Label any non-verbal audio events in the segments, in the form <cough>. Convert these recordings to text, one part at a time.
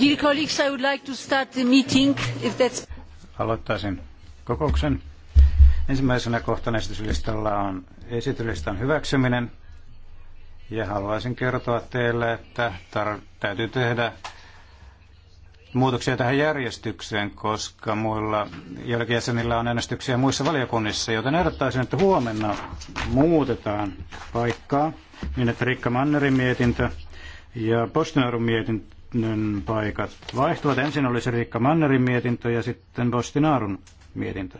Dear colleagues, I would like to start the meeting, if that's... Aloittaisin kokouksen. Ensimmäisenä kohtana esityslistalla on esityslistan hyväksyminen. Ja haluaisin kertoa teille, että tar- täytyy tehdä muutoksia tähän järjestykseen, koska muilla joillakin jäsenillä on äänestyksiä muissa valiokunnissa, joten ehdottaisin, että huomenna muutetaan paikkaa niin, että Rikka Mannerin mietintö ja Postinarun mietinnön paikat vaihtuvat. Ensin olisi Riikka Mannerin mietintö ja sitten Postinarun mietintö.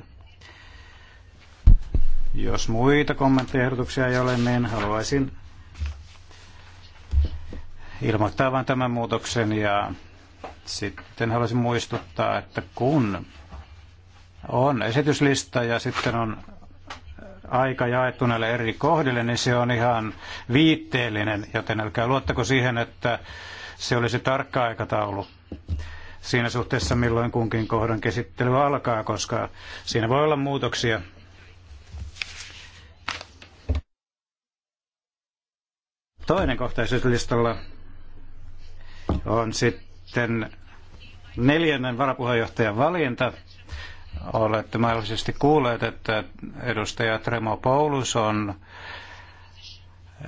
Jos muita kommentteja ehdotuksia ei ole, niin haluaisin ilmoittaa vain tämän muutoksen ja sitten haluaisin muistuttaa, että kun on esityslista ja sitten on aika jaettu näille eri kohdille, niin se on ihan viitteellinen, joten älkää luottako siihen, että se olisi tarkka aikataulu siinä suhteessa, milloin kunkin kohdan käsittely alkaa, koska siinä voi olla muutoksia. Toinen kohta esityslistalla on sitten sitten neljännen varapuheenjohtajan valinta. Olette mahdollisesti kuulleet, että edustaja Tremo Paulus on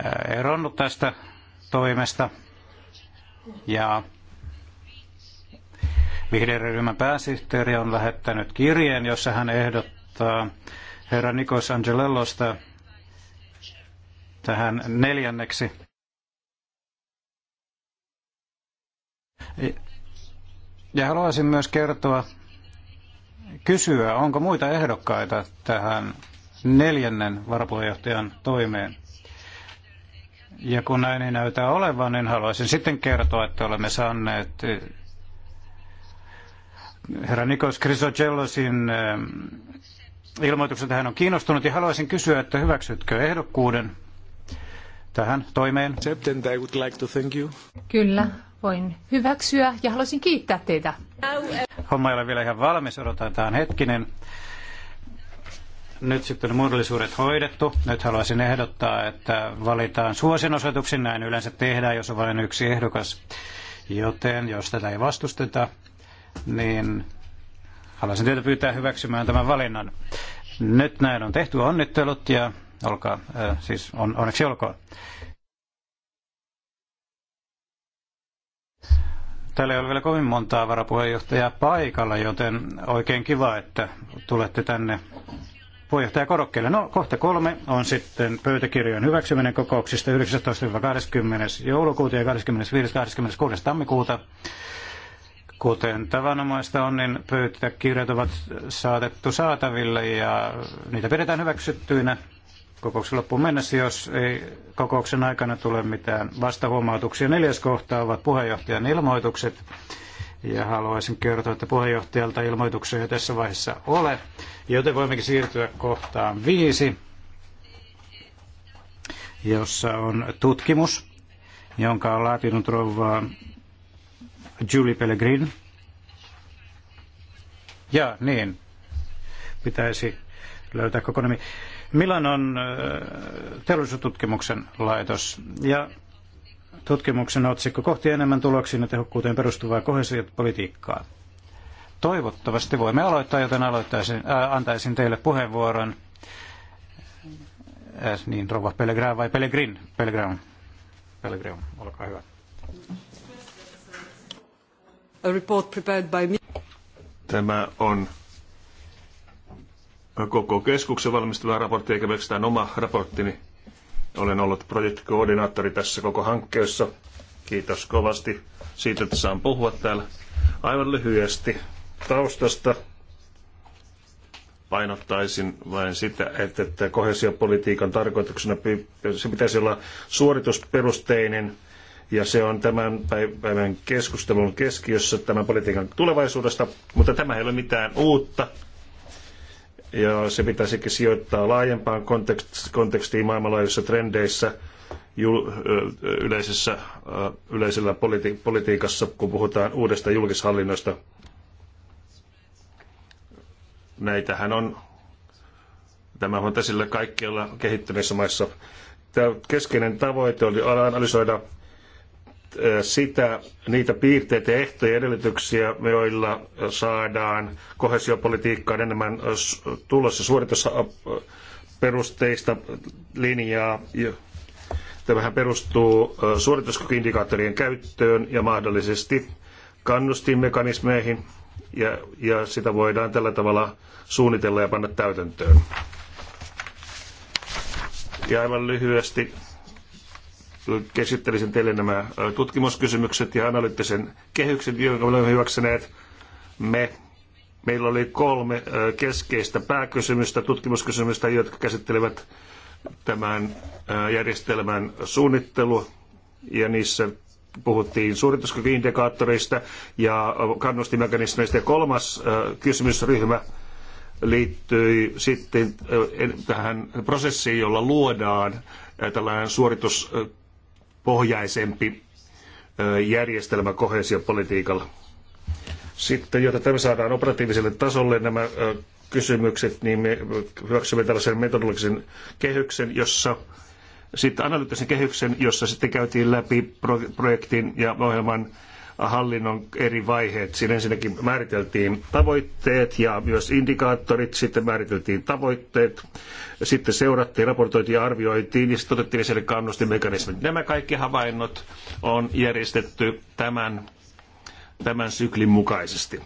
äh, eronnut tästä toimesta. Ja vihreän ryhmän pääsihteeri on lähettänyt kirjeen, jossa hän ehdottaa herra Nikos Angelellosta tähän neljänneksi Ja haluaisin myös kertoa, kysyä, onko muita ehdokkaita tähän neljännen varapuheenjohtajan toimeen. Ja kun näin ei näytä olevan, niin haluaisin sitten kertoa, että olemme saaneet eh, herra Nikos Chrysocellosin eh, ilmoituksen, että hän on kiinnostunut, ja haluaisin kysyä, että hyväksytkö ehdokkuuden tähän toimeen? Kyllä, voin hyväksyä ja haluaisin kiittää teitä. Homma ei ole vielä ihan valmis, odotetaan hetkinen. Nyt sitten muodollisuudet hoidettu. Nyt haluaisin ehdottaa, että valitaan suosinosoituksen. Näin yleensä tehdään, jos on vain yksi ehdokas. Joten jos tätä ei vastusteta, niin haluaisin teitä pyytää hyväksymään tämän valinnan. Nyt näin on tehty onnittelut ja olkaa, äh, siis on, onneksi olkoon. Täällä ei ole vielä kovin montaa varapuheenjohtajaa paikalla, joten oikein kiva, että tulette tänne puheenjohtaja korokkeelle. No kohta kolme on sitten pöytäkirjojen hyväksyminen kokouksista 19-20 joulukuuta ja 25-26 tammikuuta. Kuten tavanomaista on, niin pöytäkirjat ovat saatettu saataville ja niitä pidetään hyväksyttyinä kokouksen loppuun mennessä, jos ei kokouksen aikana tule mitään vastahuomautuksia. Neljäs kohta ovat puheenjohtajan ilmoitukset. Ja haluaisin kertoa, että puheenjohtajalta ilmoituksia jo tässä vaiheessa ole, joten voimmekin siirtyä kohtaan viisi, jossa on tutkimus, jonka on laatinut rouva Julie Pellegrin. Ja niin, pitäisi löytää koko nimi. Milanon teollisuustutkimuksen laitos ja tutkimuksen otsikko kohti enemmän tuloksiin ja tehokkuuteen perustuvaa kohesiopolitiikkaa. Toivottavasti voimme aloittaa, joten aloittaisin, äh, antaisin teille puheenvuoron. Äh, niin, rouva Pellegrin vai Pellegrin? Pellegrin. Pellegrin, olkaa hyvä. A report prepared by me. Tämä on koko keskuksen valmistuvaa raporttia, eikä pelkästään oma raporttini. Olen ollut projektikoordinaattori tässä koko hankkeessa. Kiitos kovasti siitä, että saan puhua täällä. Aivan lyhyesti taustasta painottaisin vain sitä, että, että kohesiopolitiikan tarkoituksena se pitäisi olla suoritusperusteinen ja se on tämän päivän keskustelun keskiössä tämän politiikan tulevaisuudesta, mutta tämä ei ole mitään uutta ja se pitäisikin sijoittaa laajempaan kontekstiin maailmanlaajuisissa trendeissä yleisessä, yleisellä politi- politiikassa, kun puhutaan uudesta julkishallinnosta. Näitähän on, tämä on esillä kaikkialla kehittyneissä maissa. Tämä keskeinen tavoite oli analysoida sitä, niitä piirteitä, ja ehtoja ja edellytyksiä, joilla saadaan kohesiopolitiikkaan enemmän tulossa suoritossa perusteista linjaa. Tämähän perustuu suorituskykyindikaattorien käyttöön ja mahdollisesti kannustinmekanismeihin, ja, ja sitä voidaan tällä tavalla suunnitella ja panna täytäntöön. Ja aivan lyhyesti käsittelisin teille nämä tutkimuskysymykset ja analyyttisen kehyksen, jonka olemme hyväksyneet. Me Meillä oli kolme keskeistä pääkysymystä, tutkimuskysymystä, jotka käsittelevät tämän järjestelmän suunnittelu ja niissä puhuttiin suorituskykyindikaattoreista ja kannustimekanismeista. Ja kolmas kysymysryhmä liittyi sitten tähän prosessiin, jolla luodaan tällainen suoritus pohjaisempi järjestelmä kohesiopolitiikalla. Sitten, jotta tämä saadaan operatiiviselle tasolle nämä kysymykset, niin me hyväksymme tällaisen metodologisen kehyksen, jossa sitten analyyttisen kehyksen, jossa sitten käytiin läpi projektin ja ohjelman hallinnon eri vaiheet. Siinä ensinnäkin määriteltiin tavoitteet ja myös indikaattorit, sitten määriteltiin tavoitteet, sitten seurattiin, raportoitiin ja arvioitiin ja sitten otettiin esille kannustimekanismit. Nämä kaikki havainnot on järjestetty tämän, tämän syklin mukaisesti.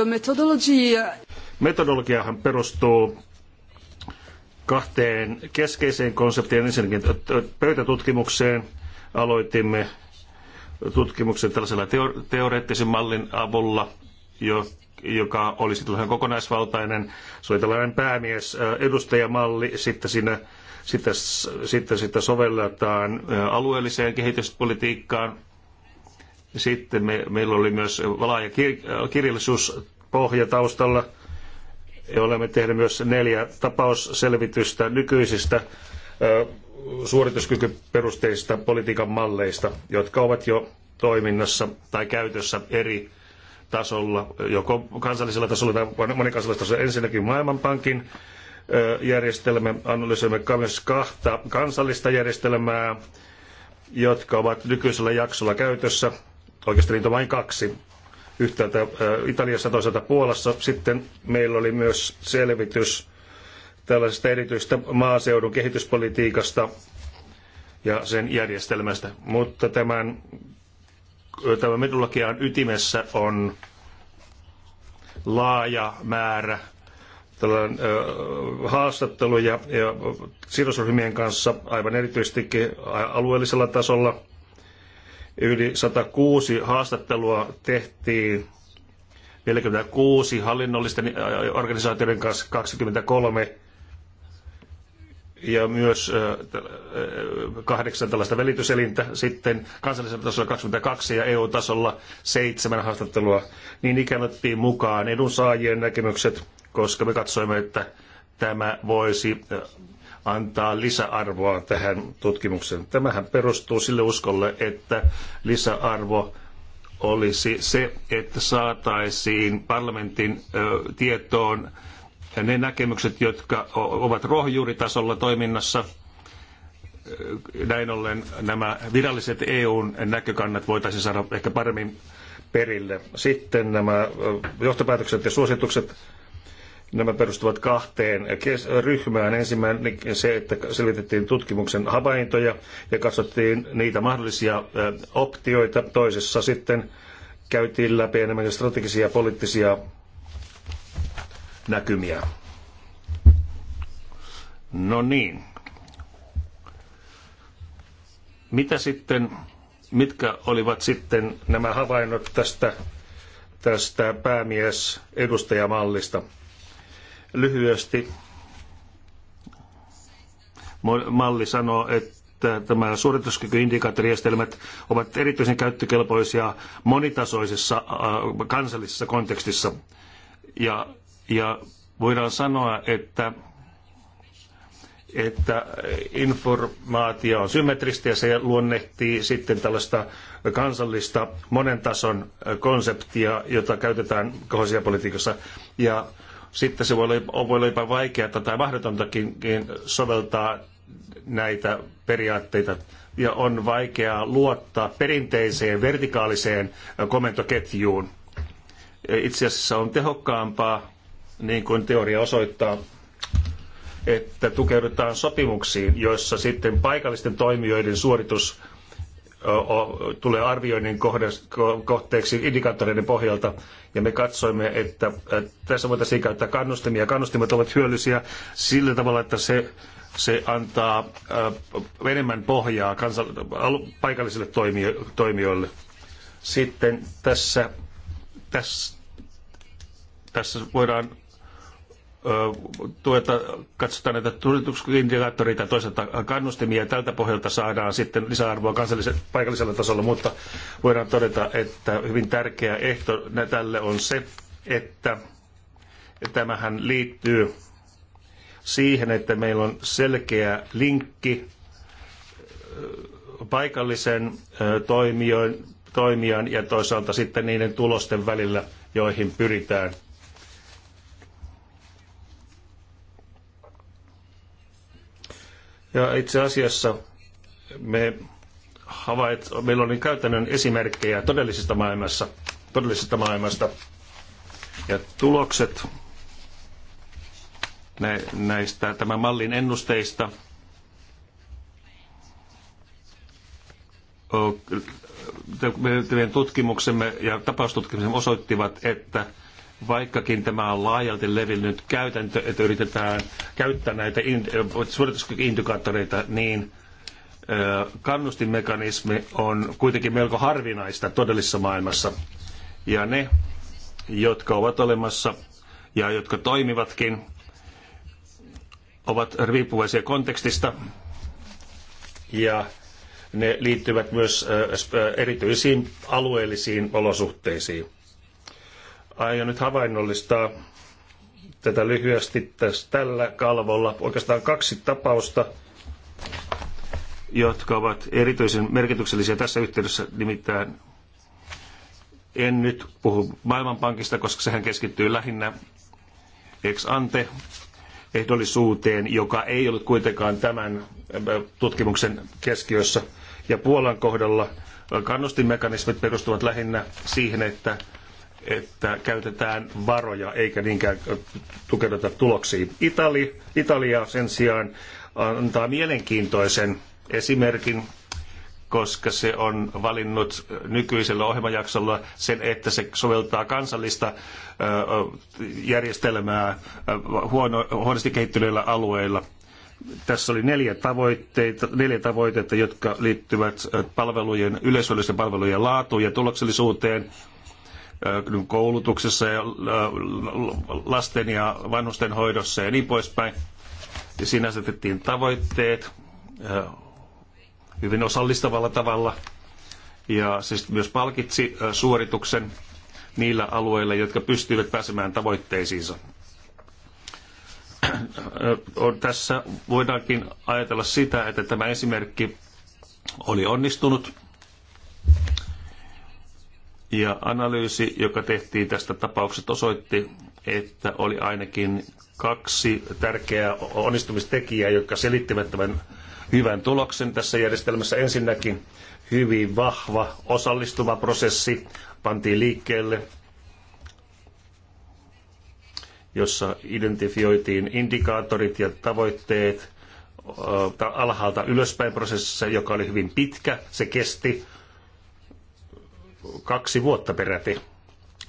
Uh, Metodologiahan perustuu kahteen keskeiseen konseptiin. Ensinnäkin pöytätutkimukseen aloitimme tutkimuksen tällaisella teoreettisen mallin avulla, jo, joka olisi tällainen kokonaisvaltainen. Se oli tällainen päämies edustajamalli, sitten siinä sitä, sitä, sitä sovelletaan alueelliseen kehityspolitiikkaan. Sitten me, meillä oli myös laaja kir, kirjallisuuspohja taustalla. Olemme tehneet myös neljä tapausselvitystä nykyisistä suorituskykyperusteisista politiikan malleista, jotka ovat jo toiminnassa tai käytössä eri tasolla, joko kansallisella tasolla tai monikansallisella tasolla. Ensinnäkin Maailmanpankin järjestelmä, analysoimme myös kahta kansallista järjestelmää, jotka ovat nykyisellä jaksolla käytössä. Oikeastaan niitä on vain kaksi. Yhtäältä Italiassa, toisaalta Puolassa. Sitten meillä oli myös selvitys tällaisesta erityistä maaseudun kehityspolitiikasta ja sen järjestelmästä. Mutta tämän, tämän metodologian ytimessä on laaja määrä tällainen, ö, haastatteluja ja sidosryhmien kanssa aivan erityisesti alueellisella tasolla. Yli 106 haastattelua tehtiin 46 hallinnollisten organisaatioiden kanssa, 23 ja myös kahdeksan tällaista välityselintä, sitten kansallisella tasolla 22 ja EU-tasolla seitsemän haastattelua, niin ikään otettiin mukaan edunsaajien näkemykset, koska me katsoimme, että tämä voisi antaa lisäarvoa tähän tutkimukseen. Tämähän perustuu sille uskolle, että lisäarvo olisi se, että saataisiin parlamentin tietoon ne näkemykset, jotka ovat rohjuuritasolla toiminnassa. Näin ollen nämä viralliset EUn näkökannat voitaisiin saada ehkä paremmin perille. Sitten nämä johtopäätökset ja suositukset, nämä perustuvat kahteen ryhmään. Ensimmäinen se, että selvitettiin tutkimuksen havaintoja ja katsottiin niitä mahdollisia optioita. Toisessa sitten käytiin läpi enemmän strategisia ja poliittisia näkymiä. No niin. Mitä sitten, mitkä olivat sitten nämä havainnot tästä, tästä päämiesedustajamallista? Lyhyesti malli sanoo, että tämä suorituskykyindikaattorijärjestelmät ovat erityisen käyttökelpoisia monitasoisessa kansallisessa kontekstissa ja ja voidaan sanoa, että, että informaatio on symmetristä ja se luonnehtii sitten tällaista kansallista monen tason konseptia, jota käytetään kohosiapolitiikassa. Ja sitten se voi olla, voi olla jopa vaikeaa tai mahdotontakin soveltaa näitä periaatteita ja on vaikeaa luottaa perinteiseen vertikaaliseen komentoketjuun. Itse asiassa on tehokkaampaa niin kuin teoria osoittaa, että tukeudutaan sopimuksiin, joissa sitten paikallisten toimijoiden suoritus tulee arvioinnin kohteeksi indikaattoreiden pohjalta, ja me katsoimme, että tässä voitaisiin käyttää kannustimia. Kannustimet ovat hyödyllisiä sillä tavalla, että se, se antaa enemmän pohjaa kansal- paikallisille toimijo- toimijoille. Sitten tässä, tässä, tässä voidaan tueta, katsotaan näitä ja toisaalta kannustimia ja tältä pohjalta saadaan sitten lisäarvoa kansallisella paikallisella tasolla, mutta voidaan todeta, että hyvin tärkeä ehto tälle on se, että tämähän liittyy siihen, että meillä on selkeä linkki paikallisen toimijan ja toisaalta sitten niiden tulosten välillä, joihin pyritään – Ja itse asiassa me havait, meillä oli käytännön esimerkkejä todellisesta maailmassa, todellisesta maailmasta. Ja tulokset näistä tämän mallin ennusteista meidän tutkimuksemme ja tapaustutkimuksemme osoittivat, että vaikkakin tämä on laajalti levinnyt käytäntö, että yritetään käyttää näitä suorituskykyindikaattoreita, niin kannustinmekanismi on kuitenkin melko harvinaista todellisessa maailmassa. Ja ne, jotka ovat olemassa ja jotka toimivatkin, ovat riippuvaisia kontekstista ja ne liittyvät myös erityisiin alueellisiin olosuhteisiin aion nyt havainnollistaa tätä lyhyesti tässä tällä kalvolla. Oikeastaan kaksi tapausta, jotka ovat erityisen merkityksellisiä tässä yhteydessä, nimittäin en nyt puhu Maailmanpankista, koska sehän keskittyy lähinnä ex ante ehdollisuuteen, joka ei ollut kuitenkaan tämän äh, tutkimuksen keskiössä. Ja Puolan kohdalla kannustinmekanismit perustuvat lähinnä siihen, että että käytetään varoja eikä niinkään tukeuduta tuloksiin. Itali, Italia sen sijaan antaa mielenkiintoisen esimerkin, koska se on valinnut nykyisellä ohjelmajaksolla sen, että se soveltaa kansallista järjestelmää huono, huonosti kehittyneillä alueilla tässä oli neljä, tavoitteita, neljä tavoitetta, jotka liittyvät palvelujen, yleisöllisten palvelujen laatuun ja tuloksellisuuteen, koulutuksessa ja lasten ja vanhusten hoidossa ja niin poispäin. Ja siinä asetettiin tavoitteet hyvin osallistavalla tavalla ja siis myös palkitsi suorituksen niillä alueilla, jotka pystyivät pääsemään tavoitteisiinsa. tässä voidaankin ajatella sitä, että tämä esimerkki oli onnistunut ja analyysi, joka tehtiin tästä tapauksesta, osoitti, että oli ainakin kaksi tärkeää onnistumistekijää, jotka selittivät tämän hyvän tuloksen tässä järjestelmässä. Ensinnäkin hyvin vahva osallistuva prosessi pantiin liikkeelle, jossa identifioitiin indikaattorit ja tavoitteet alhaalta ylöspäin prosessissa, joka oli hyvin pitkä. Se kesti kaksi vuotta peräti.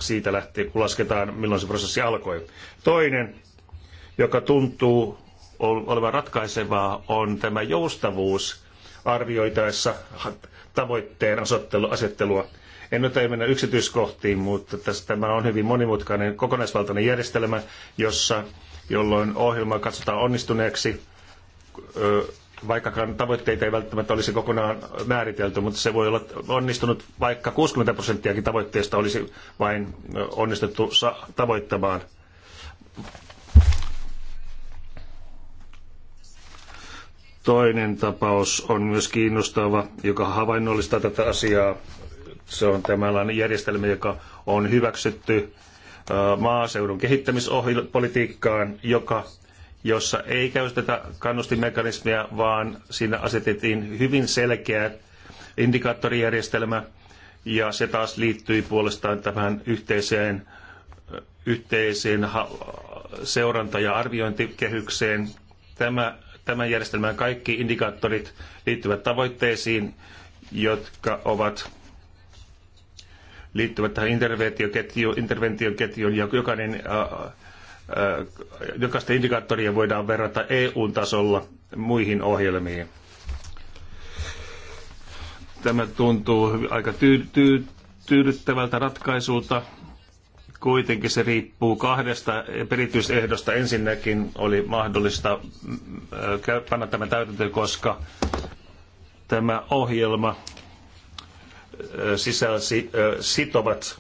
Siitä lähtien, kun lasketaan, milloin se prosessi alkoi. Toinen, joka tuntuu olevan ratkaisevaa, on tämä joustavuus arvioitaessa tavoitteen asettelua. En nyt ei mennä yksityiskohtiin, mutta tässä tämä on hyvin monimutkainen kokonaisvaltainen järjestelmä, jossa, jolloin ohjelma katsotaan onnistuneeksi vaikkakaan tavoitteita ei välttämättä olisi kokonaan määritelty, mutta se voi olla onnistunut, vaikka 60 prosenttiakin tavoitteista olisi vain onnistuttu tavoittamaan. Toinen tapaus on myös kiinnostava, joka havainnollistaa tätä asiaa. Se on tämänlainen järjestelmä, joka on hyväksytty maaseudun kehittämispolitiikkaan, joka jossa ei käytetä kannustinmekanismia, vaan siinä asetettiin hyvin selkeä indikaattorijärjestelmä, ja se taas liittyi puolestaan tähän yhteiseen, yhteiseen seuranta- ja arviointikehykseen. Tämä, tämän järjestelmän kaikki indikaattorit liittyvät tavoitteisiin, jotka ovat liittyvät tähän interventioketjuun, interventioketjuun ja jokainen äh, jokaista indikaattoria voidaan verrata EU-tasolla muihin ohjelmiin. Tämä tuntuu aika tyy- tyy- tyydyttävältä ratkaisulta. Kuitenkin se riippuu kahdesta perityisehdosta. Ensinnäkin oli mahdollista panna tämä täytäntöön, koska tämä ohjelma sisälsi sitovat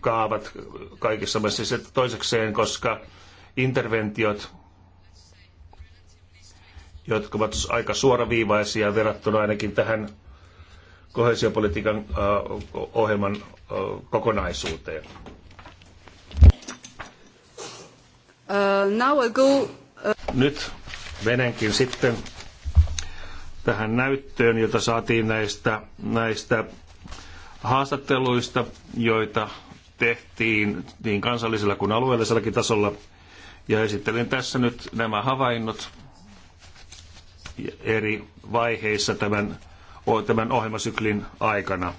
kaavat kaikissa maissa. Siis toisekseen, koska interventiot, jotka ovat aika suoraviivaisia verrattuna ainakin tähän kohesiopolitiikan äh, ohjelman äh, kokonaisuuteen. Uh, uh, Nyt menenkin sitten tähän näyttöön, jota saatiin näistä, näistä haastatteluista, joita tehtiin niin kansallisella kuin alueellisellakin tasolla. Ja esittelen tässä nyt nämä havainnot eri vaiheissa tämän, tämän ohjelmasyklin aikana.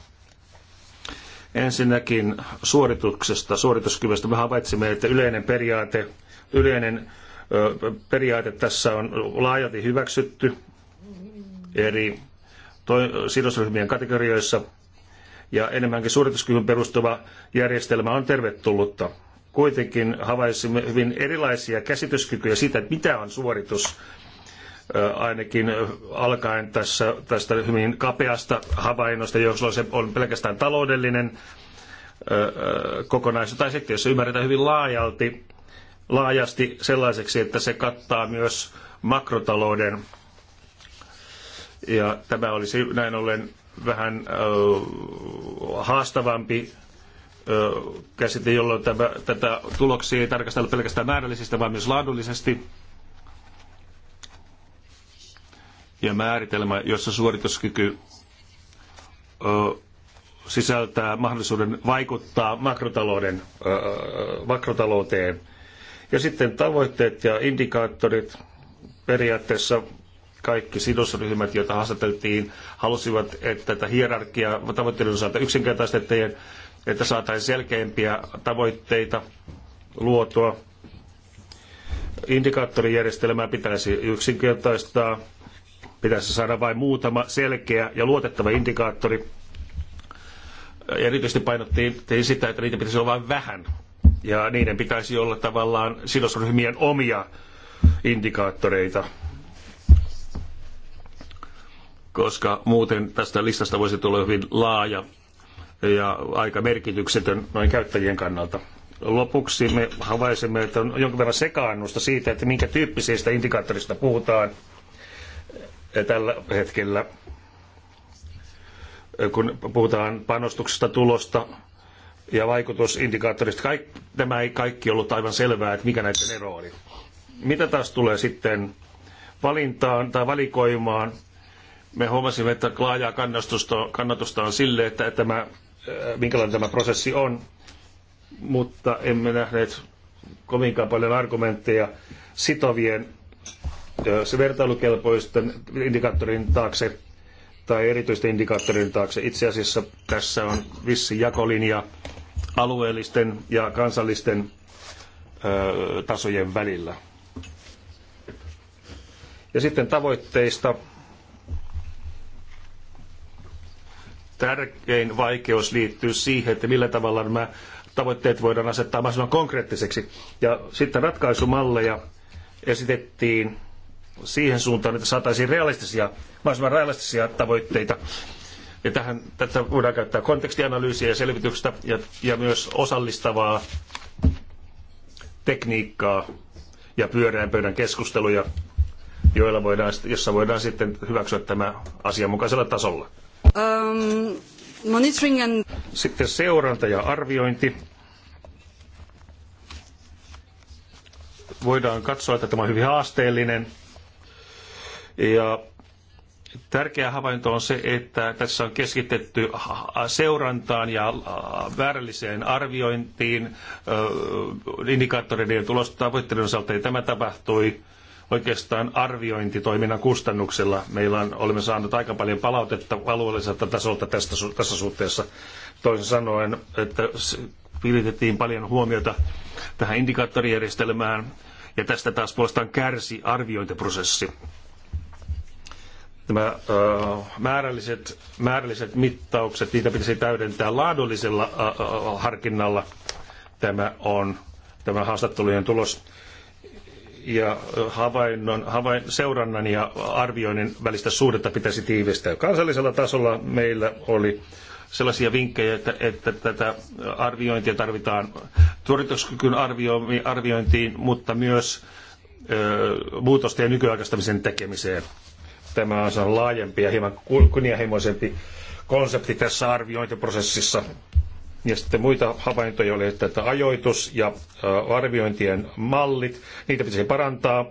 Ensinnäkin suorituksesta, suorituskyvystä. Me havaitsimme, että yleinen periaate, yleinen periaate tässä on laajalti hyväksytty eri sidosryhmien kategorioissa – ja enemmänkin suorituskyvyn perustuva järjestelmä on tervetullutta. Kuitenkin havaitsimme hyvin erilaisia käsityskykyjä siitä, että mitä on suoritus, ainakin alkaen tässä, tästä hyvin kapeasta havainnosta, jolloin se on pelkästään taloudellinen kokonaisuus, tai sitten jos se ymmärretään hyvin laajalti, laajasti sellaiseksi, että se kattaa myös makrotalouden. Ja tämä olisi näin ollen vähän haastavampi käsite, jolloin tämä, tätä tuloksia ei tarkastella pelkästään määrällisesti, vaan myös laadullisesti. Ja määritelmä, jossa suorituskyky sisältää mahdollisuuden vaikuttaa makrotalouden, makrotalouteen. Ja sitten tavoitteet ja indikaattorit periaatteessa kaikki sidosryhmät, joita haastateltiin, halusivat, että tätä hierarkiaa tavoitteiden osalta yksinkertaistettiin, että saataisiin selkeämpiä tavoitteita luotua. Indikaattorijärjestelmää pitäisi yksinkertaistaa, pitäisi saada vain muutama selkeä ja luotettava indikaattori. Erityisesti painottiin sitä, että niitä pitäisi olla vain vähän, ja niiden pitäisi olla tavallaan sidosryhmien omia indikaattoreita koska muuten tästä listasta voisi tulla hyvin laaja ja aika merkityksetön noin käyttäjien kannalta. Lopuksi me havaisimme, että on jonkin verran sekaannusta siitä, että minkä tyyppisistä indikaattorista puhutaan eh, tällä hetkellä, eh, kun puhutaan panostuksesta, tulosta ja vaikutusindikaattorista. Kaik, tämä ei kaikki ollut aivan selvää, että mikä näiden ero oli. Mitä taas tulee sitten valintaan tai valikoimaan me huomasimme, että laajaa kannatusta on sille, että tämä, äh, minkälainen tämä prosessi on, mutta emme nähneet kovinkaan paljon argumentteja sitovien äh, se vertailukelpoisten indikaattorin taakse tai erityisten indikaattorin taakse. Itse asiassa tässä on vissi jakolinja alueellisten ja kansallisten äh, tasojen välillä. Ja sitten tavoitteista tärkein vaikeus liittyy siihen, että millä tavalla nämä tavoitteet voidaan asettaa mahdollisimman konkreettiseksi. Ja sitten ratkaisumalleja esitettiin siihen suuntaan, että saataisiin realistisia, mahdollisimman realistisia tavoitteita. Ja tähän, tätä voidaan käyttää kontekstianalyysiä ja selvitystä ja, ja myös osallistavaa tekniikkaa ja pyöreän pöydän keskusteluja, joilla voidaan, jossa voidaan sitten hyväksyä tämä asianmukaisella tasolla. Um, monitoring and... Sitten seuranta ja arviointi. Voidaan katsoa, että tämä on hyvin haasteellinen. Ja tärkeä havainto on se, että tässä on keskitetty seurantaan ja äh, väärälliseen arviointiin äh, indikaattoreiden ja tulostavoitteiden osalta, ja tämä tapahtui oikeastaan arviointitoiminnan kustannuksella. Meillä on, olemme saaneet aika paljon palautetta alueelliselta tasolta tästä, tässä suhteessa. Toisin sanoen, että viritettiin paljon huomiota tähän indikaattorijärjestelmään, ja tästä taas puolestaan kärsi arviointiprosessi. Nämä ö, määrälliset, määrälliset mittaukset, niitä pitäisi täydentää laadullisella ö, ö, harkinnalla. Tämä on tämä haastattelujen tulos ja havainnon, havain, seurannan ja arvioinnin välistä suhdetta pitäisi tiivistää. Kansallisella tasolla meillä oli sellaisia vinkkejä, että, että tätä arviointia tarvitaan suorituskykyn arviointiin, mutta myös ö, muutosten ja nykyaikaistamisen tekemiseen. Tämä on laajempi ja hieman kunnianhimoisempi konsepti tässä arviointiprosessissa ja sitten muita havaintoja oli, että, että ajoitus ja arviointien mallit, niitä pitäisi parantaa.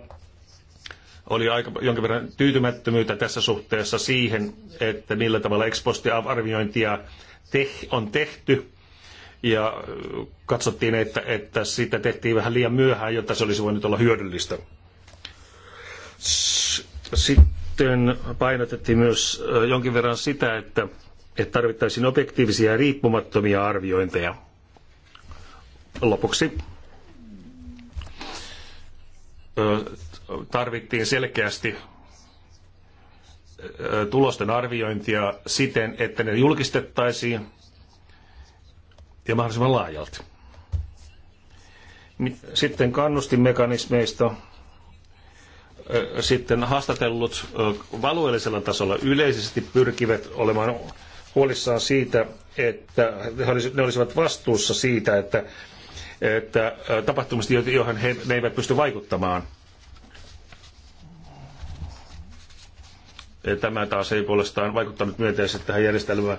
Oli aika jonkin verran tyytymättömyyttä tässä suhteessa siihen, että millä tavalla ex arviointia on tehty ja katsottiin, että, että sitä tehtiin vähän liian myöhään, jotta se olisi voinut olla hyödyllistä. Sitten painotettiin myös jonkin verran sitä, että että tarvittaisiin objektiivisia ja riippumattomia arviointeja. Lopuksi tarvittiin selkeästi tulosten arviointia siten, että ne julkistettaisiin ja mahdollisimman laajalti. Niin sitten kannustinmekanismeista sitten haastatellut valueellisella tasolla yleisesti pyrkivät olemaan huolissaan siitä, että ne olisivat vastuussa siitä, että, että äh, tapahtumista, joihin he ne eivät pysty vaikuttamaan. Ja tämä taas ei puolestaan vaikuttanut myönteisesti tähän järjestelmään.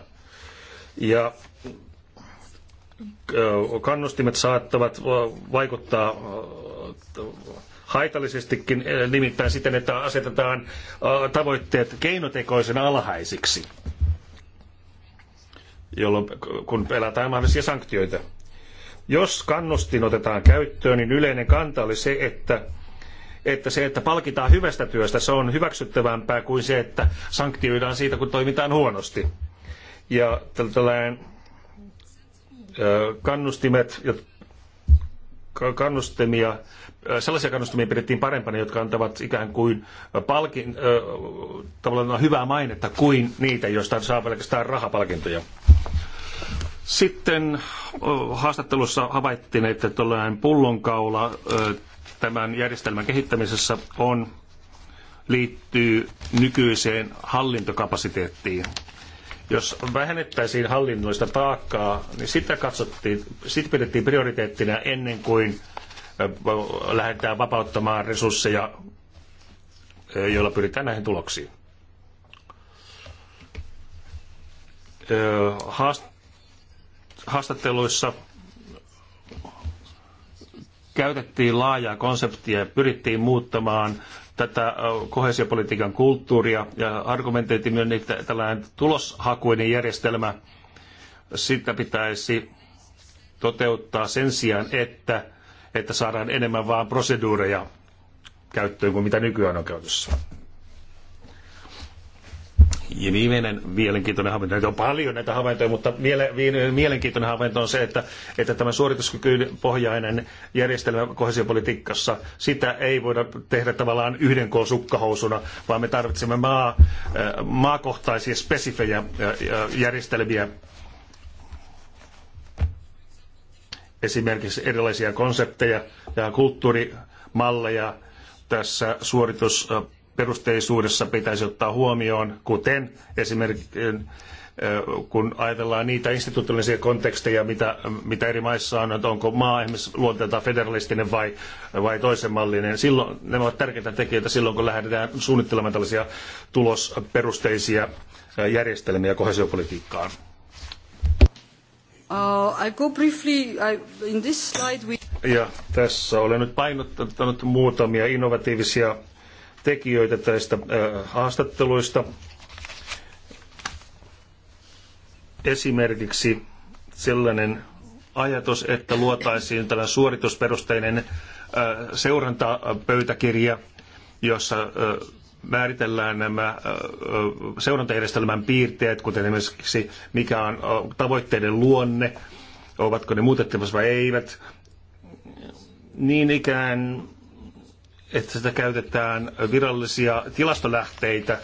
Ja äh, kannustimet saattavat vaikuttaa äh, haitallisestikin, nimittäin siten, että asetetaan tavoitteet keinotekoisen alhaisiksi jolloin, kun pelätään mahdollisia sanktioita. Jos kannustin otetaan käyttöön, niin yleinen kanta oli se, että että se, että palkitaan hyvästä työstä, se on hyväksyttävämpää kuin se, että sanktioidaan siitä, kun toimitaan huonosti. Ja tällainen kannustimet, kannustimia sellaisia kannustumia pidettiin parempana, jotka antavat ikään kuin palkin, tavallaan hyvää mainetta kuin niitä, joista saa pelkästään rahapalkintoja. Sitten haastattelussa havaittiin, että tällainen pullonkaula tämän järjestelmän kehittämisessä on, liittyy nykyiseen hallintokapasiteettiin. Jos vähennettäisiin hallinnollista taakkaa, niin sitä katsottiin, sitä pidettiin prioriteettina ennen kuin lähdetään vapauttamaan resursseja, joilla pyritään näihin tuloksiin. Haastatteluissa käytettiin laajaa konseptia ja pyrittiin muuttamaan tätä kohesiopolitiikan kulttuuria ja argumentoitiin, niitä, tällainen tuloshakuinen järjestelmä, sitä pitäisi toteuttaa sen sijaan, että että saadaan enemmän vaan proseduureja käyttöön kuin mitä nykyään on käytössä. Ja viimeinen mielenkiintoinen havainto, näitä on paljon näitä havaintoja, mutta miele, mielenkiintoinen havainto on se, että, että tämä suorituskykyyn pohjainen järjestelmä kohesiopolitiikassa, sitä ei voida tehdä tavallaan yhden koon sukkahousuna, vaan me tarvitsemme maa, maakohtaisia spesifejä järjestelmiä, esimerkiksi erilaisia konsepteja ja kulttuurimalleja tässä suoritusperusteisuudessa pitäisi ottaa huomioon, kuten esimerkiksi kun ajatellaan niitä institutionaalisia konteksteja, mitä, mitä eri maissa on, että onko maa esimerkiksi luonteeltaan federalistinen vai, vai toisenmallinen. Silloin nämä ovat tärkeitä tekijöitä silloin, kun lähdetään suunnittelemaan tällaisia tulosperusteisia järjestelmiä kohesiopolitiikkaan. Uh, I go briefly, I, in this slide we... Ja tässä olen nyt painottanut muutamia innovatiivisia tekijöitä tästä äh, haastatteluista. Esimerkiksi sellainen ajatus, että luotaisiin tällainen suoritusperusteinen äh, seurantapöytäkirja, jossa äh, määritellään nämä seurantajärjestelmän piirteet, kuten esimerkiksi mikä on tavoitteiden luonne, ovatko ne muutettavissa vai eivät, niin ikään, että sitä käytetään virallisia tilastolähteitä,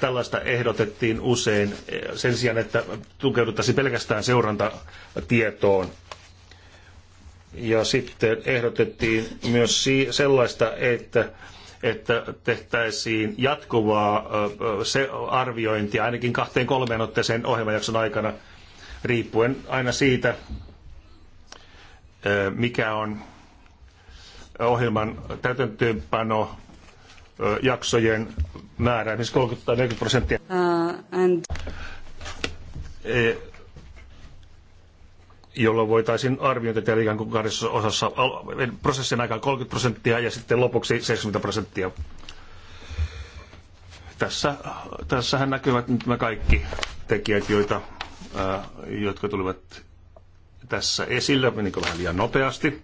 tällaista ehdotettiin usein e, sen sijaan, että tukeuduttaisiin pelkästään seurantatietoon. Ja sitten ehdotettiin myös sellaista, että että tehtäisiin jatkuvaa se arviointia ainakin kahteen kolmeen otteeseen ohjelmajakson aikana, riippuen aina siitä, mikä on ohjelman täytäntöönpano jaksojen määrä, esimerkiksi 30 tai 40 prosenttia. Uh, and... E, jolloin voitaisiin arviointi tehdä ikään kuin kahdessa osassa prosessin aikaa 30 prosenttia ja sitten lopuksi 70 prosenttia. Tässä, tässähän näkyvät nyt nämä kaikki tekijät, joita, ää, jotka tulivat tässä esille. Menikö vähän liian nopeasti?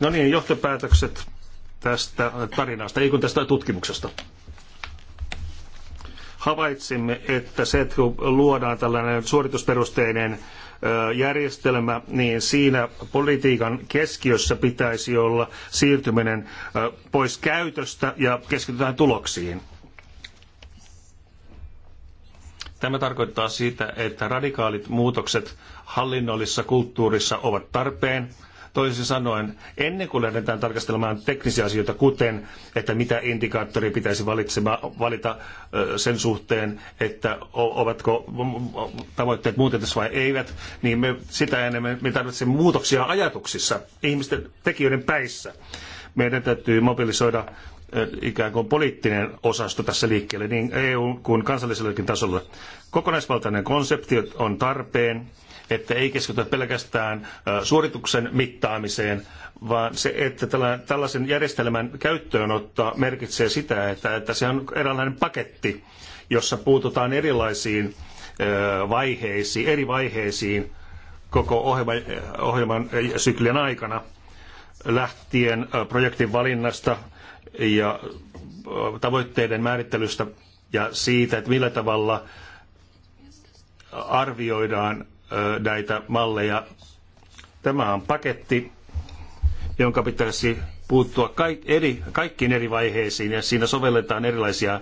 No niin, johtopäätökset tästä tarinasta, ei kun tästä tutkimuksesta havaitsimme, että se, että kun luodaan tällainen suoritusperusteinen järjestelmä, niin siinä politiikan keskiössä pitäisi olla siirtyminen pois käytöstä ja keskitytään tuloksiin. Tämä tarkoittaa sitä, että radikaalit muutokset hallinnollisessa kulttuurissa ovat tarpeen – Toisin sanoen, ennen kuin lähdetään tarkastelemaan teknisiä asioita, kuten että mitä indikaattori pitäisi valita sen suhteen, että ovatko tavoitteet muutettavissa vai eivät, niin me sitä enemmän me tarvitsemme muutoksia ajatuksissa, ihmisten tekijöiden päissä. Meidän täytyy mobilisoida ikään kuin poliittinen osasto tässä liikkeelle niin EU- kuin kansallisellakin tasolla. Kokonaisvaltainen konsepti on tarpeen että ei keskitytä pelkästään suorituksen mittaamiseen, vaan se, että tällaisen järjestelmän käyttöönotto merkitsee sitä, että, että se on eräänlainen paketti, jossa puututaan erilaisiin vaiheisiin, eri vaiheisiin koko ohjelman, ohjelman syklien aikana lähtien projektin valinnasta ja tavoitteiden määrittelystä ja siitä, että millä tavalla arvioidaan näitä malleja. Tämä on paketti, jonka pitäisi puuttua kaik, eri, kaikkiin eri vaiheisiin ja siinä sovelletaan erilaisia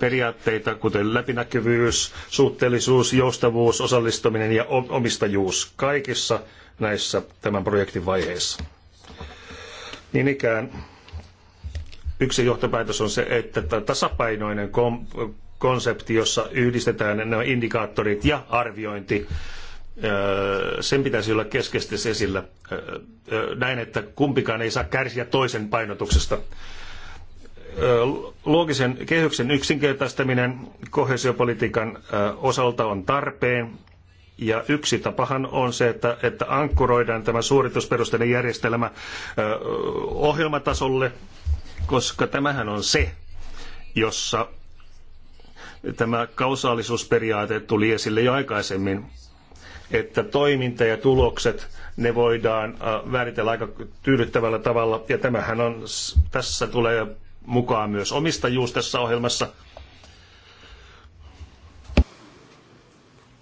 periaatteita, kuten läpinäkyvyys, suhteellisuus, joustavuus, osallistuminen ja omistajuus kaikissa näissä tämän projektin vaiheissa. Niin ikään yksi johtopäätös on se, että tasapainoinen kom- konsepti, jossa yhdistetään nämä indikaattorit ja arviointi. Sen pitäisi olla keskeisesti esillä näin, että kumpikaan ei saa kärsiä toisen painotuksesta. Loogisen kehyksen yksinkertaistaminen kohesiopolitiikan osalta on tarpeen. Ja yksi tapahan on se, että, että ankkuroidaan tämä suoritusperusteinen järjestelmä ohjelmatasolle, koska tämähän on se, jossa Tämä kausaalisuusperiaate tuli esille jo aikaisemmin, että toiminta ja tulokset ne voidaan äh, määritellä aika tyydyttävällä tavalla. Ja tämähän on, tässä tulee mukaan myös omistajuus tässä ohjelmassa.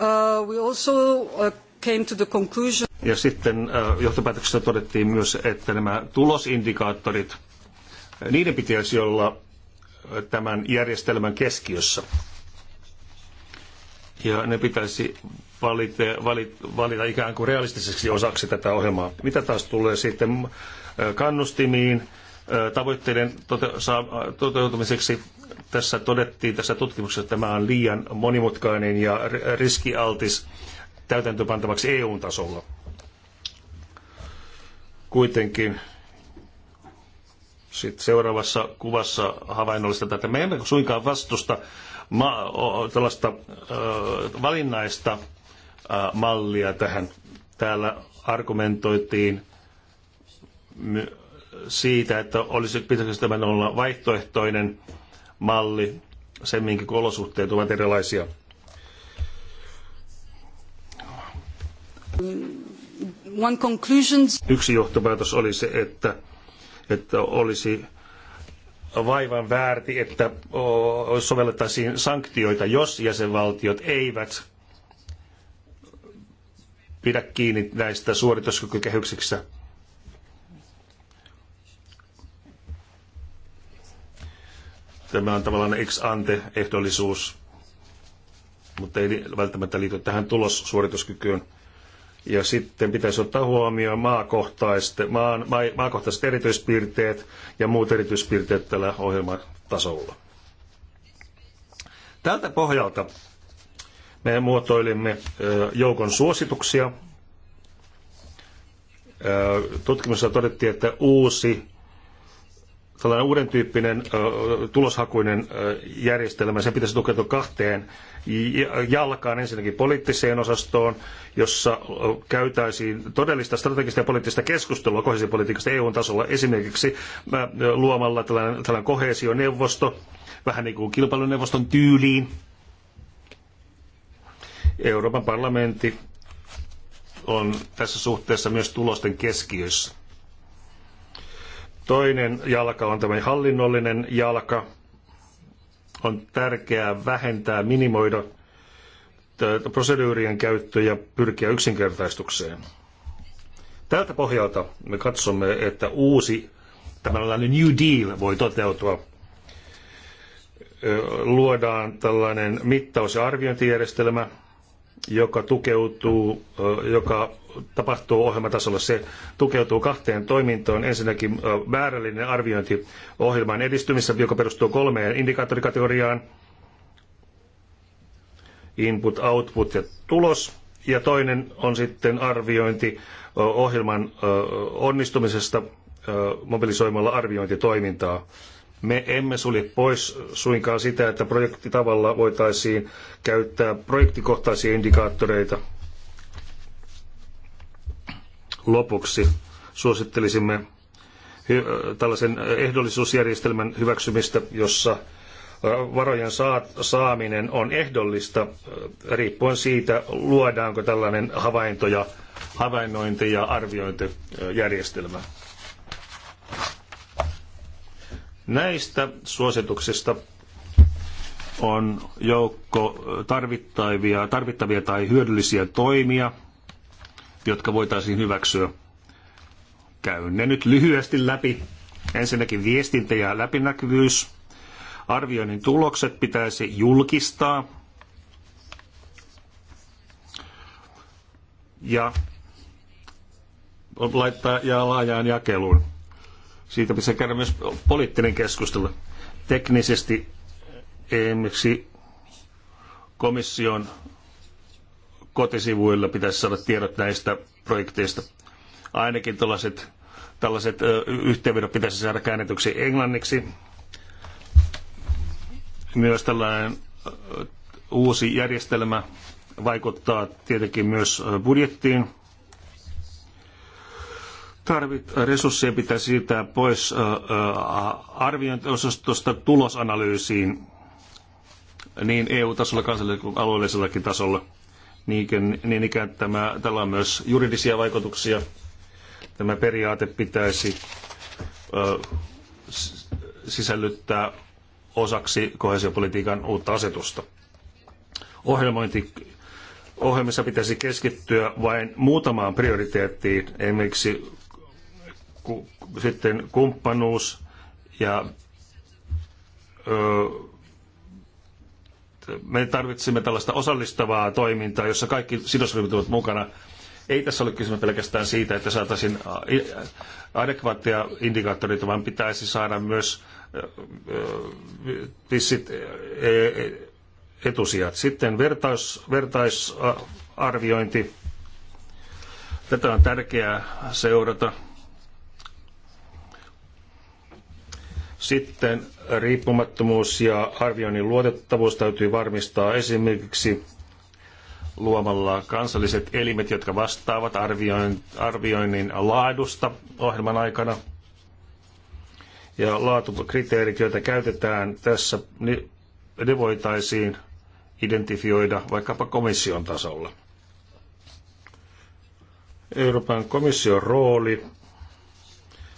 Uh, we also uh, came to the conclusion. Ja sitten uh, johtopäätöksessä todettiin myös, että nämä tulosindikaattorit, niiden pitäisi olla äh, tämän järjestelmän keskiössä ja ne pitäisi valita, valita ikään kuin realistiseksi osaksi tätä ohjelmaa. Mitä taas tulee sitten äh, kannustimiin äh, tavoitteiden tota, äh, toteutumiseksi? Tässä todettiin tässä tutkimuksessa, että tämä on liian monimutkainen ja riskialtis täytäntöpantavaksi EU-tasolla. Kuitenkin sitten seuraavassa kuvassa havainnollistetaan, että me emme suinkaan vastusta ma- tällaista ö, valinnaista ö, mallia tähän. Täällä argumentoitiin siitä, että olisi pitäisi tämän olla vaihtoehtoinen malli, semminkin kun olosuhteet ovat erilaisia. Yksi johtopäätös oli se, että, että olisi vaivan väärti, että sovellettaisiin sanktioita, jos jäsenvaltiot eivät pidä kiinni näistä suorituskykykehyksissä. Tämä on tavallaan ex ante ehdollisuus, mutta ei välttämättä liity tähän tulossuorituskykyyn. Ja sitten pitäisi ottaa huomioon maakohtaiset, maan, ma, maakohtaiset erityispiirteet ja muut erityispiirteet tällä ohjelmatasolla. Tältä pohjalta me muotoilimme joukon suosituksia. Tutkimuksessa todettiin, että uusi tällainen uuden tyyppinen tuloshakuinen järjestelmä, sen pitäisi tukeutua kahteen jalkaan, ensinnäkin poliittiseen osastoon, jossa käytäisiin todellista strategista ja poliittista keskustelua kohesiopolitiikasta EU-tasolla, esimerkiksi luomalla tällainen, tällainen kohesioneuvosto, vähän niin kuin kilpailuneuvoston tyyliin. Euroopan parlamentti on tässä suhteessa myös tulosten keskiössä Toinen jalka on tämä hallinnollinen jalka. On tärkeää vähentää, minimoida proseduurien käyttö ja pyrkiä yksinkertaistukseen. Tältä pohjalta me katsomme, että uusi tällainen New Deal voi toteutua. Luodaan tällainen mittaus- ja arviointijärjestelmä, joka tukeutuu, joka tapahtuu ohjelmatasolla. Se tukeutuu kahteen toimintoon. Ensinnäkin määrällinen arviointi ohjelman edistymissä, joka perustuu kolmeen indikaattorikategoriaan. Input, output ja tulos. Ja toinen on sitten arviointi ohjelman onnistumisesta mobilisoimalla arviointitoimintaa. Me emme sulje pois suinkaan sitä, että projektitavalla voitaisiin käyttää projektikohtaisia indikaattoreita – lopuksi suosittelisimme tällaisen ehdollisuusjärjestelmän hyväksymistä, jossa varojen saaminen on ehdollista riippuen siitä, luodaanko tällainen havainto ja, havainnointi- ja arviointijärjestelmä. Näistä suosituksista on joukko tarvittavia, tarvittavia tai hyödyllisiä toimia – jotka voitaisiin hyväksyä. Käyn ne nyt lyhyesti läpi. Ensinnäkin viestintä ja läpinäkyvyys. Arvioinnin tulokset pitäisi julkistaa. Ja laittaa ja laajaan jakeluun. Siitä pitäisi käydä myös poliittinen keskustelu. Teknisesti esimerkiksi komission kotisivuilla pitäisi saada tiedot näistä projekteista. Ainakin tällaiset, tällaiset yhteenvedot pitäisi saada käännetyksi englanniksi. Myös tällainen uusi järjestelmä vaikuttaa tietenkin myös budjettiin. Tarvit, resursseja pitää siirtää pois arviointiosastosta tulosanalyysiin niin EU-tasolla, kansallisella kuin alueellisellakin tasolla niin, niin ikään tämä, tällä on myös juridisia vaikutuksia. Tämä periaate pitäisi ö, sisällyttää osaksi kohesiopolitiikan uutta asetusta. Ohjelmointi ohjelmissa pitäisi keskittyä vain muutamaan prioriteettiin, esimerkiksi ku, sitten kumppanuus ja ö, me tarvitsemme tällaista osallistavaa toimintaa, jossa kaikki sidosryhmät ovat mukana. Ei tässä ole kysymys pelkästään siitä, että saataisiin adekvaattia indikaattoreita, vaan pitäisi saada myös pissit e, e, etusijat. Sitten vertais, vertaisarviointi. Tätä on tärkeää seurata Sitten riippumattomuus ja arvioinnin luotettavuus täytyy varmistaa esimerkiksi luomalla kansalliset elimet, jotka vastaavat arvioinnin laadusta ohjelman aikana. Ja laatukriteerit, joita käytetään tässä, ne voitaisiin identifioida vaikkapa komission tasolla. Euroopan komission rooli,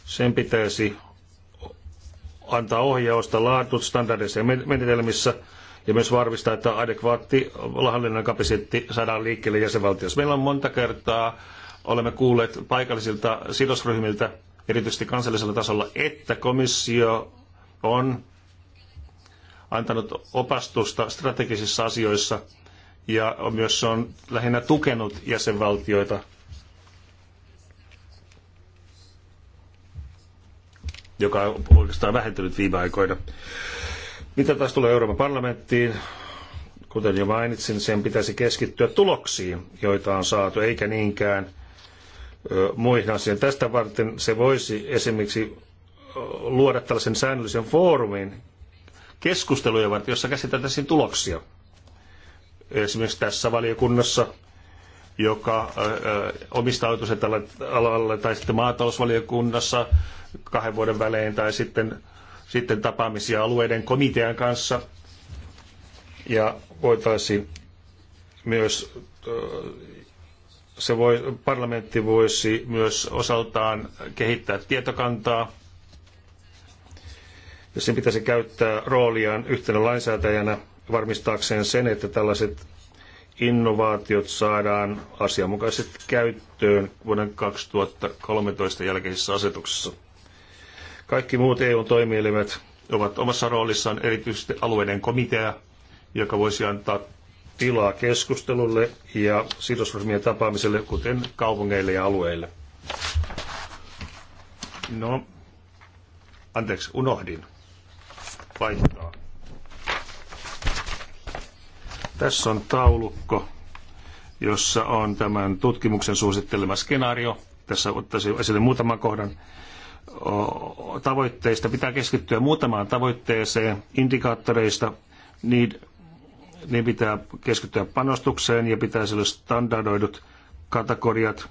sen pitäisi antaa ohjausta laatustandardeissa ja menetelmissä ja myös varmistaa, että adekvaatti lahallinen kapasiteetti saadaan liikkeelle jäsenvaltiossa. Meillä on monta kertaa, olemme kuulleet paikallisilta sidosryhmiltä, erityisesti kansallisella tasolla, että komissio on antanut opastusta strategisissa asioissa ja myös on lähinnä tukenut jäsenvaltioita joka on oikeastaan vähentynyt viime aikoina. Mitä taas tulee Euroopan parlamenttiin, kuten jo mainitsin, sen pitäisi keskittyä tuloksiin, joita on saatu, eikä niinkään muihin asioihin. Tästä varten se voisi esimerkiksi luoda tällaisen säännöllisen foorumin keskusteluja varten, jossa käsiteltäisiin tuloksia. Esimerkiksi tässä valiokunnassa joka sen tällä alalla tai sitten maatalousvaliokunnassa kahden vuoden välein, tai sitten, sitten tapaamisia alueiden komitean kanssa. Ja voitaisiin myös, se voi, parlamentti voisi myös osaltaan kehittää tietokantaa, ja sen pitäisi käyttää rooliaan yhtenä lainsäätäjänä varmistaakseen sen, että tällaiset innovaatiot saadaan asianmukaisesti käyttöön vuoden 2013 jälkeisessä asetuksessa. Kaikki muut EU-toimielimet ovat omassa roolissaan erityisesti alueiden komitea, joka voisi antaa tilaa keskustelulle ja sidosryhmien tapaamiselle, kuten kaupungeille ja alueille. No, anteeksi, unohdin vaihtaa tässä on taulukko, jossa on tämän tutkimuksen suosittelema skenaario. Tässä ottaisin esille muutaman kohdan tavoitteista. Pitää keskittyä muutamaan tavoitteeseen, indikaattoreista. Niin, niin pitää keskittyä panostukseen ja pitää sille standardoidut kategoriat.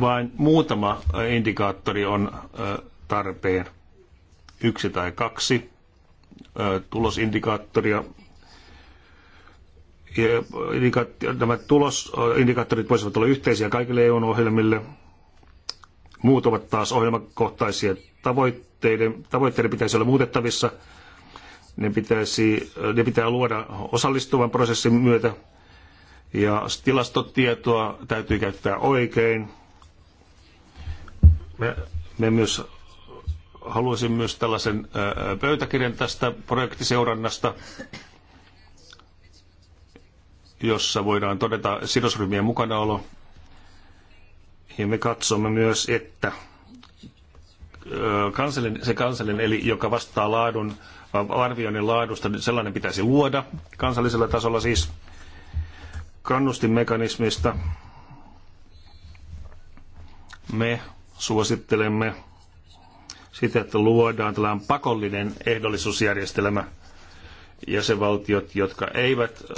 Vain muutama indikaattori on tarpeen. Yksi tai kaksi tulosindikaattoria nämä tulosindikaattorit voisivat olla yhteisiä kaikille EUn ohjelmille. Muut ovat taas ohjelmakohtaisia tavoitteiden, tavoitteiden pitäisi olla muutettavissa. Ne, pitäisi, ne pitää luoda osallistuvan prosessin myötä ja tilastotietoa täytyy käyttää oikein. Me, me myös haluaisin myös tällaisen pöytäkirjan tästä projektiseurannasta jossa voidaan todeta sidosryhmien mukanaolo. Ja me katsomme myös, että kansallinen, se kansallinen eli joka vastaa laadun, arvioinnin laadusta, niin sellainen pitäisi luoda kansallisella tasolla siis kannustinmekanismista. Me suosittelemme sitä, että luodaan tällainen pakollinen ehdollisuusjärjestelmä jäsenvaltiot, jotka eivät ö,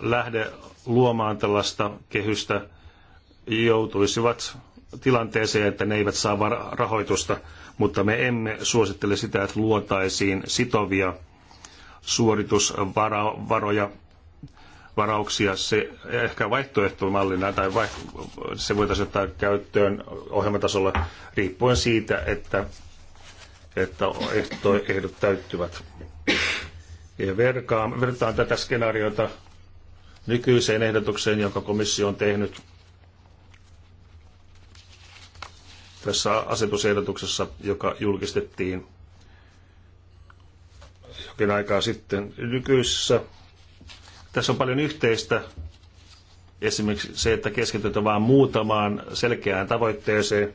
lähde luomaan tällaista kehystä, joutuisivat tilanteeseen, että ne eivät saa rahoitusta, mutta me emme suosittele sitä, että luotaisiin sitovia suoritusvaroja, varauksia. Se ehkä vaihtoehtomallina tai vaihto, se voitaisiin ottaa käyttöön ohjelmatasolla riippuen siitä, että, että ehdot täyttyvät. Ja verkaan, vertaan tätä skenaariota nykyiseen ehdotukseen, jonka komissio on tehnyt tässä asetusehdotuksessa, joka julkistettiin jokin aikaa sitten. Nykyisessä tässä on paljon yhteistä. Esimerkiksi se, että keskitytään vain muutamaan selkeään tavoitteeseen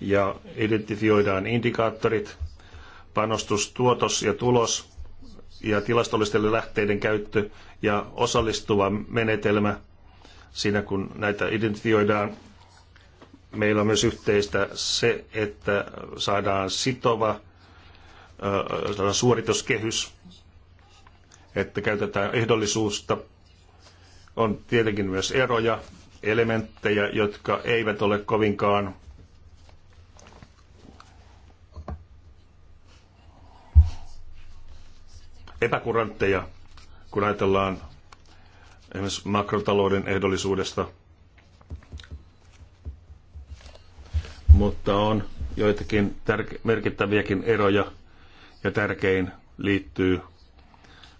ja identifioidaan indikaattorit, panostus, tuotos ja tulos – ja tilastollisten lähteiden käyttö ja osallistuva menetelmä siinä, kun näitä identifioidaan. Meillä on myös yhteistä se, että saadaan sitova saadaan suorituskehys, että käytetään ehdollisuutta. On tietenkin myös eroja, elementtejä, jotka eivät ole kovinkaan epäkurantteja, kun ajatellaan esimerkiksi makrotalouden ehdollisuudesta. Mutta on joitakin merkittäviäkin eroja, ja tärkein liittyy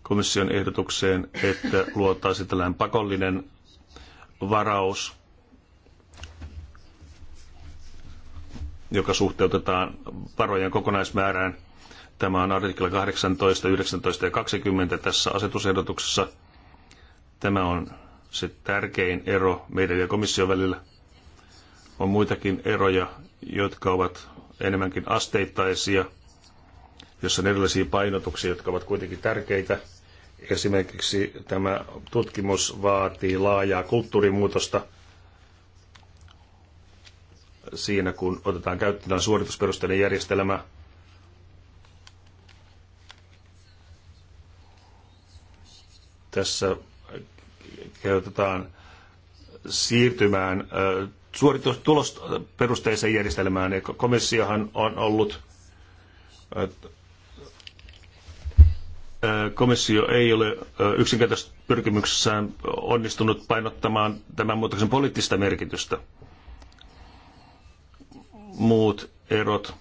komission ehdotukseen, että luotaisiin tällainen pakollinen varaus, joka suhteutetaan varojen kokonaismäärään – Tämä on artikla 18, 19 ja 20 tässä asetusehdotuksessa. Tämä on se tärkein ero meidän ja komission välillä. On muitakin eroja, jotka ovat enemmänkin asteittaisia, jossa on erilaisia painotuksia, jotka ovat kuitenkin tärkeitä. Esimerkiksi tämä tutkimus vaatii laajaa kulttuurimuutosta siinä, kun otetaan käyttöön suoritusperusteinen järjestelmä – Tässä kehotetaan siirtymään suoritustulosperusteiseen järjestelmään. Komissiohan on ollut komissio ei ole yksinkertaisesti pyrkimyksessään onnistunut painottamaan tämän muutoksen poliittista merkitystä. Muut erot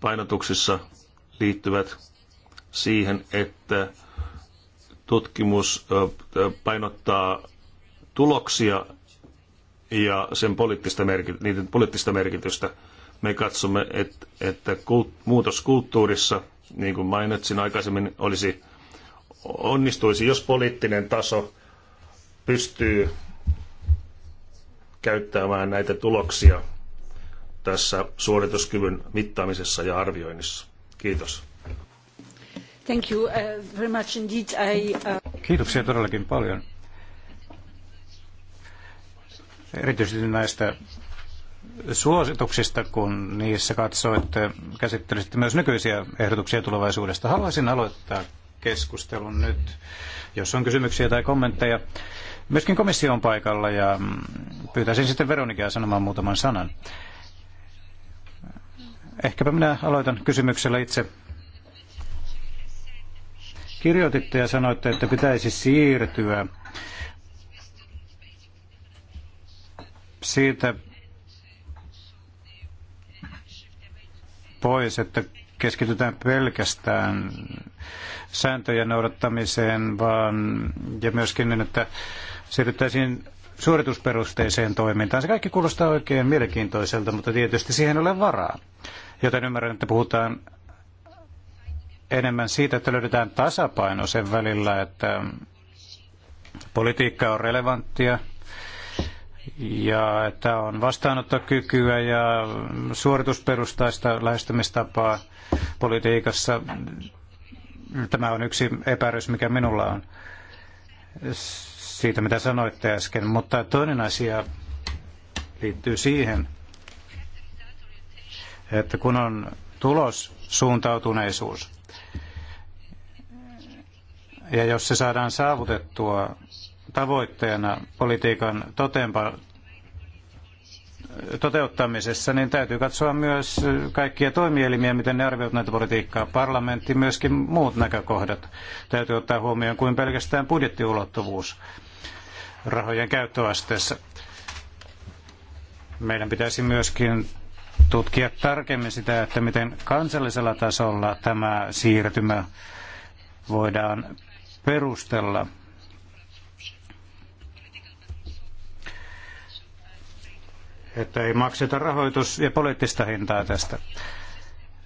painotuksissa liittyvät siihen, että tutkimus painottaa tuloksia ja sen poliittista niiden poliittista merkitystä. Me katsomme, että, että kult, muutos kulttuurissa, niin kuin mainitsin aikaisemmin, olisi onnistuisi, jos poliittinen taso pystyy käyttämään näitä tuloksia tässä suorituskyvyn mittaamisessa ja arvioinnissa. Kiitos. Thank you uh, very much indeed. I, uh... Kiitoksia todellakin paljon. Erityisesti näistä suosituksista, kun niissä katsoitte, käsittelisitte myös nykyisiä ehdotuksia tulevaisuudesta. Haluaisin aloittaa keskustelun nyt, jos on kysymyksiä tai kommentteja. Myöskin komissio on paikalla ja pyytäisin sitten Veronikaa sanomaan muutaman sanan. Ehkäpä minä aloitan kysymyksellä itse kirjoititte ja sanoitte, että pitäisi siirtyä siitä pois, että keskitytään pelkästään sääntöjen noudattamiseen, vaan ja myöskin niin, että siirryttäisiin suoritusperusteiseen toimintaan. Se kaikki kuulostaa oikein mielenkiintoiselta, mutta tietysti siihen ei ole varaa. Joten ymmärrän, että puhutaan enemmän siitä, että löydetään tasapaino sen välillä, että politiikka on relevanttia ja että on vastaanottokykyä ja suoritusperustaista lähestymistapaa politiikassa. Tämä on yksi epäryys, mikä minulla on siitä, mitä sanoitte äsken. Mutta toinen asia liittyy siihen, että kun on tulos suuntautuneisuus, ja jos se saadaan saavutettua tavoitteena politiikan toteenpa, toteuttamisessa, niin täytyy katsoa myös kaikkia toimielimiä, miten ne arvioivat näitä politiikkaa. Parlamentti, myöskin muut näkökohdat täytyy ottaa huomioon kuin pelkästään budjettiulottuvuus rahojen käyttöasteessa. Meidän pitäisi myöskin tutkia tarkemmin sitä, että miten kansallisella tasolla tämä siirtymä voidaan perustella. Että ei makseta rahoitus- ja poliittista hintaa tästä.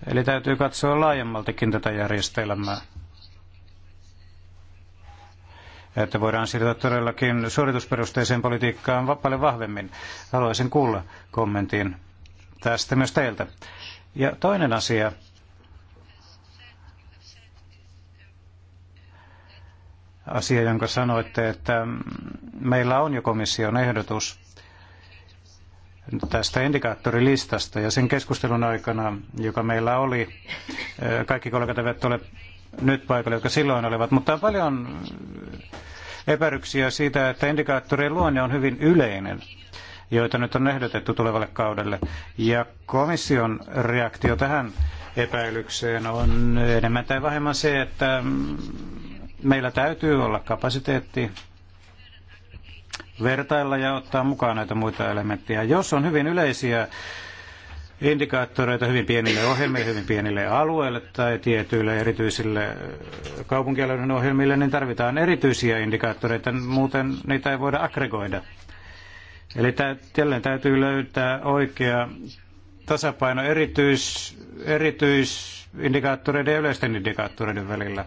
Eli täytyy katsoa laajemmaltikin tätä järjestelmää. Että voidaan siirtyä todellakin suoritusperusteiseen politiikkaan paljon vahvemmin. Haluaisin kuulla kommentin tästä myös teiltä. Ja toinen asia, asia, jonka sanoitte, että meillä on jo komission ehdotus tästä indikaattorilistasta ja sen keskustelun aikana, joka meillä oli, eh, kaikki kollegat eivät ole nyt paikalla, jotka silloin olivat, mutta on paljon epäryksiä siitä, että indikaattorien luonne on hyvin yleinen joita nyt on ehdotettu tulevalle kaudelle. Ja komission reaktio tähän epäilykseen on enemmän tai vähemmän se, että meillä täytyy olla kapasiteetti vertailla ja ottaa mukaan näitä muita elementtejä. Jos on hyvin yleisiä indikaattoreita hyvin pienille ohjelmille, hyvin pienille alueille tai tietyille erityisille kaupunkialueiden ohjelmille, niin tarvitaan erityisiä indikaattoreita, muuten niitä ei voida aggregoida. Eli tä, jälleen täytyy löytää oikea tasapaino erityis, erityisindikaattoreiden ja yleisten indikaattoreiden välillä.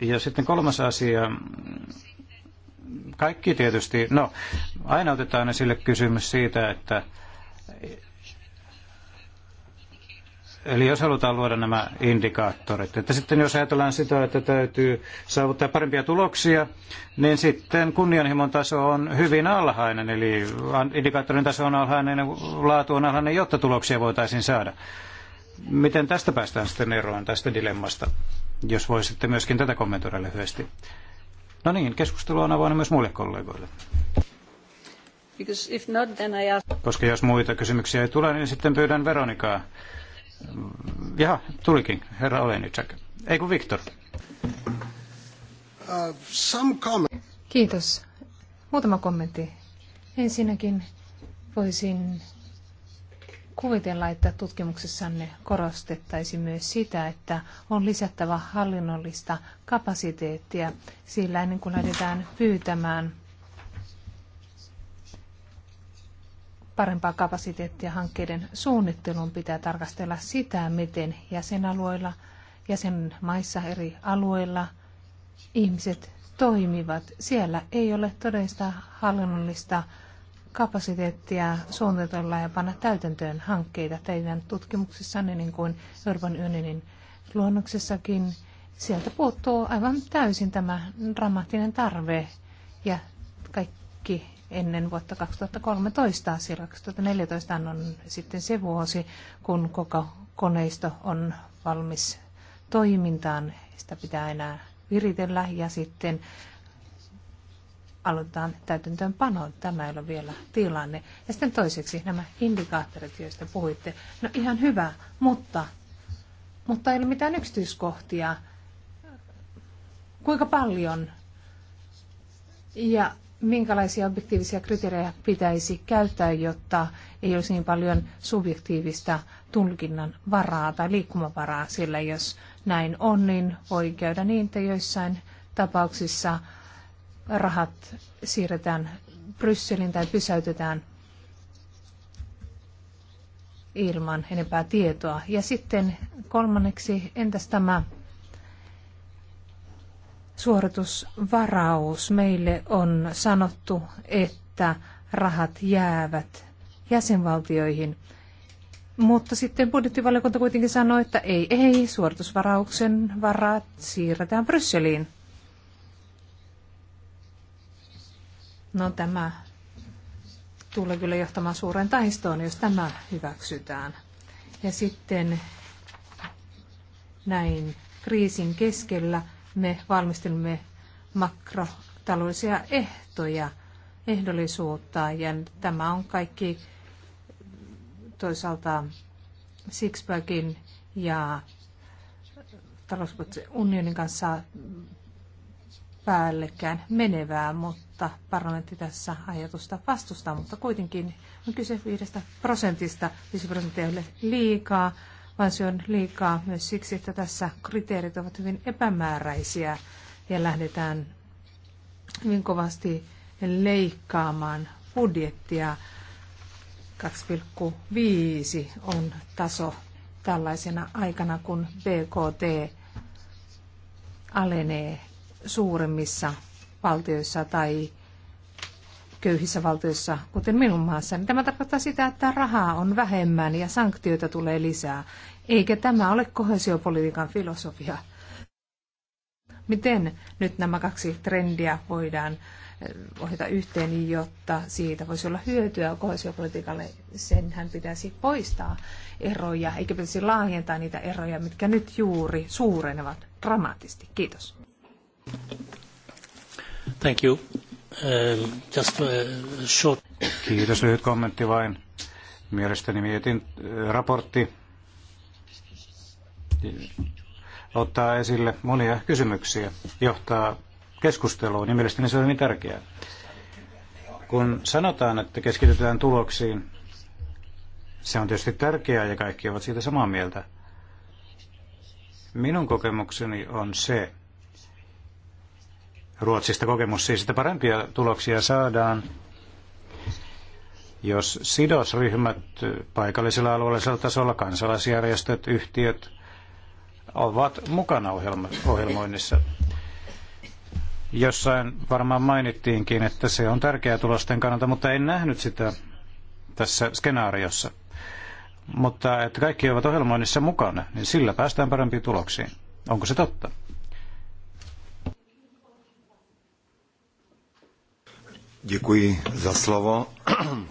Ja sitten kolmas asia. Kaikki tietysti, no aina otetaan esille kysymys siitä, että Eli jos halutaan luoda nämä indikaattorit, että sitten jos ajatellaan sitä, että täytyy saavuttaa parempia tuloksia, niin sitten kunnianhimon taso on hyvin alhainen, eli indikaattorin taso on alhainen ja laatu on alhainen, jotta tuloksia voitaisiin saada. Miten tästä päästään sitten eroon tästä dilemmasta, jos voisitte myöskin tätä kommentoida lyhyesti? No niin, keskustelu on avoinna myös muille kollegoille. Not, ask... Koska jos muita kysymyksiä ei tule, niin sitten pyydän Veronikaa Jaha, tulikin, herra Olenicek. Ei kun Viktor. Uh, Kiitos. Muutama kommentti. Ensinnäkin voisin kuvitella, että tutkimuksessanne korostettaisiin myös sitä, että on lisättävä hallinnollista kapasiteettia, sillä ennen kuin lähdetään pyytämään – parempaa kapasiteettia hankkeiden suunnitteluun pitää tarkastella sitä, miten jäsenalueilla, jäsenmaissa eri alueilla ihmiset toimivat. Siellä ei ole todellista hallinnollista kapasiteettia suunnitella ja panna täytäntöön hankkeita teidän tutkimuksissanne, niin kuin Euroopan unionin luonnoksessakin. Sieltä puuttuu aivan täysin tämä dramaattinen tarve ja kaikki ennen vuotta 2013, sillä 2014 on sitten se vuosi, kun koko koneisto on valmis toimintaan. Sitä pitää enää viritellä ja sitten aloitetaan täytäntöönpanoon. Tämä ei ole vielä tilanne. Ja sitten toiseksi nämä indikaattorit, joista puhuitte. No ihan hyvä, mutta, mutta ei ole mitään yksityiskohtia. Kuinka paljon ja minkälaisia objektiivisia kriteerejä pitäisi käyttää, jotta ei olisi niin paljon subjektiivista tulkinnan varaa tai liikkumavaraa, sillä jos näin on, niin voi käydä niin, että joissain tapauksissa rahat siirretään Brysselin tai pysäytetään ilman enempää tietoa. Ja sitten kolmanneksi, entäs tämä suoritusvaraus. Meille on sanottu, että rahat jäävät jäsenvaltioihin. Mutta sitten budjettivaliokunta kuitenkin sanoi, että ei, ei, suoritusvarauksen varat siirretään Brysseliin. No tämä tulee kyllä johtamaan suureen taistoon, jos tämä hyväksytään. Ja sitten näin kriisin keskellä – me valmistelimme makrotaloudellisia ehtoja, ehdollisuutta ja tämä on kaikki toisaalta Sixpackin ja talouspoliittisen unionin kanssa päällekään menevää, mutta parlamentti tässä ajatusta vastustaa, mutta kuitenkin on kyse 5 prosentista, 5 prosenttia ei ole liikaa, vaan se on liikaa myös siksi, että tässä kriteerit ovat hyvin epämääräisiä ja lähdetään hyvin kovasti leikkaamaan budjettia. 2,5 on taso tällaisena aikana, kun BKT alenee suuremmissa valtioissa tai köyhissä valtioissa, kuten minun maassani. Tämä tarkoittaa sitä, että rahaa on vähemmän ja sanktioita tulee lisää. Eikä tämä ole kohesiopolitiikan filosofia. Miten nyt nämä kaksi trendiä voidaan eh, ohjata yhteen, jotta siitä voisi olla hyötyä kohesiopolitiikalle? Senhän pitäisi poistaa eroja, eikä pitäisi laajentaa niitä eroja, mitkä nyt juuri suurenevat dramaattisesti. Kiitos. Thank you. Eh, just eh, short. Kiitos, lyhyt kommentti vain. Mielestäni mietin eh, raportti ottaa esille monia kysymyksiä, johtaa keskusteluun niin ja mielestäni se on hyvin niin tärkeää. Kun sanotaan, että keskitytään tuloksiin, se on tietysti tärkeää ja kaikki ovat siitä samaa mieltä. Minun kokemukseni on se, Ruotsista kokemus, siis sitä parempia tuloksia saadaan, jos sidosryhmät paikallisella alueellisella tasolla, kansalaisjärjestöt, yhtiöt ovat mukana ohjelma, ohjelmoinnissa. Jossain varmaan mainittiinkin, että se on tärkeää tulosten kannalta, mutta en nähnyt sitä tässä skenaariossa. Mutta että kaikki ovat ohjelmoinnissa mukana, niin sillä päästään parempiin tuloksiin. Onko se totta? Děkuji za slovo. <clears throat>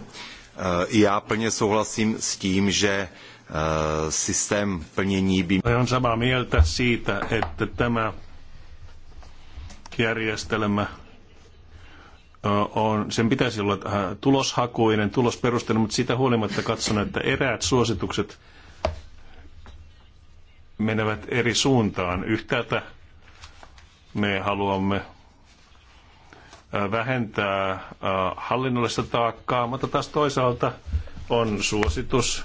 Eh, I já plně souhlasím s tím, že eh, systém plnění by... Olen samaa mieltä siitä, että tämä järjestelmä eh, on, sen pitäisi olla tuloshakuinen, tulosperusteinen, mutta sitä huolimatta katson, että eräät suositukset menevät eri suuntaan. Yhtäältä me haluamme vähentää hallinnollista taakkaa, mutta taas toisaalta on suositus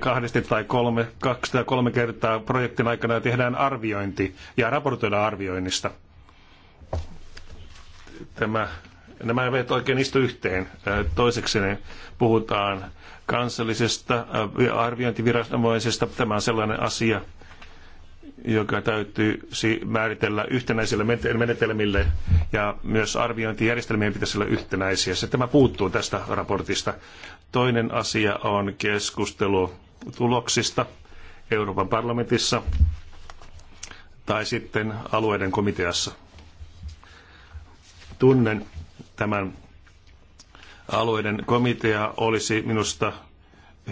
kahdesti tai kolme, kaksi tai kolme kertaa projektin aikana tehdään arviointi ja raportoidaan arvioinnista. Tämä, nämä eivät oikein istu yhteen. Toiseksi ne niin puhutaan kansallisesta arviointiviranomaisesta. Tämä on sellainen asia, joka täytyy määritellä yhtenäisillä menetelmillä ja myös arviointijärjestelmien pitäisi olla yhtenäisiä. Se tämä puuttuu tästä raportista. Toinen asia on keskustelu tuloksista Euroopan parlamentissa tai sitten alueiden komiteassa. Tunnen tämän alueiden komitea olisi minusta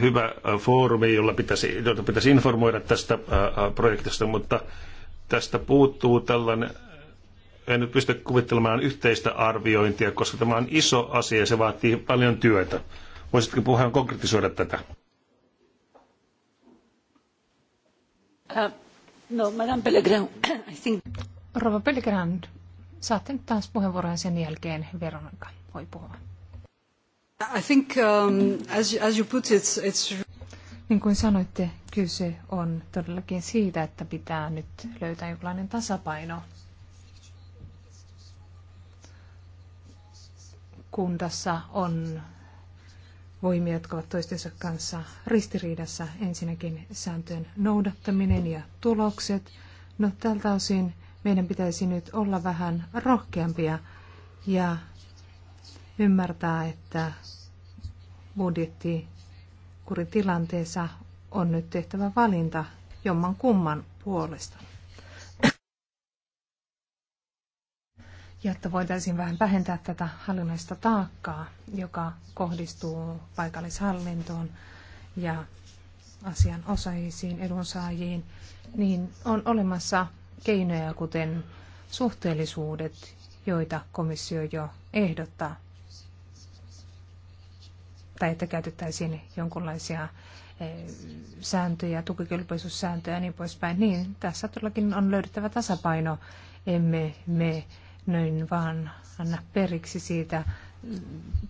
hyvä äh, foorumi, jolla pitäisi, jota pitäisi informoida tästä äh, äh, projektista, mutta tästä puuttuu tällainen, en nyt pysty kuvittelemaan yhteistä arviointia, koska tämä on iso asia ja se vaatii paljon työtä. Voisitko puheen konkretisoida tätä? Uh, no, Madame Pellegrin, <coughs> I think... Rova Pellegrin, saatte nyt taas puheenvuoron sen jälkeen Veronika voi puhua. I think, um, as, as you put it, it's... Niin kuin sanoitte, kyse on todellakin siitä, että pitää nyt löytää jonkinlainen tasapaino. Kuntassa on voimia, jotka ovat toistensa kanssa ristiriidassa. Ensinnäkin sääntöjen noudattaminen ja tulokset. No tältä osin meidän pitäisi nyt olla vähän rohkeampia ja ymmärtää, että budjetti tilanteessa on nyt tehtävä valinta jomman kumman puolesta. jotta voitaisiin vähän vähentää tätä hallinnollista taakkaa, joka kohdistuu paikallishallintoon ja asianosaisiin, edunsaajiin, niin on olemassa keinoja, kuten suhteellisuudet, joita komissio jo ehdottaa tai että käytettäisiin jonkinlaisia eh, sääntöjä, tukikelpoisuussääntöjä ja niin poispäin, niin tässä todellakin on löydettävä tasapaino. Emme me noin vaan anna periksi siitä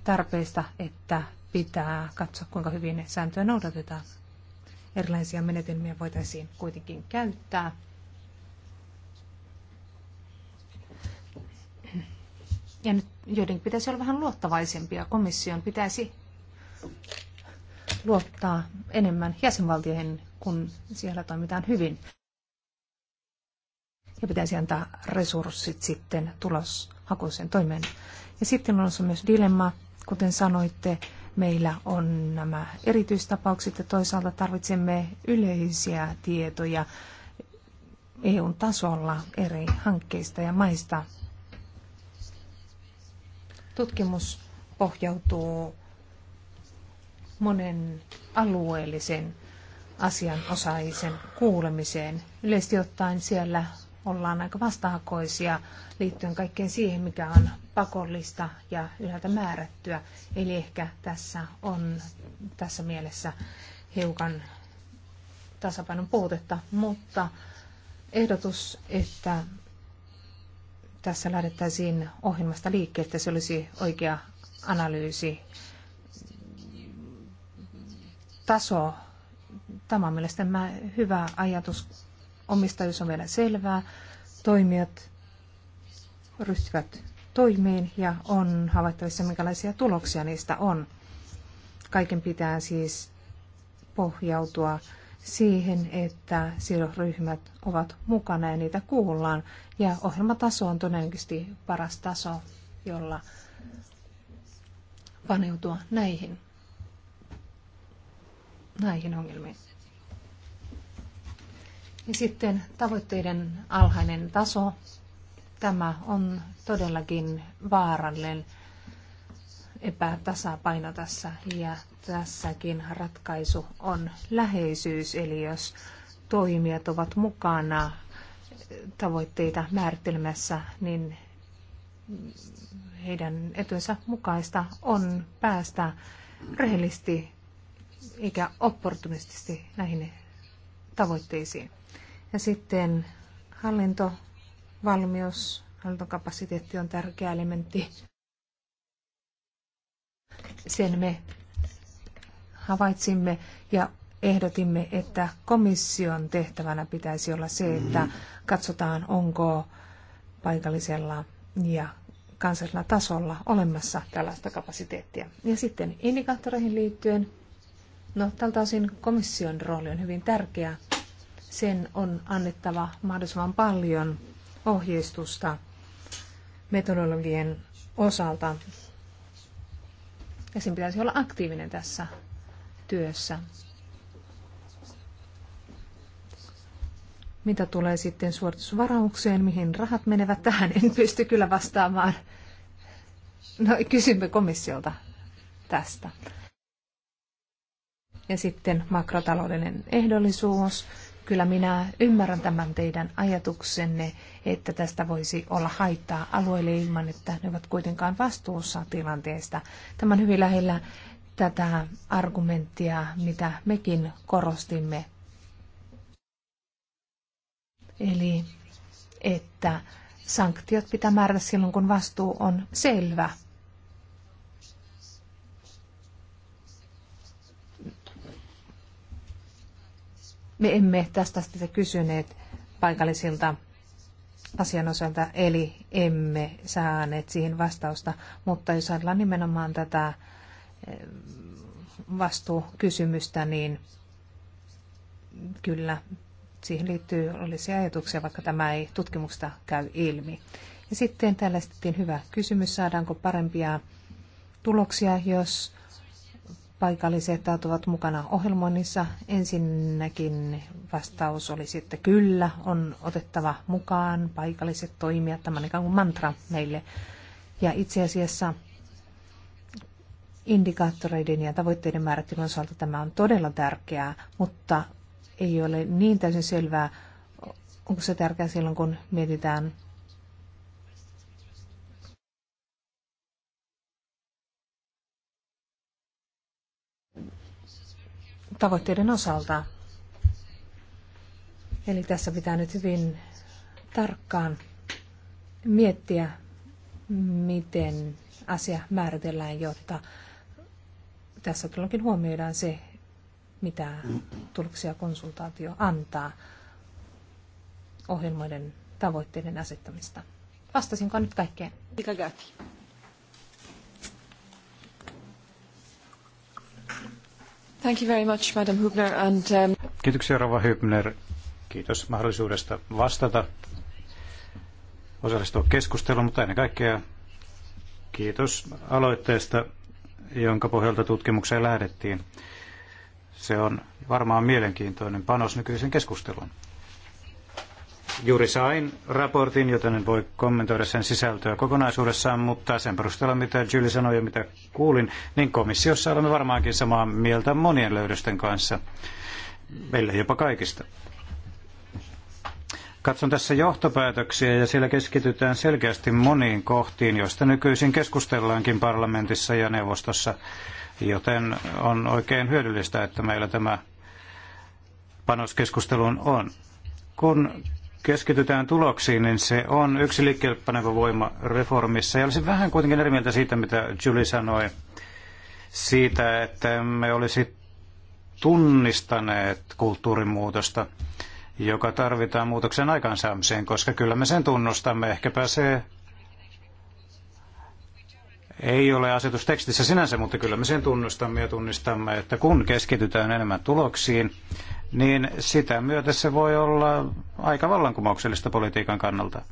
tarpeesta, että pitää katsoa, kuinka hyvin sääntöjä noudatetaan. Erilaisia menetelmiä voitaisiin kuitenkin käyttää. Ja nyt joidenkin pitäisi olla vähän luottavaisempia. Komission pitäisi luottaa enemmän jäsenvaltioihin, kun siellä toimitaan hyvin. Ja pitäisi antaa resurssit sitten tuloshakuisen toimeen. Ja sitten on myös dilemma, kuten sanoitte, meillä on nämä erityistapaukset ja toisaalta tarvitsemme yleisiä tietoja eu tasolla eri hankkeista ja maista. Tutkimus pohjautuu monen alueellisen asianosaisen kuulemiseen. Yleisesti ottaen siellä ollaan aika vastahakoisia liittyen kaikkeen siihen, mikä on pakollista ja yhdeltä määrättyä. Eli ehkä tässä on tässä mielessä hiukan tasapainon puutetta, mutta ehdotus, että tässä lähdettäisiin ohjelmasta liikkeelle, se olisi oikea analyysi taso. Tämä on mielestäni hyvä ajatus. Omistajuus on vielä selvää. Toimijat ryhtyvät toimiin ja on havaittavissa, minkälaisia tuloksia niistä on. Kaiken pitää siis pohjautua siihen, että sidosryhmät ovat mukana ja niitä kuullaan. Ja ohjelmataso on todennäköisesti paras taso, jolla paneutua näihin näihin ongelmiin. Ja sitten tavoitteiden alhainen taso. Tämä on todellakin vaarallinen epätasapaino tässä ja tässäkin ratkaisu on läheisyys, eli jos toimijat ovat mukana tavoitteita määrittelemässä, niin heidän etuensa mukaista on päästä rehellisesti eikä opportunistisesti näihin tavoitteisiin. Ja sitten hallintovalmius, hallintokapasiteetti on tärkeä elementti. Sen me havaitsimme ja ehdotimme, että komission tehtävänä pitäisi olla se, että katsotaan, onko paikallisella ja kansallisella tasolla olemassa tällaista kapasiteettia. Ja sitten indikaattoreihin liittyen No, tältä osin komission rooli on hyvin tärkeä. Sen on annettava mahdollisimman paljon ohjeistusta metodologien osalta. Ja sen pitäisi olla aktiivinen tässä työssä. Mitä tulee sitten suoritusvaraukseen, mihin rahat menevät tähän, en pysty kyllä vastaamaan. No, kysymme komissiolta tästä. Ja sitten makrotaloudellinen ehdollisuus. Kyllä minä ymmärrän tämän teidän ajatuksenne, että tästä voisi olla haittaa alueille ilman, että ne ovat kuitenkaan vastuussa tilanteesta. Tämä on hyvin lähellä tätä argumenttia, mitä mekin korostimme. Eli että sanktiot pitää määrätä silloin, kun vastuu on selvä. Me emme tästä sitä kysyneet paikallisilta asianosalta, eli emme saaneet siihen vastausta. Mutta jos ajatellaan nimenomaan tätä eh, vastuukysymystä, niin kyllä siihen liittyy olisi ajatuksia, vaikka tämä ei tutkimusta käy ilmi. Ja sitten täällä esitettiin hyvä kysymys, saadaanko parempia tuloksia, jos paikalliset ovat mukana ohjelmoinnissa. Ensinnäkin vastaus oli että kyllä, on otettava mukaan paikalliset toimijat. Tämä on ikään kuin mantra meille. Ja itse asiassa indikaattoreiden ja tavoitteiden määrittelyn osalta tämä on todella tärkeää, mutta ei ole niin täysin selvää, onko se tärkeää silloin, kun mietitään tavoitteiden osalta. Eli tässä pitää nyt hyvin tarkkaan miettiä, miten asia määritellään, jotta tässä todellakin huomioidaan se, mitä tuloksia konsultaatio antaa ohjelmoiden tavoitteiden asettamista. Vastasinko nyt kaikkeen? Mikä Thank you very much, Madam Hübner. And, um... Kiitoksia, Rova Hübner. Kiitos mahdollisuudesta vastata, osallistua keskusteluun, mutta ennen kaikkea kiitos aloitteesta, jonka pohjalta tutkimukseen lähdettiin. Se on varmaan mielenkiintoinen panos nykyisen keskusteluun. Juuri sain raportin, joten en voi kommentoida sen sisältöä kokonaisuudessaan, mutta sen perusteella, mitä Julie sanoi ja mitä kuulin, niin komissiossa olemme varmaankin samaa mieltä monien löydösten kanssa. meille jopa kaikista. Katson tässä johtopäätöksiä ja siellä keskitytään selkeästi moniin kohtiin, joista nykyisin keskustellaankin parlamentissa ja neuvostossa, joten on oikein hyödyllistä, että meillä tämä panoskeskusteluun on kun keskitytään tuloksiin, niin se on yksi liikkeelle paneva voima reformissa. Ja olisin vähän kuitenkin eri mieltä siitä, mitä Julie sanoi, siitä, että me olisi tunnistaneet kulttuurimuutosta, joka tarvitaan muutoksen aikaansaamiseen, koska kyllä me sen tunnustamme. Ehkäpä se ei ole asetustekstissä sinänsä, mutta kyllä me sen tunnustamme ja tunnistamme, että kun keskitytään enemmän tuloksiin, niin sitä myötä se voi olla aika vallankumouksellista politiikan kannalta.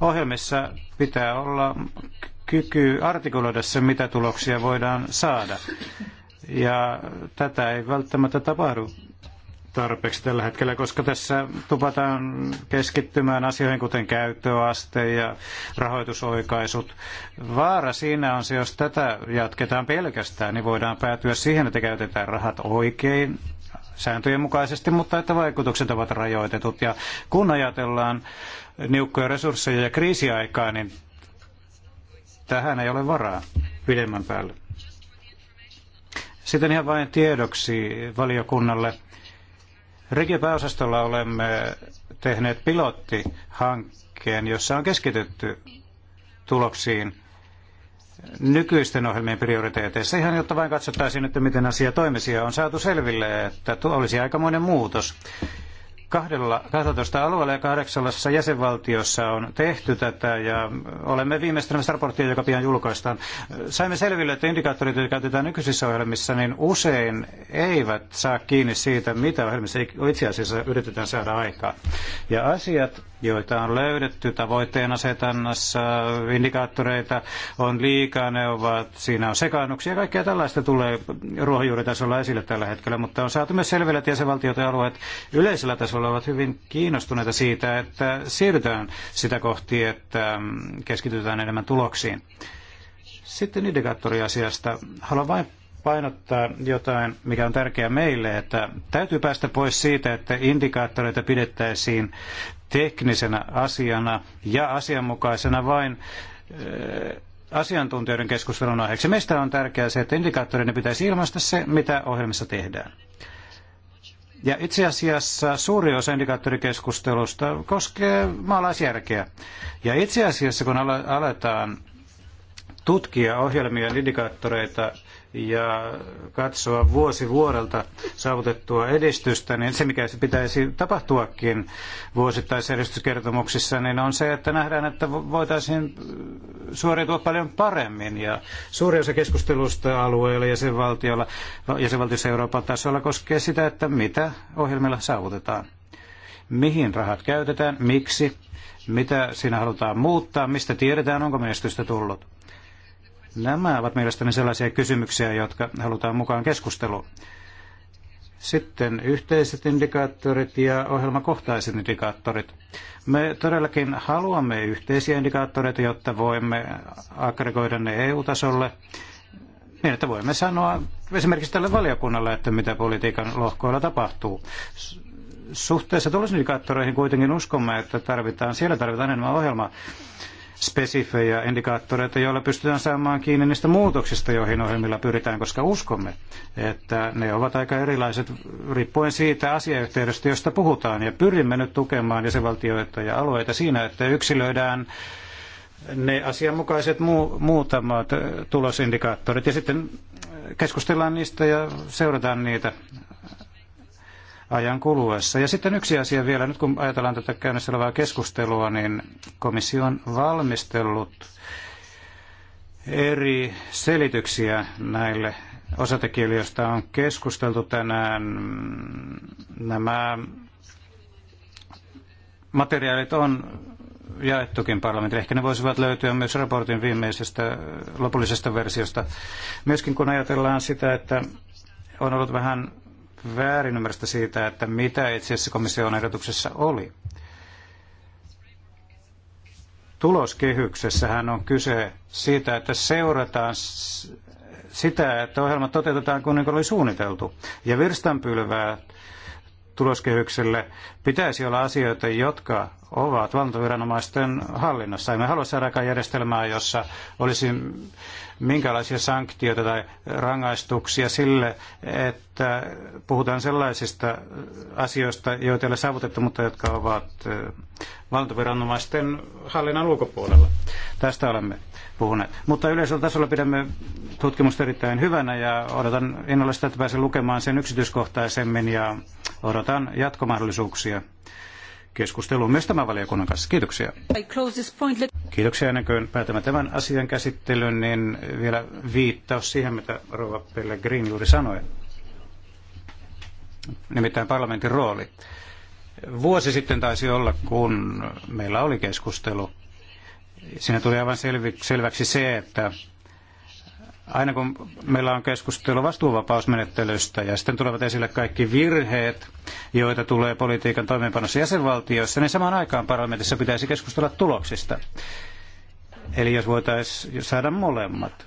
Ohjelmissa pitää olla kyky artikuloida se, mitä tuloksia voidaan saada. Ja tätä ei välttämättä tapahdu tarpeeksi tällä hetkellä, koska tässä tupataan keskittymään asioihin kuten käyttöaste ja rahoitusoikaisut. Vaara siinä on se, jos tätä jatketaan pelkästään, niin voidaan päätyä siihen, että käytetään rahat oikein sääntöjen mukaisesti, mutta että vaikutukset ovat rajoitetut. Ja kun ajatellaan niukkoja resursseja ja kriisiaikaa, niin tähän ei ole varaa pidemmän päälle. Sitten ihan vain tiedoksi valiokunnalle Regiopääosastolla olemme tehneet pilottihankkeen, jossa on keskitytty tuloksiin nykyisten ohjelmien prioriteeteissa, ihan jotta vain katsottaisiin, että miten asia toimisi. Ja on saatu selville, että olisi aikamoinen muutos kahdella, 12 alueella ja kahdeksallassa jäsenvaltiossa on tehty tätä ja olemme viimeistelemässä raporttia, joka pian julkaistaan. Saimme selville, että indikaattorit, joita käytetään nykyisissä ohjelmissa, niin usein eivät saa kiinni siitä, mitä ohjelmissa itse asiassa yritetään saada aikaan. Ja asiat, joita on löydetty tavoitteen asetannassa, indikaattoreita on liikaa, ne ovat, siinä on sekaannuksia, kaikkea tällaista tulee ruohonjuuritasolla esille tällä hetkellä, mutta on saatu myös selville, että jäsenvaltiot ja alueet yleisellä tasolla puolella ovat hyvin kiinnostuneita siitä, että siirrytään sitä kohti, että keskitytään enemmän tuloksiin. Sitten indikaattoriasiasta. Haluan vain painottaa jotain, mikä on tärkeää meille, että täytyy päästä pois siitä, että indikaattoreita pidettäisiin teknisenä asiana ja asianmukaisena vain äh, asiantuntijoiden keskustelun aiheeksi. Meistä on tärkeää se, että indikaattoreiden pitäisi ilmaista se, mitä ohjelmissa tehdään. Ja itse asiassa suuri osa indikaattorikeskustelusta koskee maalaisjärkeä. Ja itse asiassa kun aletaan tutkia ohjelmien indikaattoreita ja katsoa vuosi vuodelta saavutettua edistystä, niin se mikä pitäisi tapahtuakin vuosittaisessa edistyskertomuksissa, niin on se, että nähdään, että voitaisiin suoriutua paljon paremmin. Ja suuri osa keskustelusta alueella ja sen valtiolla, jäsenvaltiossa Euroopan tasolla koskee sitä, että mitä ohjelmilla saavutetaan. Mihin rahat käytetään, miksi, mitä siinä halutaan muuttaa, mistä tiedetään, onko menestystä tullut. Nämä ovat mielestäni sellaisia kysymyksiä, jotka halutaan mukaan keskusteluun. Sitten yhteiset indikaattorit ja ohjelmakohtaiset indikaattorit. Me todellakin haluamme yhteisiä indikaattoreita, jotta voimme aggregoida ne EU-tasolle. Niin, että voimme sanoa esimerkiksi tälle valiokunnalle, että mitä politiikan lohkoilla tapahtuu. Suhteessa tulosindikaattoreihin kuitenkin uskomme, että tarvitaan, siellä tarvitaan enemmän ohjelma spesifejä indikaattoreita, joilla pystytään saamaan kiinni niistä muutoksista, joihin ohjelmilla pyritään, koska uskomme, että ne ovat aika erilaiset riippuen siitä asiayhteydestä, josta puhutaan. Ja pyrimme nyt tukemaan jäsenvaltioita ja alueita siinä, että yksilöidään ne asianmukaiset muu, muutamat tulosindikaattorit ja sitten keskustellaan niistä ja seurataan niitä ajan kuluessa. Ja sitten yksi asia vielä, nyt kun ajatellaan tätä käynnissä olevaa keskustelua, niin komissio on valmistellut eri selityksiä näille osatekijöille, joista on keskusteltu tänään. Nämä materiaalit on jaettukin parlamentille. Ehkä ne voisivat löytyä myös raportin viimeisestä lopullisesta versiosta. Myöskin kun ajatellaan sitä, että on ollut vähän väärinymmärrystä siitä, että mitä itse asiassa komission ehdotuksessa oli. Tuloskehyksessähän on kyse siitä, että seurataan sitä, että ohjelma toteutetaan kun niin oli suunniteltu. Ja virstanpylvää tuloskehykselle pitäisi olla asioita, jotka ovat valvontaviranomaisten hallinnassa. Emme halua saada järjestelmää, jossa olisi minkälaisia sanktioita tai rangaistuksia sille, että puhutaan sellaisista asioista, joita ei ole saavutettu, mutta jotka ovat valtaviranomaisten hallinnan ulkopuolella. Tästä olemme puhuneet. Mutta yleisellä tasolla pidämme tutkimusta erittäin hyvänä ja odotan innolla sitä, että pääsen lukemaan sen yksityiskohtaisemmin ja odotan jatkomahdollisuuksia keskusteluun myös tämän valiokunnan kanssa. Kiitoksia. Kiitoksia ennen kuin päätämme tämän asian käsittelyn, niin vielä viittaus siihen, mitä Rova Green juuri sanoi. Nimittäin parlamentin rooli. Vuosi sitten taisi olla, kun meillä oli keskustelu. Siinä tuli aivan selvi, selväksi se, että aina kun meillä on keskustelu vastuuvapausmenettelystä ja sitten tulevat esille kaikki virheet, joita tulee politiikan toimeenpanossa jäsenvaltioissa, niin samaan aikaan parlamentissa pitäisi keskustella tuloksista. Eli jos voitaisiin saada molemmat,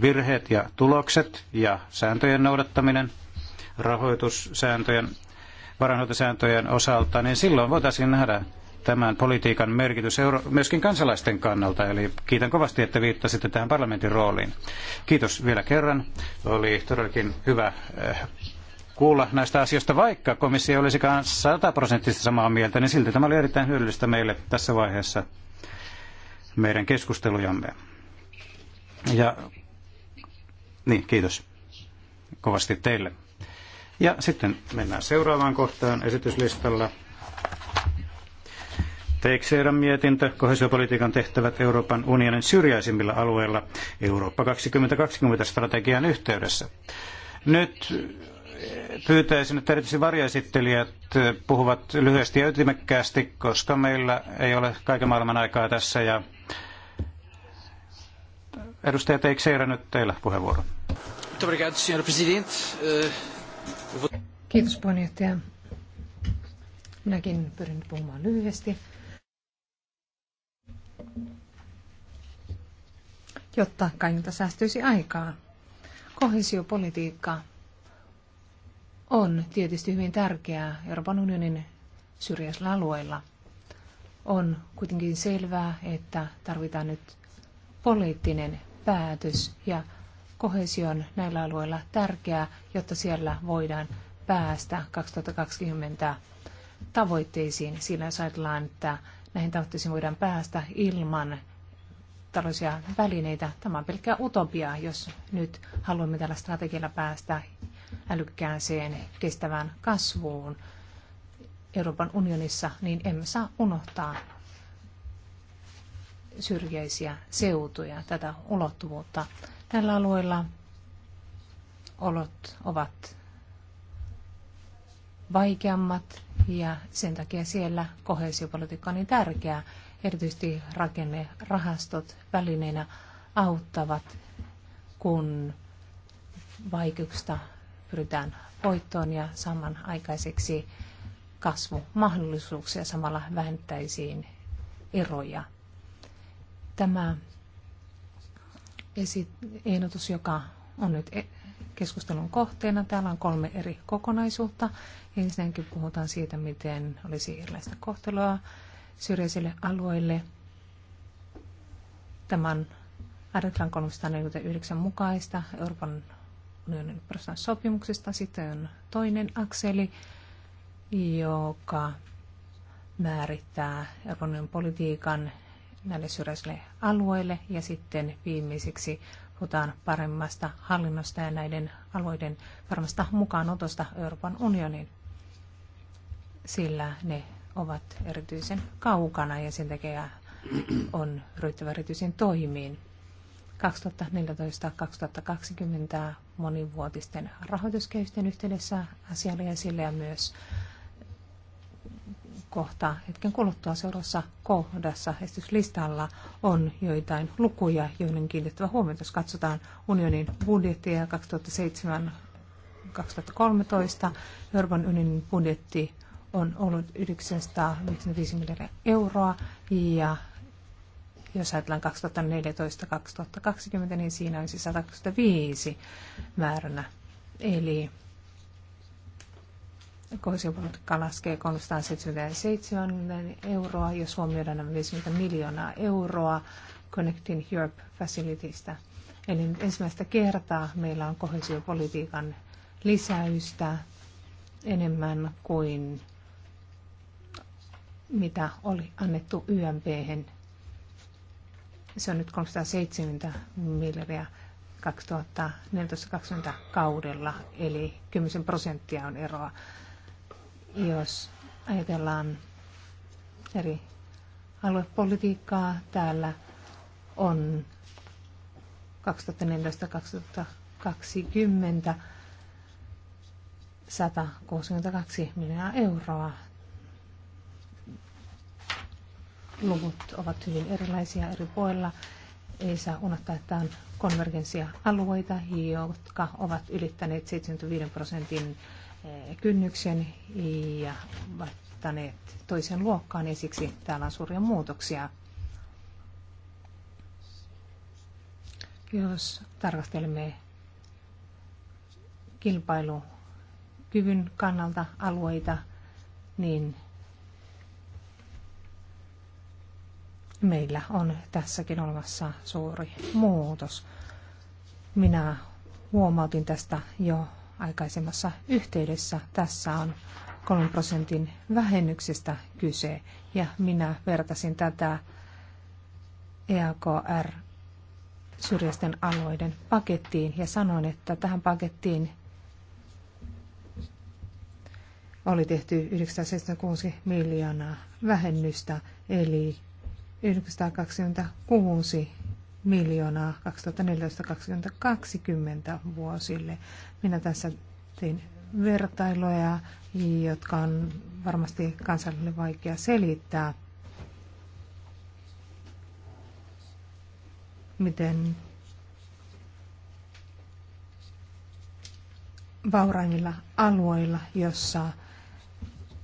virheet ja tulokset ja sääntöjen noudattaminen, rahoitussääntöjen, varainhoitosääntöjen osalta, niin silloin voitaisiin nähdä, tämän politiikan merkitys euro- myöskin kansalaisten kannalta. Eli kiitän kovasti, että viittasitte tähän parlamentin rooliin. Kiitos vielä kerran. Oli todellakin hyvä eh, kuulla näistä asioista, vaikka komissio ei olisikaan sataprosenttisesti samaa mieltä, niin silti tämä oli erittäin hyödyllistä meille tässä vaiheessa meidän keskustelujamme. Ja niin, kiitos kovasti teille. Ja sitten mennään seuraavaan kohtaan esityslistalla. Teixeiran mietintö, kohesiopolitiikan tehtävät Euroopan unionin syrjäisimmillä alueilla Eurooppa 2020 strategian yhteydessä. Nyt eh, pyytäisin, että erityisesti varjoesittelijät eh, puhuvat lyhyesti ja ytimekkäästi, koska meillä ei ole kaiken maailman aikaa tässä. Ja Edustaja Teixeira, nyt teillä puheenvuoro. Eh, Kiitos puheenjohtaja. Minäkin pyrin puhumaan lyhyesti jotta kaikilta säästyisi aikaa. Kohesiopolitiikka on tietysti hyvin tärkeää Euroopan unionin syrjäisillä alueilla. On kuitenkin selvää, että tarvitaan nyt poliittinen päätös ja kohesio on näillä alueilla tärkeää, jotta siellä voidaan päästä 2020 tavoitteisiin. siinä jos ajatellaan, että näihin tavoitteisiin voidaan päästä ilman taloudellisia välineitä. Tämä on pelkkää utopia, jos nyt haluamme tällä strategialla päästä älykkääseen kestävään kasvuun Euroopan unionissa, niin emme saa unohtaa syrjäisiä seutuja, tätä ulottuvuutta. Tällä alueella olot ovat vaikeammat ja sen takia siellä kohesiopolitiikka on niin tärkeää. Erityisesti rakennerahastot välineenä auttavat, kun vaikeuksista pyritään voittoon ja samanaikaiseksi kasvumahdollisuuksia samalla vähentäisiin eroja. Tämä ehdotus, joka on nyt e- keskustelun kohteena. Täällä on kolme eri kokonaisuutta. Ensinnäkin puhutaan siitä, miten olisi erilaista kohtelua syrjäisille alueille tämän artiklan 349 mukaista Euroopan unionin sopimuksesta. Sitten on toinen akseli, joka määrittää Euroopan unionin politiikan näille syrjäisille alueille. Ja sitten viimeiseksi puhutaan paremmasta hallinnosta ja näiden alueiden varmasta mukaanotosta Euroopan unionin, sillä ne ovat erityisen kaukana ja sen takia on ryhtyvä erityisiin toimiin. 2014-2020 monivuotisten rahoituskehysten yhteydessä asialle ja myös kohtaa hetken kuluttua seuraavassa kohdassa esityslistalla on joitain lukuja, joihin kiinnittävä huomiota, jos katsotaan unionin budjettia 2007 2013 Euroopan unionin budjetti on ollut 955 miljardia euroa ja jos ajatellaan 2014-2020, niin siinä on siis 125 määränä. Eli kohdisjopolitiikka laskee 377 euroa, jos huomioidaan nämä 50 miljoonaa euroa Connecting Europe Facilitystä. Eli nyt ensimmäistä kertaa meillä on kohesiopolitiikan lisäystä enemmän kuin mitä oli annettu ymp Se on nyt 370 miljardia 2014-2020 kaudella, eli 10 prosenttia on eroa. Jos ajatellaan eri aluepolitiikkaa, täällä on 2014-2020 162 miljoonaa euroa. Luvut ovat hyvin erilaisia eri puolilla. Ei saa unohtaa, että on konvergenssia alueita, jotka ovat ylittäneet 75 prosentin Eh, kynnyksen ja vaihtaneet toisen luokkaan ja siksi täällä on suuria muutoksia. Jos tarkastelemme kilpailukyvyn kannalta alueita, niin meillä on tässäkin olemassa suuri muutos. Minä huomautin tästä jo aikaisemmassa yhteydessä. Tässä on 3 prosentin vähennyksestä kyse ja minä vertasin tätä EAKR syrjäisten alueiden pakettiin ja sanoin, että tähän pakettiin oli tehty 976 miljoonaa vähennystä, eli 926 miljoonaa 2014-2020 vuosille. Minä tässä tein vertailuja, jotka on varmasti kansalle vaikea selittää, miten vauraimmilla alueilla, jossa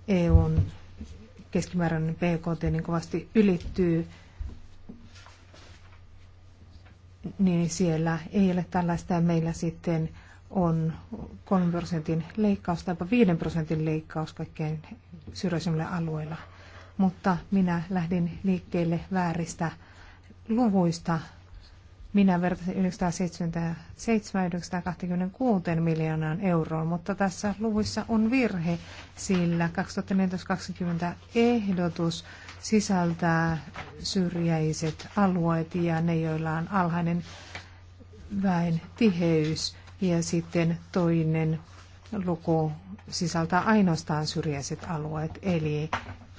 EUn keskimääräinen PKT niin kovasti ylittyy niin siellä ei ole tällaista ja meillä sitten on 3 prosentin leikkaus tai 5 prosentin leikkaus kaikkein syrjäisimmillä alueilla. Mutta minä lähdin liikkeelle vääristä luvuista. Minä vertaisin 977 926 miljoonaan euroon, mutta tässä luvuissa on virhe, sillä 2014-2020 ehdotus sisältää syrjäiset alueet ja ne, joilla on alhainen väen tiheys. Ja sitten toinen luku sisältää ainoastaan syrjäiset alueet, eli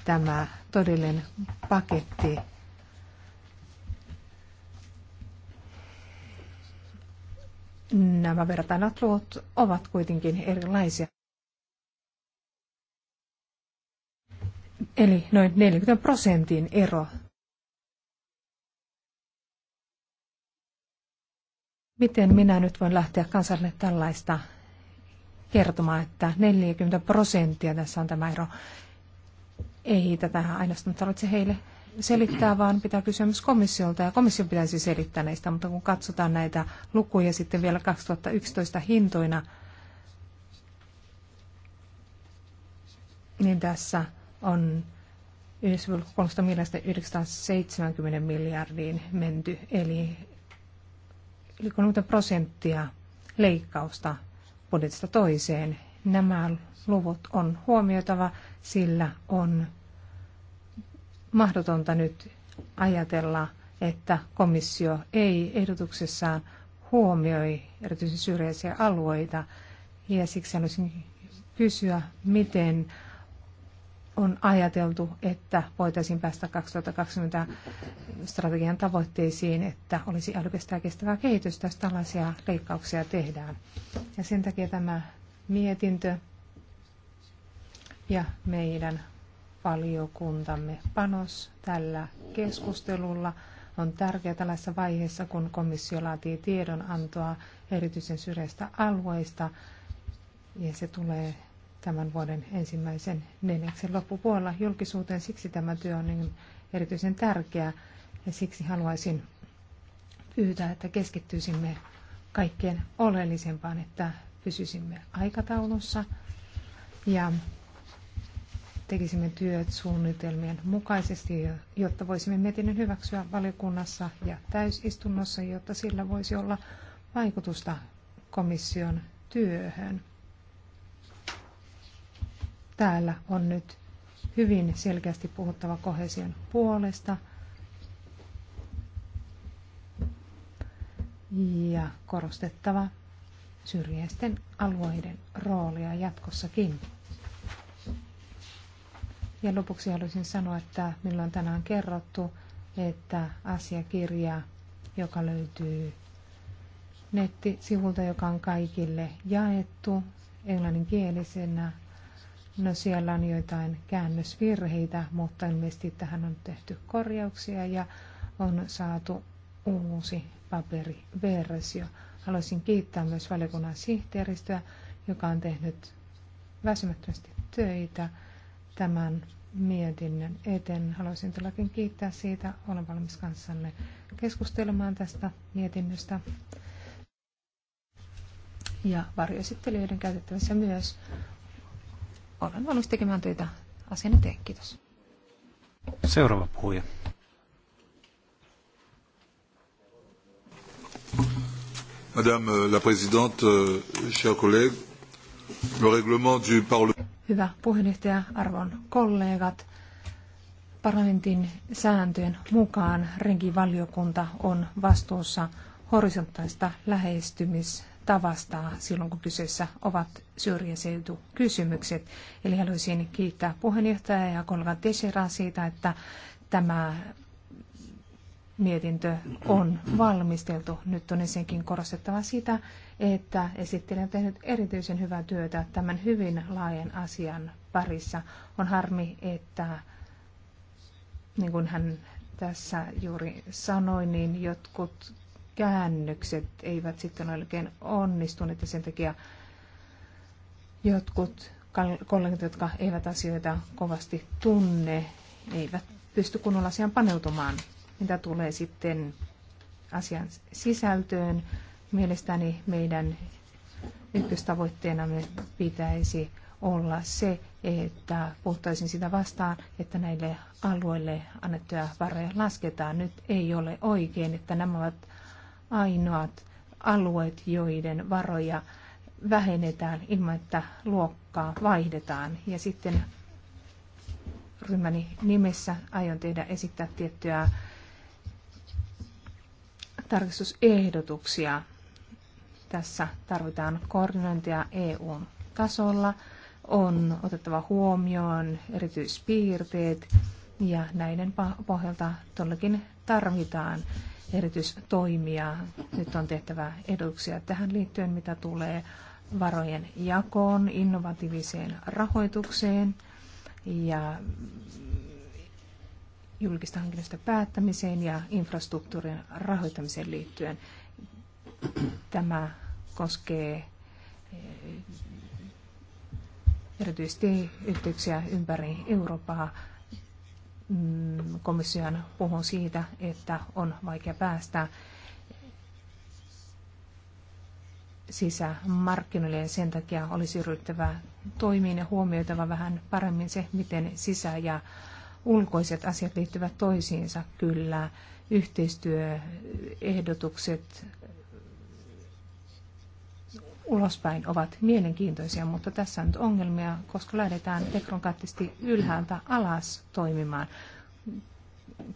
tämä todellinen paketti Nämä vertailut luvut ovat kuitenkin erilaisia. Eli noin 40 prosentin ero. Miten minä nyt voin lähteä kansalle tällaista kertomaan, että 40 prosenttia tässä on tämä ero? Ei tätä ainoastaan tarvitse heille selittää, vaan pitää kysyä myös komissiolta, ja komission pitäisi selittää näistä, mutta kun katsotaan näitä lukuja sitten vielä 2011 hintoina, niin tässä on 1,3 miljardista 970 miljardiin menty, eli yli 30 prosenttia leikkausta budjetista toiseen. Nämä luvut on huomioitava, sillä on mahdotonta nyt ajatella, että komissio ei ehdotuksessaan huomioi erityisen syrjäisiä alueita. Ja siksi haluaisin kysyä, miten on ajateltu, että voitaisiin päästä 2020 strategian tavoitteisiin, että olisi älykästä ja kestävää kehitystä, jos tällaisia leikkauksia tehdään. Ja sen takia tämä mietintö ja meidän valiokuntamme panos tällä keskustelulla on tärkeä tällaisessa vaiheessa, kun komissio laatii tiedonantoa erityisen syrjäistä alueista, ja se tulee tämän vuoden ensimmäisen neljäksen loppupuolella julkisuuteen. Siksi tämä työ on niin erityisen tärkeä, ja siksi haluaisin pyytää, että keskittyisimme kaikkein oleellisempaan, että pysyisimme aikataulussa ja tekisimme työt suunnitelmien mukaisesti, jotta voisimme mietinnön hyväksyä valiokunnassa ja täysistunnossa, jotta sillä voisi olla vaikutusta komission työhön. Täällä on nyt hyvin selkeästi puhuttava kohesion puolesta ja korostettava syrjäisten alueiden roolia jatkossakin. Ja lopuksi haluaisin sanoa, että minulla on tänään kerrottu, että asiakirja, joka löytyy nettisivulta, joka on kaikille jaettu englanninkielisenä, No siellä on joitain käännösvirheitä, mutta ilmeisesti tähän on tehty korjauksia ja on saatu uusi paperiversio. Haluaisin kiittää myös valiokunnan sihteeristöä, joka on tehnyt väsymättömästi töitä tämän mietinnön eteen. Haluaisin todellakin kiittää siitä. Olen valmis kanssanne keskustelemaan tästä mietinnöstä. Ja varjoesittelijöiden käytettävissä myös. Olen valmis tekemään töitä asian eteen. Kiitos. Seuraava puhuja. Madame la Présidente, euh, chers collègues, le règlement du Parlement Hyvä puheenjohtaja, arvon kollegat. Parlamentin sääntöjen mukaan renkivaliokunta on vastuussa horisontaista lähestymistavasta silloin, kun kyseessä ovat syrjäseutukysymykset. Eli haluaisin kiittää puheenjohtajaa ja kollega Teixeraa siitä, että tämä mietintö on valmisteltu. Nyt on ensinnäkin korostettava sitä, että esittelijä on tehnyt erityisen hyvää työtä tämän hyvin laajan asian parissa. On harmi, että niin kuin hän tässä juuri sanoi, niin jotkut käännökset eivät sitten oikein onnistuneet ja sen takia jotkut kollegat, jotka eivät asioita kovasti tunne, eivät pysty kunnolla asiaan paneutumaan. Mitä tulee sitten asian sisältöön, mielestäni meidän ykköstavoitteena me pitäisi olla se, että puhuttaisin sitä vastaan, että näille alueille annettuja varoja lasketaan. Nyt ei ole oikein, että nämä ovat ainoat alueet, joiden varoja vähennetään ilman, että luokkaa vaihdetaan. Ja sitten ryhmäni nimessä aion tehdä esittää tiettyjä tarkistusehdotuksia. Tässä tarvitaan koordinointia EU-tasolla, on otettava huomioon erityispiirteet ja näiden pohjalta todellakin tarvitaan erityistoimia. Nyt on tehtävä ehdotuksia tähän liittyen, mitä tulee varojen jakoon, innovatiiviseen rahoitukseen ja julkista hankinnasta päättämiseen ja infrastruktuurin rahoittamiseen liittyen. Tämä koskee eh, erityisesti yhteyksiä ympäri Eurooppaa. Mm, komission puhun siitä, että on vaikea päästä sisämarkkinoille ja sen takia olisi ryhtyvä toimiin ja huomioitava vähän paremmin se, miten sisä- ja ulkoiset asiat liittyvät toisiinsa kyllä. Yhteistyöehdotukset ulospäin ovat mielenkiintoisia, mutta tässä on nyt ongelmia, koska lähdetään teknokraattisesti ylhäältä alas toimimaan.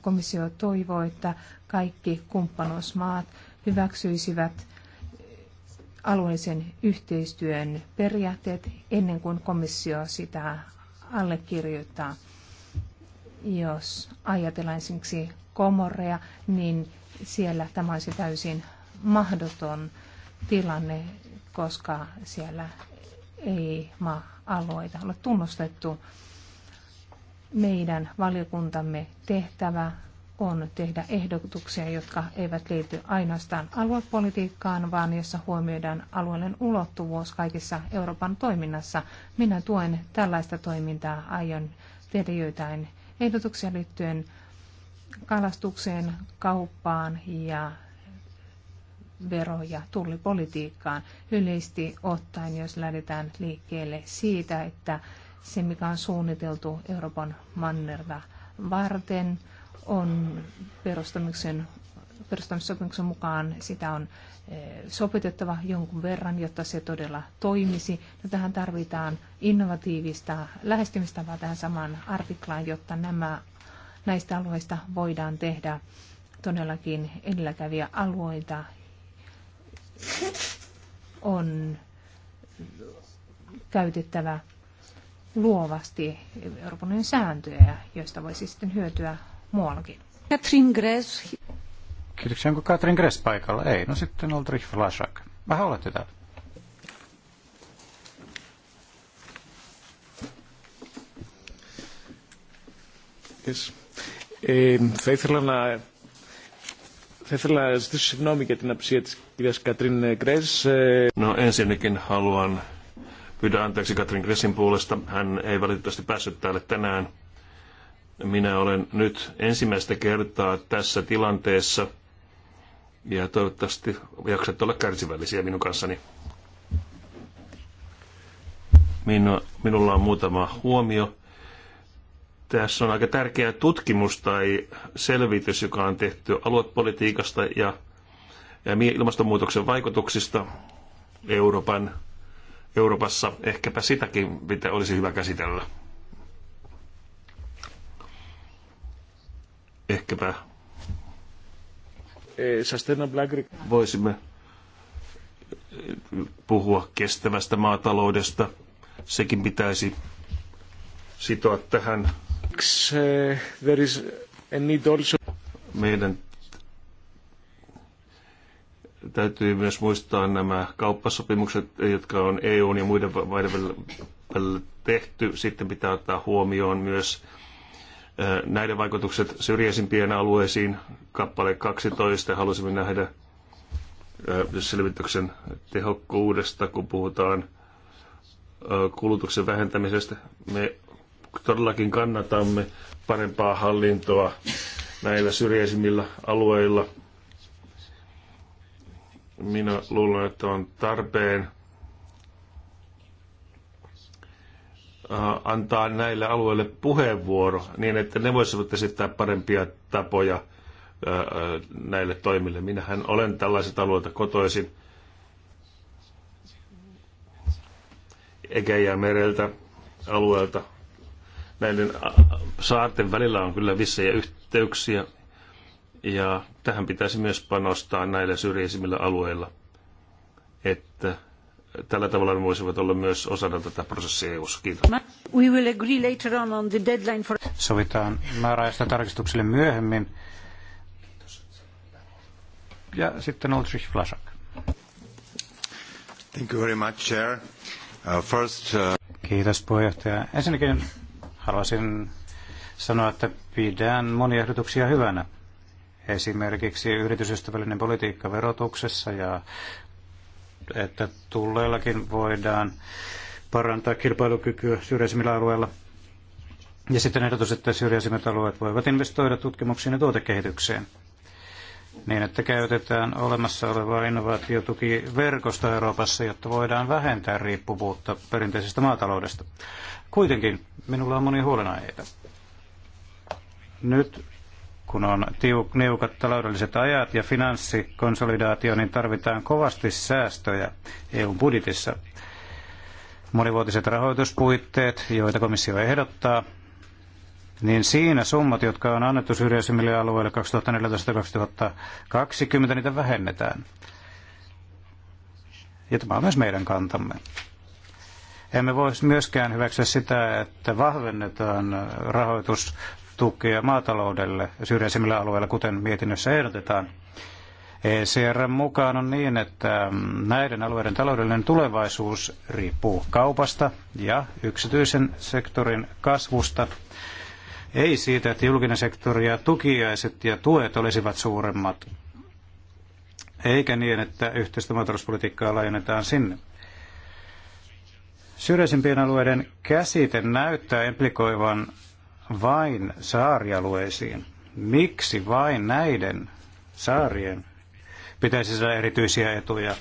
Komissio toivoo, että kaikki kumppanuusmaat hyväksyisivät alueellisen yhteistyön periaatteet ennen kuin komissio sitä allekirjoittaa jos ajatellaan esimerkiksi komorea, niin siellä tämä olisi täysin mahdoton tilanne, koska siellä ei maa-alueita ole tunnustettu. Meidän valiokuntamme tehtävä on tehdä ehdotuksia, jotka eivät liity ainoastaan aluepolitiikkaan, vaan jossa huomioidaan alueellinen ulottuvuus kaikissa Euroopan toiminnassa. Minä tuen tällaista toimintaa, aion tehdä joitain ehdotuksia liittyen kalastukseen, kauppaan ja vero- ja tullipolitiikkaan yleisesti ottaen, jos lähdetään liikkeelle siitä, että se, mikä on suunniteltu Euroopan mannerta varten, on perustamisen perustamissopimuksen mukaan sitä on eh, sopitettava jonkun verran, jotta se todella toimisi. No, tähän tarvitaan innovatiivista lähestymistapaa tähän samaan artiklaan, jotta nämä, näistä alueista voidaan tehdä todellakin edelläkäviä alueita. On käytettävä luovasti Euroopan sääntöjä, joista voisi sitten hyötyä muuallakin. Katrin Gress. Kiitoksia. Onko Katrin Gress paikalla? Ei. No sitten Oldrich Vlasak. Vähän olette täällä. Yes. Ε, θα ήθελα να θα ήθελα να ζητήσω συγγνώμη για την αψία της κυρίας Κατρίν Κρέσ. No ensinnäkin haluan pyytää anteeksi Katrin Kressin puolesta. Hän ei valitettavasti päässyt täällä tänään. Minä olen nyt ensimmäistä kertaa tässä tilanteessa – ja toivottavasti jaksat olla kärsivällisiä minun kanssani. Minu, minulla on muutama huomio. Tässä on aika tärkeä tutkimus tai selvitys, joka on tehty aluepolitiikasta ja, ja ilmastonmuutoksen vaikutuksista Euroopan, Euroopassa. Ehkäpä sitäkin mitä olisi hyvä käsitellä. Ehkäpä Eh, sustainable agriculture. Voisimme eh, puhua kestävästä maataloudesta. Sekin pitäisi sitoa tähän. Eh, there is a need also. Meidän täytyy myös muistaa nämä kauppasopimukset, jotka on EUn ja muiden maiden välillä tehty. Sitten pitää ottaa huomioon myös näiden vaikutukset syrjäisimpien alueisiin. Kappale 12 halusimme nähdä selvityksen tehokkuudesta, kun puhutaan kulutuksen vähentämisestä. Me todellakin kannatamme parempaa hallintoa näillä syrjäisimmillä alueilla. Minä luulen, että on tarpeen Äh, antaa näille alueille puheenvuoro niin, että ne voisivat esittää parempia tapoja äh, äh, näille toimille. Minähän olen tällaiset alueelta kotoisin Egeian mereltä alueelta. Näiden saarten välillä on kyllä vissejä yhteyksiä ja tähän pitäisi myös panostaa näillä syrjäisimmillä alueilla, että tällä tavalla ne voisivat olla myös osana tätä prosessia eu Kiitos. We will agree later on on the deadline for... Sovitaan määräajasta tarkistukselle myöhemmin. Ja sitten Ulrich Flasak. Thank you very much, Chair. Uh, first, uh... Kiitos puheenjohtaja. Ensinnäkin haluaisin sanoa, että pidän monia ehdotuksia hyvänä esimerkiksi yritysystävällinen politiikka verotuksessa ja että tulleillakin voidaan parantaa kilpailukykyä syrjäisimmillä alueilla. Ja sitten ehdotus, että syrjäisimmät alueet voivat investoida tutkimuksiin ja tuotekehitykseen niin, että käytetään olemassa olevaa innovaatiotukiverkosta Euroopassa, jotta voidaan vähentää riippuvuutta perinteisestä maataloudesta. Kuitenkin minulla on monia huolenaiheita. Nyt kun on tiuk, niukat taloudelliset ajat ja finanssikonsolidaatio, niin tarvitaan kovasti säästöjä EUn budjetissa. Monivuotiset rahoituspuitteet, joita komissio ehdottaa, niin siinä summat, jotka on annettu syrjäisimmille alueille 2014-2020, niitä vähennetään. Ja tämä on myös meidän kantamme. Emme voi myöskään hyväksyä sitä, että vahvennetaan rahoitus tukea maataloudelle syrjäisimmillä alueilla, kuten mietinnössä ehdotetaan. ECR mukaan on niin, että näiden alueiden taloudellinen tulevaisuus riippuu kaupasta ja yksityisen sektorin kasvusta. Ei siitä, että julkinen sektori ja tukiaiset ja tuet olisivat suuremmat, eikä niin, että yhteistä maatalouspolitiikkaa laajennetaan sinne. Syrjäisimpien alueiden käsite näyttää implikoivan vain saarialueisiin? Miksi vain näiden saarien pitäisi saada erityisiä etuja,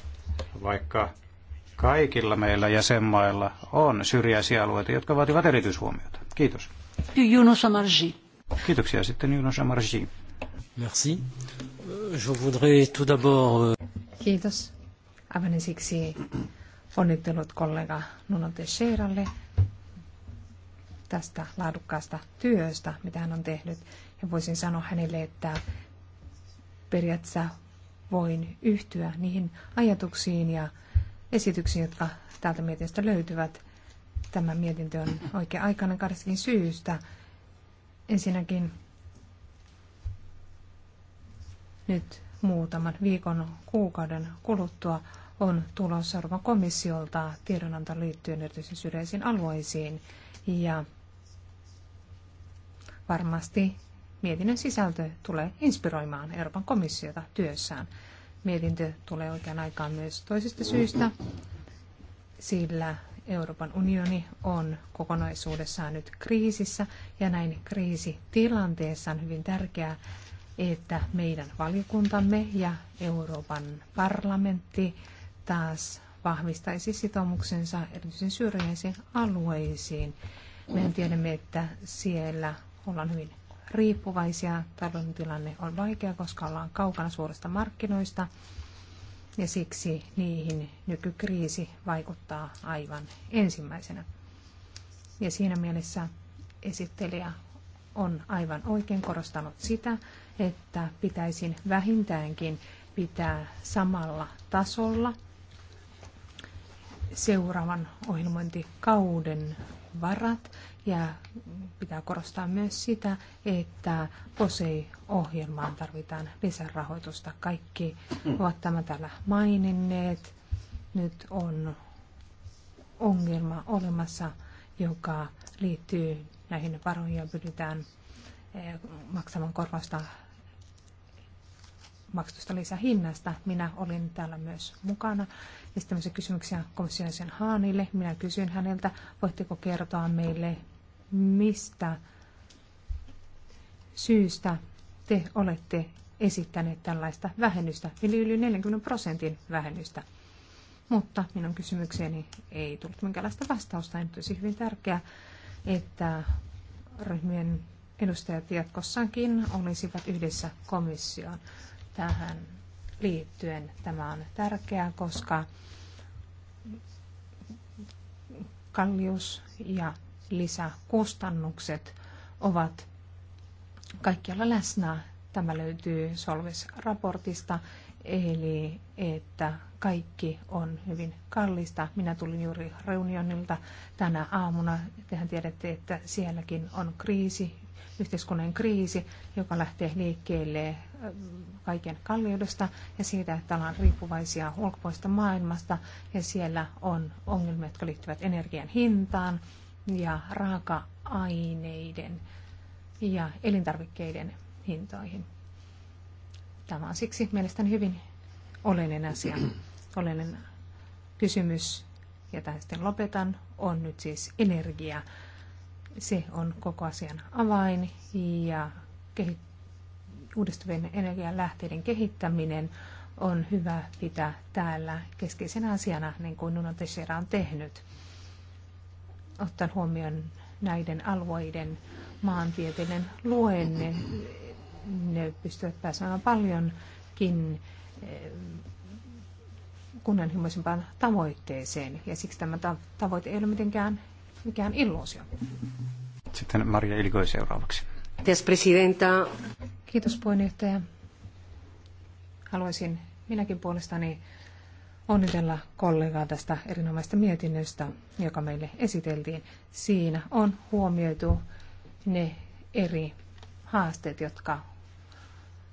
vaikka kaikilla meillä jäsenmailla on syrjäisiä alueita, jotka vaativat erityishuomiota? Kiitos. Juno Samarji. Kiitoksia sitten Juno Samarji. Merci. Euh, je voudrais tout d'abord... Euh, Kiitos. Aivan siksi onnittelut kollega Nuno Teixeiralle tästä laadukkaasta työstä, mitä hän on tehnyt. Ja voisin sanoa hänelle, että periaatteessa voin yhtyä niihin ajatuksiin ja esityksiin, jotka täältä mietinnöstä löytyvät. Tämä mietintö on oikea aikainen kahdestakin syystä. Ensinnäkin nyt muutaman viikon kuukauden kuluttua on tulossa Euroopan komissiolta tiedonanto liittyen erityisesti syrjäisiin alueisiin. Ja Varmasti mietinnön sisältö tulee inspiroimaan Euroopan komissiota työssään. Mietintö tulee oikean aikaan myös toisista syistä, sillä Euroopan unioni on kokonaisuudessaan nyt kriisissä ja näin kriisitilanteessa on hyvin tärkeää, että meidän valiokuntamme ja Euroopan parlamentti taas vahvistaisi sitoumuksensa erityisen syrjäisiin alueisiin. Mehän tiedämme, että siellä ollaan hyvin riippuvaisia. Taloudellinen tilanne on vaikea, koska ollaan kaukana suorista markkinoista ja siksi niihin nykykriisi vaikuttaa aivan ensimmäisenä. Ja siinä mielessä esittelijä on aivan oikein korostanut sitä, että pitäisin vähintäänkin pitää samalla tasolla seuraavan ohjelmointikauden varat ja pitää korostaa myös sitä, että POSEI-ohjelmaan tarvitaan lisärahoitusta. Kaikki ovat tämän täällä maininneet. Nyt on ongelma olemassa, joka liittyy näihin varoihin ja pyritään eh, maksamaan korvasta maksusta lisähinnasta. Minä olin täällä myös mukana. Ja sitten kysymyksiä komission Haanille. Minä kysyin häneltä, voitteko kertoa meille, mistä syystä te olette esittäneet tällaista vähennystä, eli yli 40 prosentin vähennystä. Mutta minun kysymykseeni ei tullut minkäänlaista vastausta. Nyt olisi hyvin tärkeää, että ryhmien edustajat jatkossakin olisivat yhdessä komissioon tähän liittyen. Tämä on tärkeää, koska kallius ja lisäkustannukset ovat kaikkialla läsnä. Tämä löytyy Solvis-raportista, eli että kaikki on hyvin kallista. Minä tulin juuri reunionilta tänä aamuna. Tehän tiedätte, että sielläkin on kriisi, yhteiskunnan kriisi, joka lähtee liikkeelle äh, kaiken kalliudesta ja siitä, että ollaan riippuvaisia ulkopuolista maailmasta ja siellä on ongelmia, jotka liittyvät energian hintaan ja raaka-aineiden ja elintarvikkeiden hintoihin. Tämä on siksi mielestäni hyvin oleellinen asia, <clears throat> oleellinen kysymys, ja tähän sitten lopetan, on nyt siis energia. Se on koko asian avain ja uudistuvien energialähteiden kehittäminen on hyvä pitää täällä keskeisenä asiana, niin kuin Nuno Teixeira on tehnyt ottaen huomioon näiden alueiden maantieteellinen luenne, ne pystyvät pääsemään paljonkin eh, kunnianhimoisempaan tavoitteeseen. Ja siksi tämä tavoite ei ole mitenkään mikään illuusio. Sitten Maria Ilkoi seuraavaksi. Kiitos, presidenta. Kiitos, puheenjohtaja. Haluaisin minäkin puolestani onnitella kollegaa tästä erinomaista mietinnöstä, joka meille esiteltiin. Siinä on huomioitu ne eri haasteet, jotka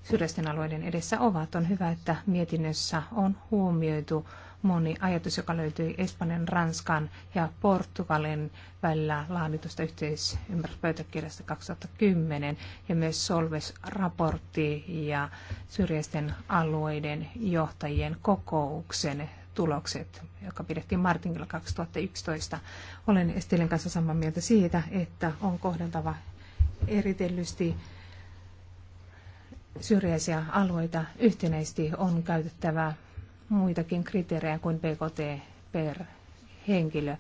syrjäisten alueiden edessä ovat. On hyvä, että mietinnössä on huomioitu moni ajatus, joka löytyi Espanjan, Ranskan ja Portugalin välillä laaditusta yhteisymmärryspöytäkirjasta 2010 ja myös Solves-raportti ja syrjäisten alueiden johtajien kokouksen tulokset, joka pidettiin Martinilla 2011. Olen Estelin kanssa samaa mieltä siitä, että on kohdentava eritellysti syrjäisiä alueita yhtenäisesti on käytettävä muitakin kriteerejä kuin BKT per henkilö.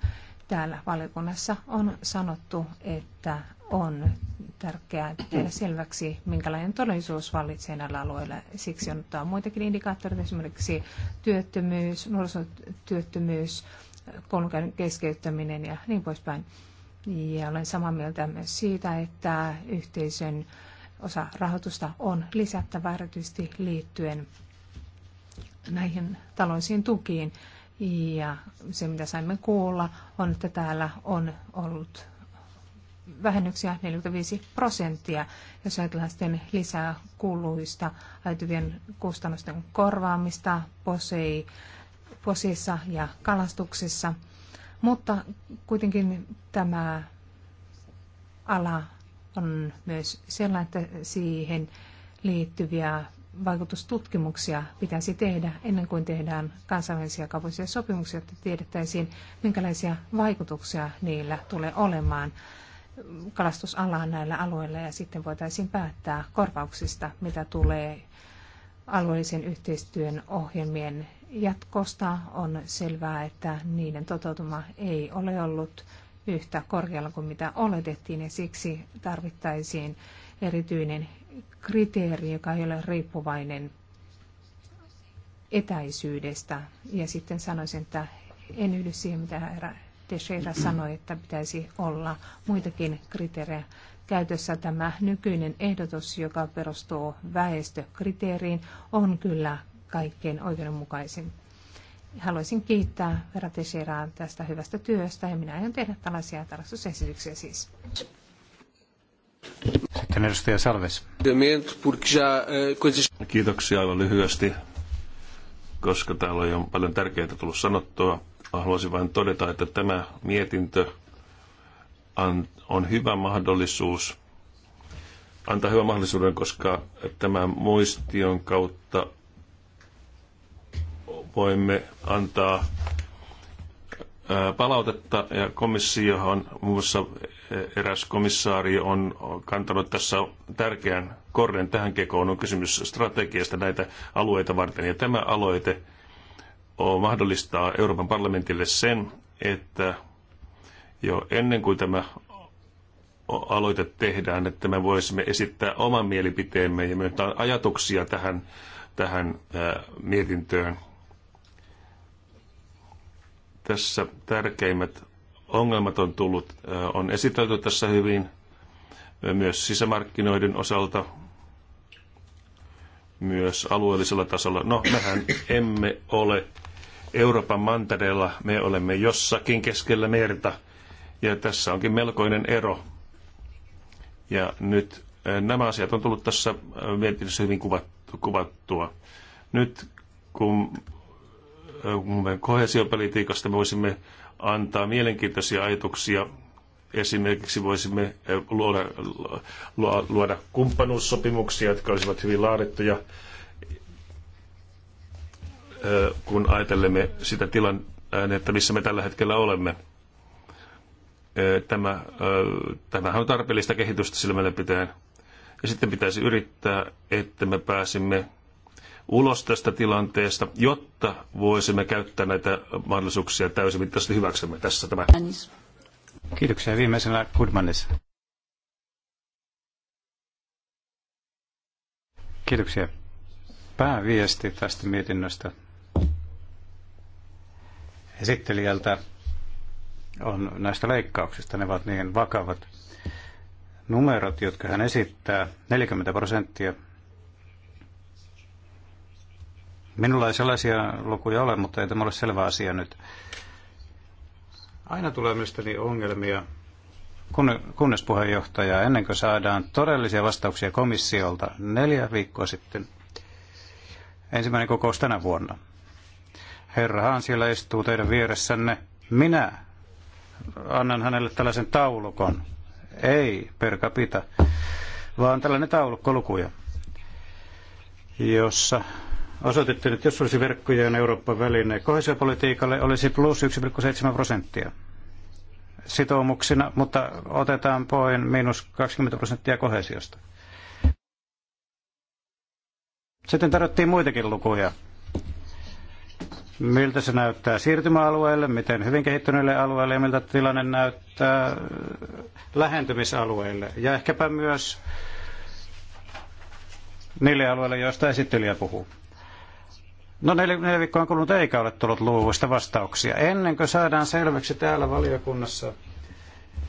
Täällä valiokunnassa on sanottu, että on tärkeää tehdä selväksi, minkälainen todellisuus vallitsee näillä alueilla. Siksi on ottaa muitakin indikaattoreita, esimerkiksi työttömyys, nuorisotyöttömyys, koulunkäynnin keskeyttäminen ja niin poispäin. Ja olen samaa mieltä myös siitä, että yhteisön osa rahoitusta on lisättävä erityisesti liittyen näihin taloisiin tukiin. Ja se, mitä saimme kuulla, on, että täällä on ollut vähennyksiä 45 prosenttia, jos ajatellaan sitten lisää kuluista, aiheutuvien kustannusten korvaamista posei, posissa ja kalastuksissa, Mutta kuitenkin tämä ala on myös sellainen, että siihen liittyviä vaikutustutkimuksia pitäisi tehdä ennen kuin tehdään kansainvälisiä kaupallisia sopimuksia, että tiedettäisiin, minkälaisia vaikutuksia niillä tulee olemaan kalastusalaan näillä alueilla ja sitten voitaisiin päättää korvauksista, mitä tulee alueellisen yhteistyön ohjelmien jatkosta. On selvää, että niiden toteutuma ei ole ollut yhtä korkealla kuin mitä oletettiin ja siksi tarvittaisiin erityinen kriteeri, joka ei ole riippuvainen etäisyydestä. Ja sitten sanoisin, että en yhdy siihen, mitä herra Teixeira sanoi, että pitäisi olla muitakin kriteerejä käytössä tämä nykyinen ehdotus, joka perustuu väestökriteeriin, on kyllä kaikkein oikeudenmukaisin. Haluaisin kiittää Vera Teixeiraa tästä hyvästä työstä ja minä aion tehdä tällaisia tarkastusesityksiä siis. Sitten edustaja Salves. Kiitoksia aivan lyhyesti, koska täällä on jo paljon tärkeää tullut sanottua. Haluaisin vain todeta, että tämä mietintö on hyvä mahdollisuus antaa hyvän mahdollisuuden, koska tämän muistion kautta voimme antaa palautetta ja komissiohan, muun muassa eräs komissaari on kantanut tässä tärkeän korren tähän kekoon, on kysymys strategiasta näitä alueita varten. Ja tämä aloite mahdollistaa Euroopan parlamentille sen, että jo ennen kuin tämä aloite tehdään, että me voisimme esittää oman mielipiteemme ja myöntää ajatuksia tähän, tähän mietintöön tässä tärkeimmät ongelmat on tullut, on esitelty tässä hyvin myös sisämarkkinoiden osalta, myös alueellisella tasolla. No, mehän emme ole Euroopan mantereella, me olemme jossakin keskellä merta, ja tässä onkin melkoinen ero. Ja nyt nämä asiat on tullut tässä mietinnössä hyvin kuvattua. Nyt kun kohesiopolitiikasta me voisimme antaa mielenkiintoisia ajatuksia. Esimerkiksi voisimme eh, luoda, luoda kumppanuussopimuksia, jotka olisivat hyvin laadittuja, eh, kun ajatellemme sitä tilannetta, missä me tällä hetkellä olemme. Eh, tämä, tämähän on tarpeellista kehitystä silmällä pitäen. Ja sitten pitäisi yrittää, että me pääsimme ulos tästä tilanteesta, jotta voisimme käyttää näitä mahdollisuuksia täysimittaisesti hyväksemme tässä tämä. Kiitoksia. Viimeisenä Goodmanis. Kiitoksia. Pääviesti tästä mietinnöstä esittelijältä on näistä leikkauksista. Ne ovat niin vakavat numerot, jotka hän esittää. 40 prosenttia Minulla ei sellaisia lukuja ole, mutta ei tämä ole selvä asia nyt. Aina tulee mielestäni ongelmia, kunnes puheenjohtaja, ennen kuin saadaan todellisia vastauksia komissiolta neljä viikkoa sitten. Ensimmäinen kokous tänä vuonna. Herra Haan siellä istuu teidän vieressänne. Minä annan hänelle tällaisen taulukon. Ei per capita, vaan tällainen taulukko lukuja, jossa osoitettiin, että jos olisi verkkojen Euroopan väline, kohesiopolitiikalle olisi plus 1,7 prosenttia sitoumuksina, mutta otetaan pois miinus 20 prosenttia kohesiosta. Sitten tarjottiin muitakin lukuja. Miltä se näyttää siirtymäalueille, miten hyvin kehittyneille alueille ja miltä tilanne näyttää lähentymisalueille. Ja ehkäpä myös niille alueille, joista esittelijä puhuu. No neljä, neljä viikkoa on kulunut eikä ole tullut luvuista vastauksia. Ennen kuin saadaan selväksi täällä valiokunnassa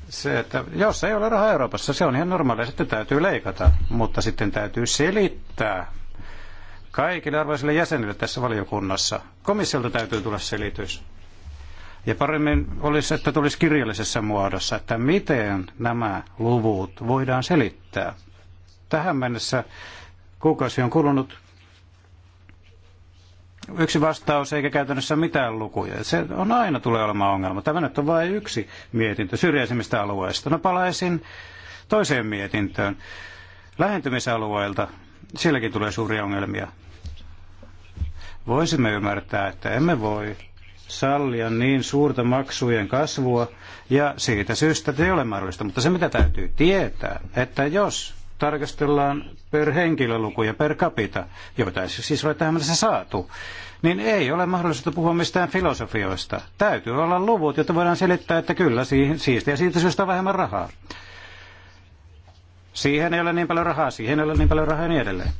se, että jos ei ole rahaa Euroopassa, se on ihan normaalia, sitten täytyy leikata, mutta sitten täytyy selittää kaikille arvoisille jäsenille tässä valiokunnassa. Komissiolta täytyy tulla selitys. Ja paremmin olisi, että tulisi kirjallisessa muodossa, että miten nämä luvut voidaan selittää. Tähän mennessä kuukausi on kulunut yksi vastaus eikä käytännössä mitään lukuja. Se on aina tulee olemaan ongelma. Tämä nyt on vain yksi mietintö syrjäisimmistä alueista. No palaisin toiseen mietintöön. Lähentymisalueilta, sielläkin tulee suuria ongelmia. Voisimme ymmärtää, että emme voi sallia niin suurta maksujen kasvua, ja siitä syystä että ei ole mahdollista. Mutta se, mitä täytyy tietää, että jos tarkastellaan per ja per capita, joita ei siis ole tähän mennessä saatu, niin ei ole mahdollista puhua mistään filosofioista. Täytyy olla luvut, jotta voidaan selittää, että kyllä, siistiä siitä syystä on vähemmän rahaa. Siihen ei ole niin paljon rahaa, siihen ei ole niin paljon rahaa ja niin edelleen.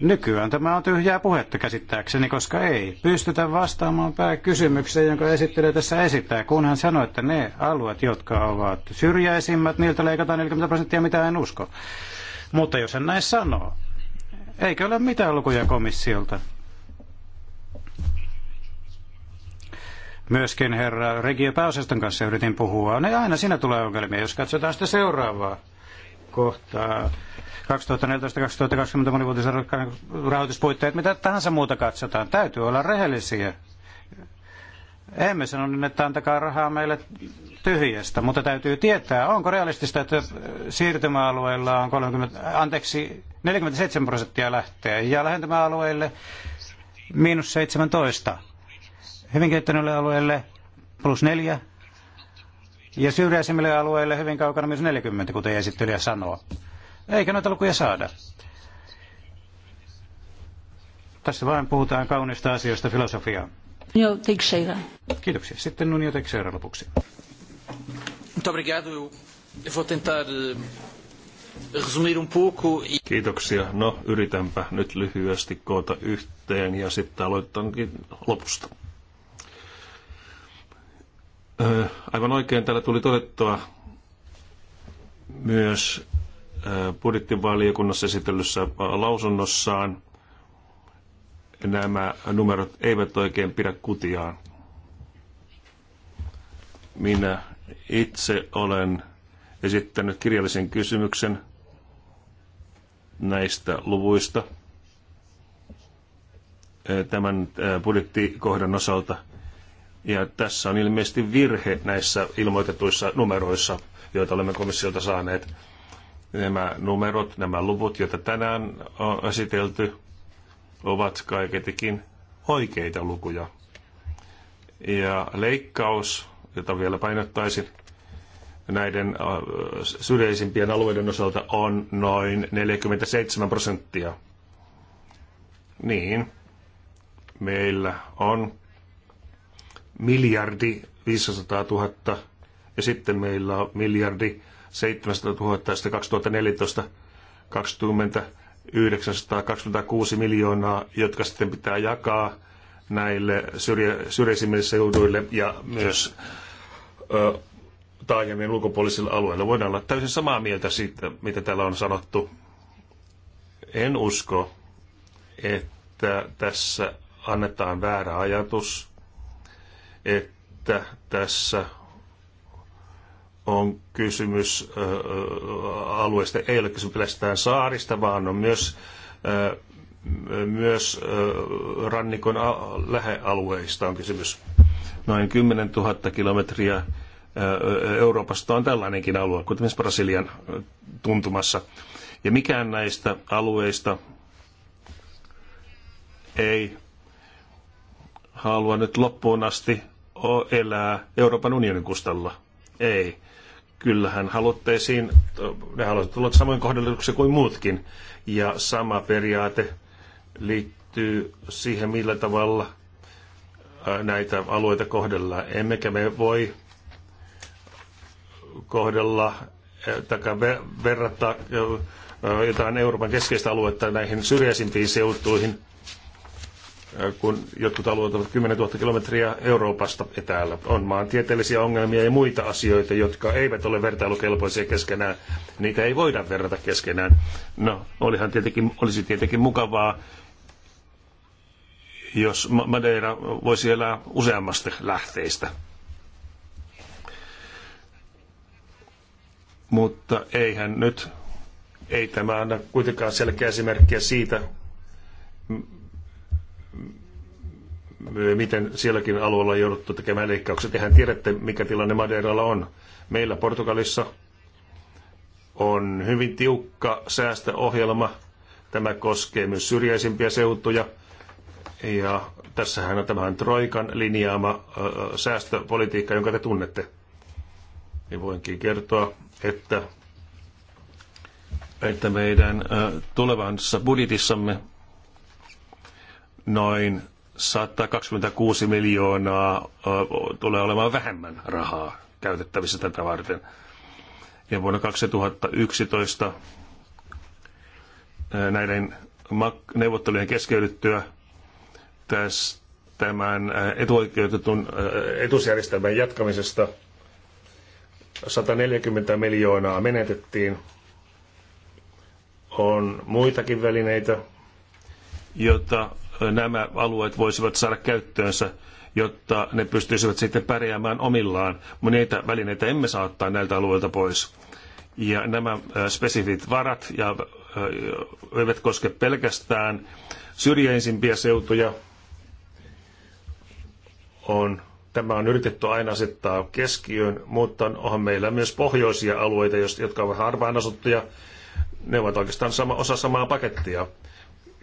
Nykyään tämä on tyhjää puhetta käsittääkseni, koska ei pystytä vastaamaan pääkysymykseen, jonka esittelijä tässä esittää, kun hän sanoi, että ne alueet, jotka ovat syrjäisimmät, niiltä leikataan 40 prosenttia, mitä en usko. Mutta jos hän näin sanoo, eikö ole mitään lukuja komissiolta? Myöskin herra Regio Pääosaston kanssa yritin puhua. Ne aina siinä tulee ongelmia, jos katsotaan sitä seuraavaa kohtaa 2014-2020 monivuotisen rahoituspuitteet, mitä tahansa muuta katsotaan. Täytyy olla rehellisiä. Emme sano niin, että antakaa rahaa meille tyhjästä, mutta täytyy tietää, onko realistista, että siirtymäalueilla on 30, anteeksi, 47 prosenttia lähtee ja lähentymäalueille miinus 17. Hyvin kehittyneille alueille plus 4 ja syrjäisimmille alueille hyvin kaukana myös 40, kuten esittelijä sanoo. Eikä noita lukuja saada. Tässä vain puhutaan kaunista asioista filosofiaa. Joo, Teixeira. Kiitoksia. Sitten Nunio Teixeira lopuksi. tentar eh, um e- Kiitoksia. No, yritänpä nyt lyhyesti koota yhteen ja sitten aloitankin lopusta. Aivan oikein täällä tuli todettua myös budjettivaliokunnassa esitellyssä lausunnossaan nämä numerot eivät oikein pidä kutiaan. Minä itse olen esittänyt kirjallisen kysymyksen näistä luvuista tämän budjettikohdan osalta – ja tässä on ilmeisesti virhe näissä ilmoitetuissa numeroissa, joita olemme komissiolta saaneet. Nämä numerot, nämä luvut, joita tänään on esitelty, ovat kaiketikin oikeita lukuja. Ja leikkaus, jota vielä painottaisin, näiden syleisimpien alueiden osalta on noin 47 prosenttia. Niin, meillä on miljardi 500 000 ja sitten meillä on miljardi 700 000 ja sitten 2014 20 926 miljoonaa, jotka sitten pitää jakaa näille syrjä, syrjäisimmille seuduille ja myös ö, taajamien ulkopuolisilla alueilla. Voidaan olla täysin samaa mieltä siitä, mitä täällä on sanottu. En usko, että tässä annetaan väärä ajatus että tässä on kysymys alueesta, ei ole kysymys pelkästään saarista, vaan on myös, myös rannikon lähealueista on kysymys. Noin 10 000 kilometriä Euroopasta on tällainenkin alue, kuten esimerkiksi Brasilian tuntumassa. Ja mikään näistä alueista ei halua nyt loppuun asti elää Euroopan unionin kustalla. Ei. Kyllähän halutteisiin, ne haluaisivat tulla samoin kohdelluksi kuin muutkin. Ja sama periaate liittyy siihen, millä tavalla näitä alueita kohdellaan. Emmekä me voi kohdella tai verrata jotain Euroopan keskeistä aluetta näihin syrjäisimpiin seutuihin, Äh, kun jotkut alueet ovat 10 000 kilometriä Euroopasta etäällä. On maantieteellisiä ongelmia ja muita asioita, jotka eivät ole vertailukelpoisia keskenään. Niitä ei voida verrata keskenään. No, olihan tietenkin, olisi tietenkin mukavaa, jos Madeira voisi elää useammasta lähteistä. Mutta eihän nyt, ei tämä anna kuitenkaan selkeä esimerkkiä siitä, miten sielläkin alueella on jouduttu tekemään leikkauksia. Tehän tiedätte, mikä tilanne Madeiralla on. Meillä Portugalissa on hyvin tiukka säästöohjelma. Tämä koskee myös syrjäisimpiä seutuja. Ja tässähän on tämän Troikan linjaama säästöpolitiikka, jonka te tunnette. Niin voinkin kertoa, että, että meidän tulevassa budjetissamme noin 126 miljoonaa tulee olemaan vähemmän rahaa käytettävissä tätä varten. Ja vuonna 2011 näiden neuvottelujen keskeydyttyä tässä tämän etuoikeutetun etusjärjestelmän jatkamisesta 140 miljoonaa menetettiin. On muitakin välineitä, joita nämä alueet voisivat saada käyttöönsä, jotta ne pystyisivät sitten pärjäämään omillaan, mutta niitä välineitä emme saattaa näiltä alueilta pois. Ja nämä äh, spesifit varat ja, äh, eivät koske pelkästään syrjäisimpiä seutuja. On, tämä on yritetty aina asettaa keskiöön, mutta onhan meillä myös pohjoisia alueita, jotka ovat harvaan asuttuja. Ne ovat oikeastaan sama, osa samaa pakettia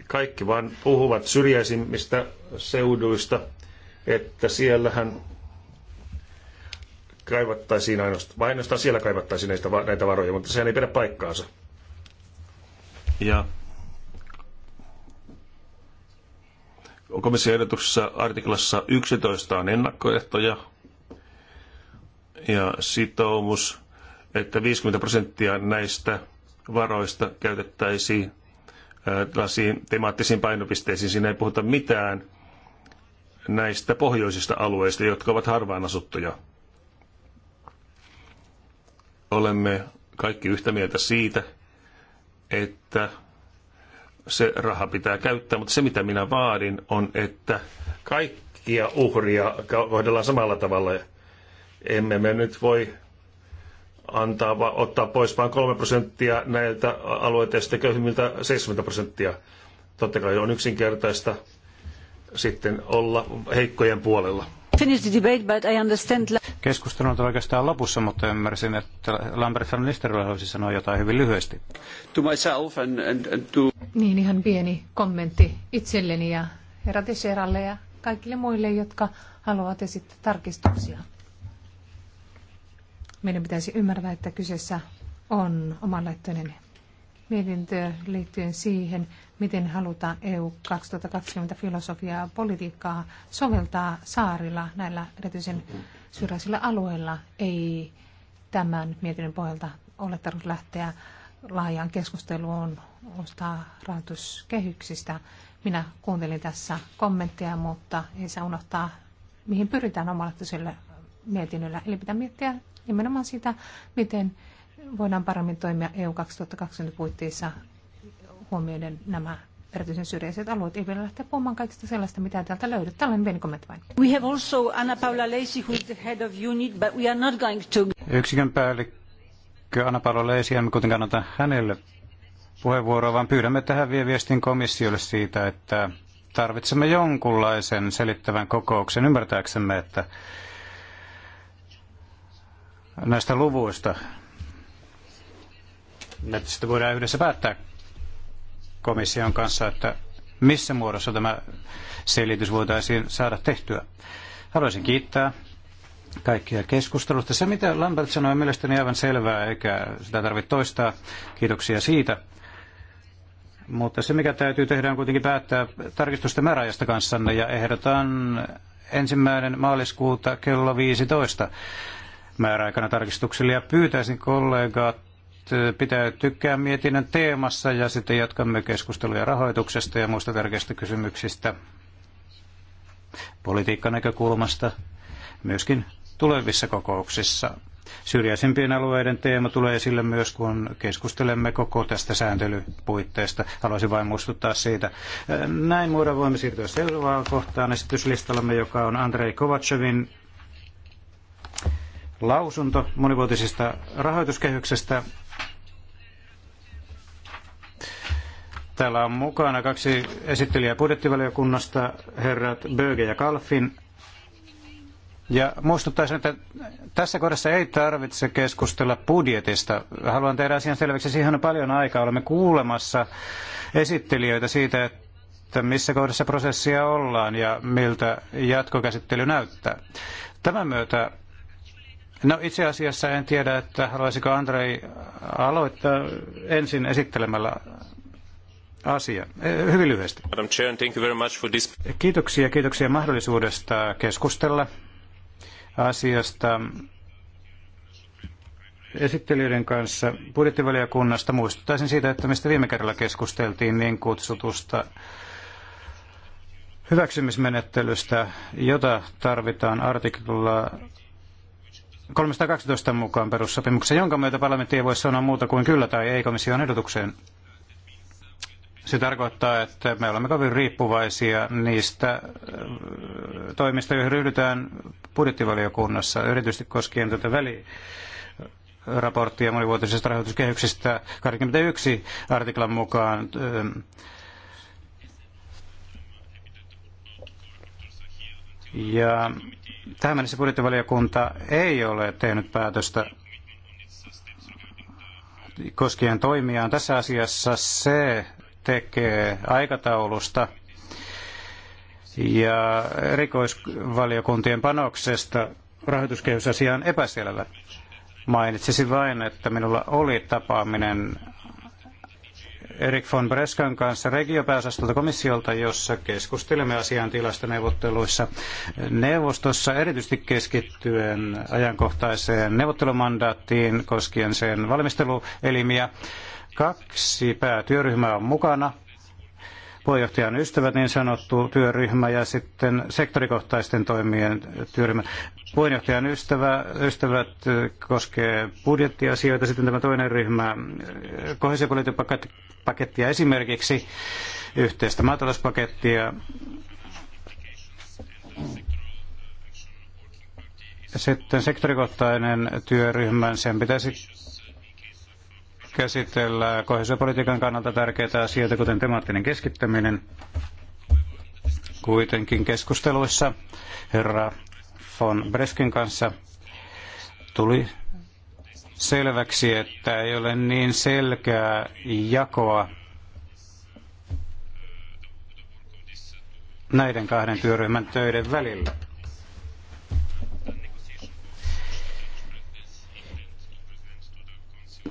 kaikki vaan puhuvat syrjäisimmistä seuduista, että siellähän kaivattaisiin ainoastaan, vai ainoastaan siellä kaivattaisiin näitä, näitä varoja, mutta sehän ei pidä paikkaansa. Ja komission ehdotuksessa artiklassa 11 on ennakkoehtoja ja sitoumus, että 50 prosenttia näistä varoista käytettäisiin tällaisiin temaattisiin painopisteisiin. Siinä ei puhuta mitään näistä pohjoisista alueista, jotka ovat harvaan asuttuja. Olemme kaikki yhtä mieltä siitä, että se raha pitää käyttää, mutta se mitä minä vaadin on, että kaikkia uhria kohdellaan samalla tavalla. Emme me nyt voi antaa, ottaa pois vain 3 prosenttia näiltä alueilta ja sitten köyhimmiltä 70 prosenttia. Totta kai on yksinkertaista sitten olla heikkojen puolella. Keskustelu on oikeastaan lopussa, mutta ymmärsin, että Lambert van Nistelrooy olisi sanoa jotain hyvin lyhyesti. To myself and, and, and to... Niin, ihan pieni kommentti itselleni ja herra Teixeiralle ja kaikille muille, jotka haluavat esittää tarkistuksia. Meidän pitäisi ymmärtää, että kyseessä on omanlaittoinen mietintö liittyen siihen, miten halutaan EU 2020 filosofiaa ja politiikkaa soveltaa saarilla näillä erityisen syrjäisillä alueilla. Ei tämän mietinnön pohjalta ole tarkoitus lähteä laajaan keskusteluun ostaa rahoituskehyksistä. Minä kuuntelin tässä kommentteja, mutta ei saa unohtaa, mihin pyritään omalla mietinnöllä. Eli pitää miettiä nimenomaan sitä, miten voidaan paremmin toimia EU 2020 puitteissa huomioiden nämä erityisen syrjäiset alueet. Ei vielä lähteä puhumaan kaikista sellaista, mitä täältä löydyy. Tällainen pieni kommentti vain. We have also Anna Paula Leisi, who is the head of unit, but we are not going to... Yksikön päällikkö Anna Paula Leisi, emme kuitenkaan antaa hänelle puheenvuoroa, vaan pyydämme tähän vie viestin komissiolle siitä, että tarvitsemme jonkunlaisen selittävän kokouksen ymmärtääksemme, että näistä luvuista. Että sitten voidaan yhdessä päättää komission kanssa, että missä muodossa tämä selitys voitaisiin saada tehtyä. Haluaisin kiittää kaikkia keskustelusta. Se, mitä Lambert sanoi, on mielestäni aivan selvää, eikä sitä tarvitse toistaa. Kiitoksia siitä. Mutta se, mikä täytyy tehdä, on kuitenkin päättää tarkistusten määräajasta kanssanne ja ehdotan ensimmäinen maaliskuuta kello 15 määräaikana tarkistuksille ja pyytäisin kollegat tykkää mietinnön teemassa ja sitten jatkamme keskusteluja rahoituksesta ja muista tärkeistä kysymyksistä näkökulmasta myöskin tulevissa kokouksissa. Syrjäisimpien alueiden teema tulee esille myös, kun keskustelemme koko tästä sääntelypuitteesta. Haluaisin vain muistuttaa siitä. Näin muodon voimme siirtyä seuraavaan kohtaan esityslistallamme, joka on Andrei Kovachevin lausunto monivuotisesta rahoituskehyksestä. Täällä on mukana kaksi esittelijää budjettivaliokunnasta, herrat Böge ja Kalfin. Ja muistuttaisin, että tässä kohdassa ei tarvitse keskustella budjetista. Haluan tehdä asian selväksi, siihen on paljon aikaa. Olemme kuulemassa esittelijöitä siitä, että missä kohdassa prosessia ollaan ja miltä jatkokäsittely näyttää. Tämän myötä No itse asiassa en tiedä, että haluaisiko Andrei aloittaa ensin esittelemällä asia. Eh, hyvin lyhyesti. Madam Chair, thank you very much for this. Kiitoksia, kiitoksia mahdollisuudesta keskustella asiasta esittelijöiden kanssa budjettivaliokunnasta. Muistuttaisin siitä, että mistä viime kerralla keskusteltiin niin kutsutusta hyväksymismenettelystä, jota tarvitaan artikla 312 mukaan perussopimuksen, jonka myötä parlamentti ei voi sanoa muuta kuin kyllä tai ei komission ehdotukseen. Se tarkoittaa, että me olemme kovin riippuvaisia niistä äh, toimista, joihin ryhdytään budjettivaliokunnassa, erityisesti koskien tätä väliraporttia monivuotisesta rahoituskehyksestä 21 artiklan mukaan. Äh, ja Tähän mennessä budjettivaliokunta ei ole tehnyt päätöstä koskien toimiaan. Tässä asiassa se tekee aikataulusta ja erikoisvaliokuntien panoksesta rahoituskehysasiaan epäselvä. Mainitsisin vain, että minulla oli tapaaminen Erik von Breskan kanssa regiopääosastolta komissiolta, jossa keskustelemme asian neuvotteluissa neuvostossa erityisesti keskittyen ajankohtaiseen neuvottelumandaattiin koskien sen valmisteluelimiä. Kaksi päätyöryhmää on mukana puheenjohtajan ystävät niin sanottu työryhmä ja sitten sektorikohtaisten toimien työryhmä. Puheenjohtajan ystävä, ystävät koskee budjettiasioita, sitten tämä toinen ryhmä kohesiopolitiikkapakettia esimerkiksi, yhteistä maatalouspakettia, sitten sektorikohtainen työryhmä, sen pitäisi käsitellään kohesiopolitiikan kannalta tärkeitä asioita, kuten temaattinen keskittäminen. Kuitenkin keskusteluissa herra von Breskin kanssa tuli selväksi, että ei ole niin selkeää jakoa näiden kahden työryhmän töiden välillä.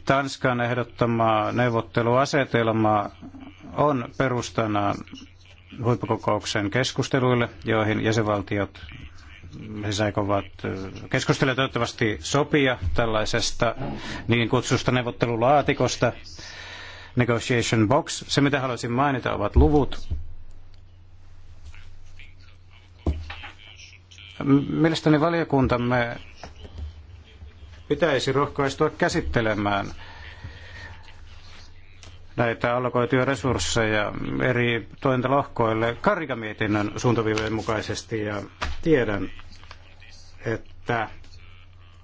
Tanskan ehdottama neuvotteluasetelma on perustana huippukokouksen keskusteluille, joihin jäsenvaltiot siis aikovat keskustella toivottavasti sopia tällaisesta niin kutsusta neuvottelulaatikosta, negotiation box. Se, mitä haluaisin mainita, ovat luvut. Mielestäni valiokuntamme pitäisi rohkaistua käsittelemään näitä allokoituja resursseja eri toimintalohkoille karikamietinnön suuntaviivojen mukaisesti ja tiedän, että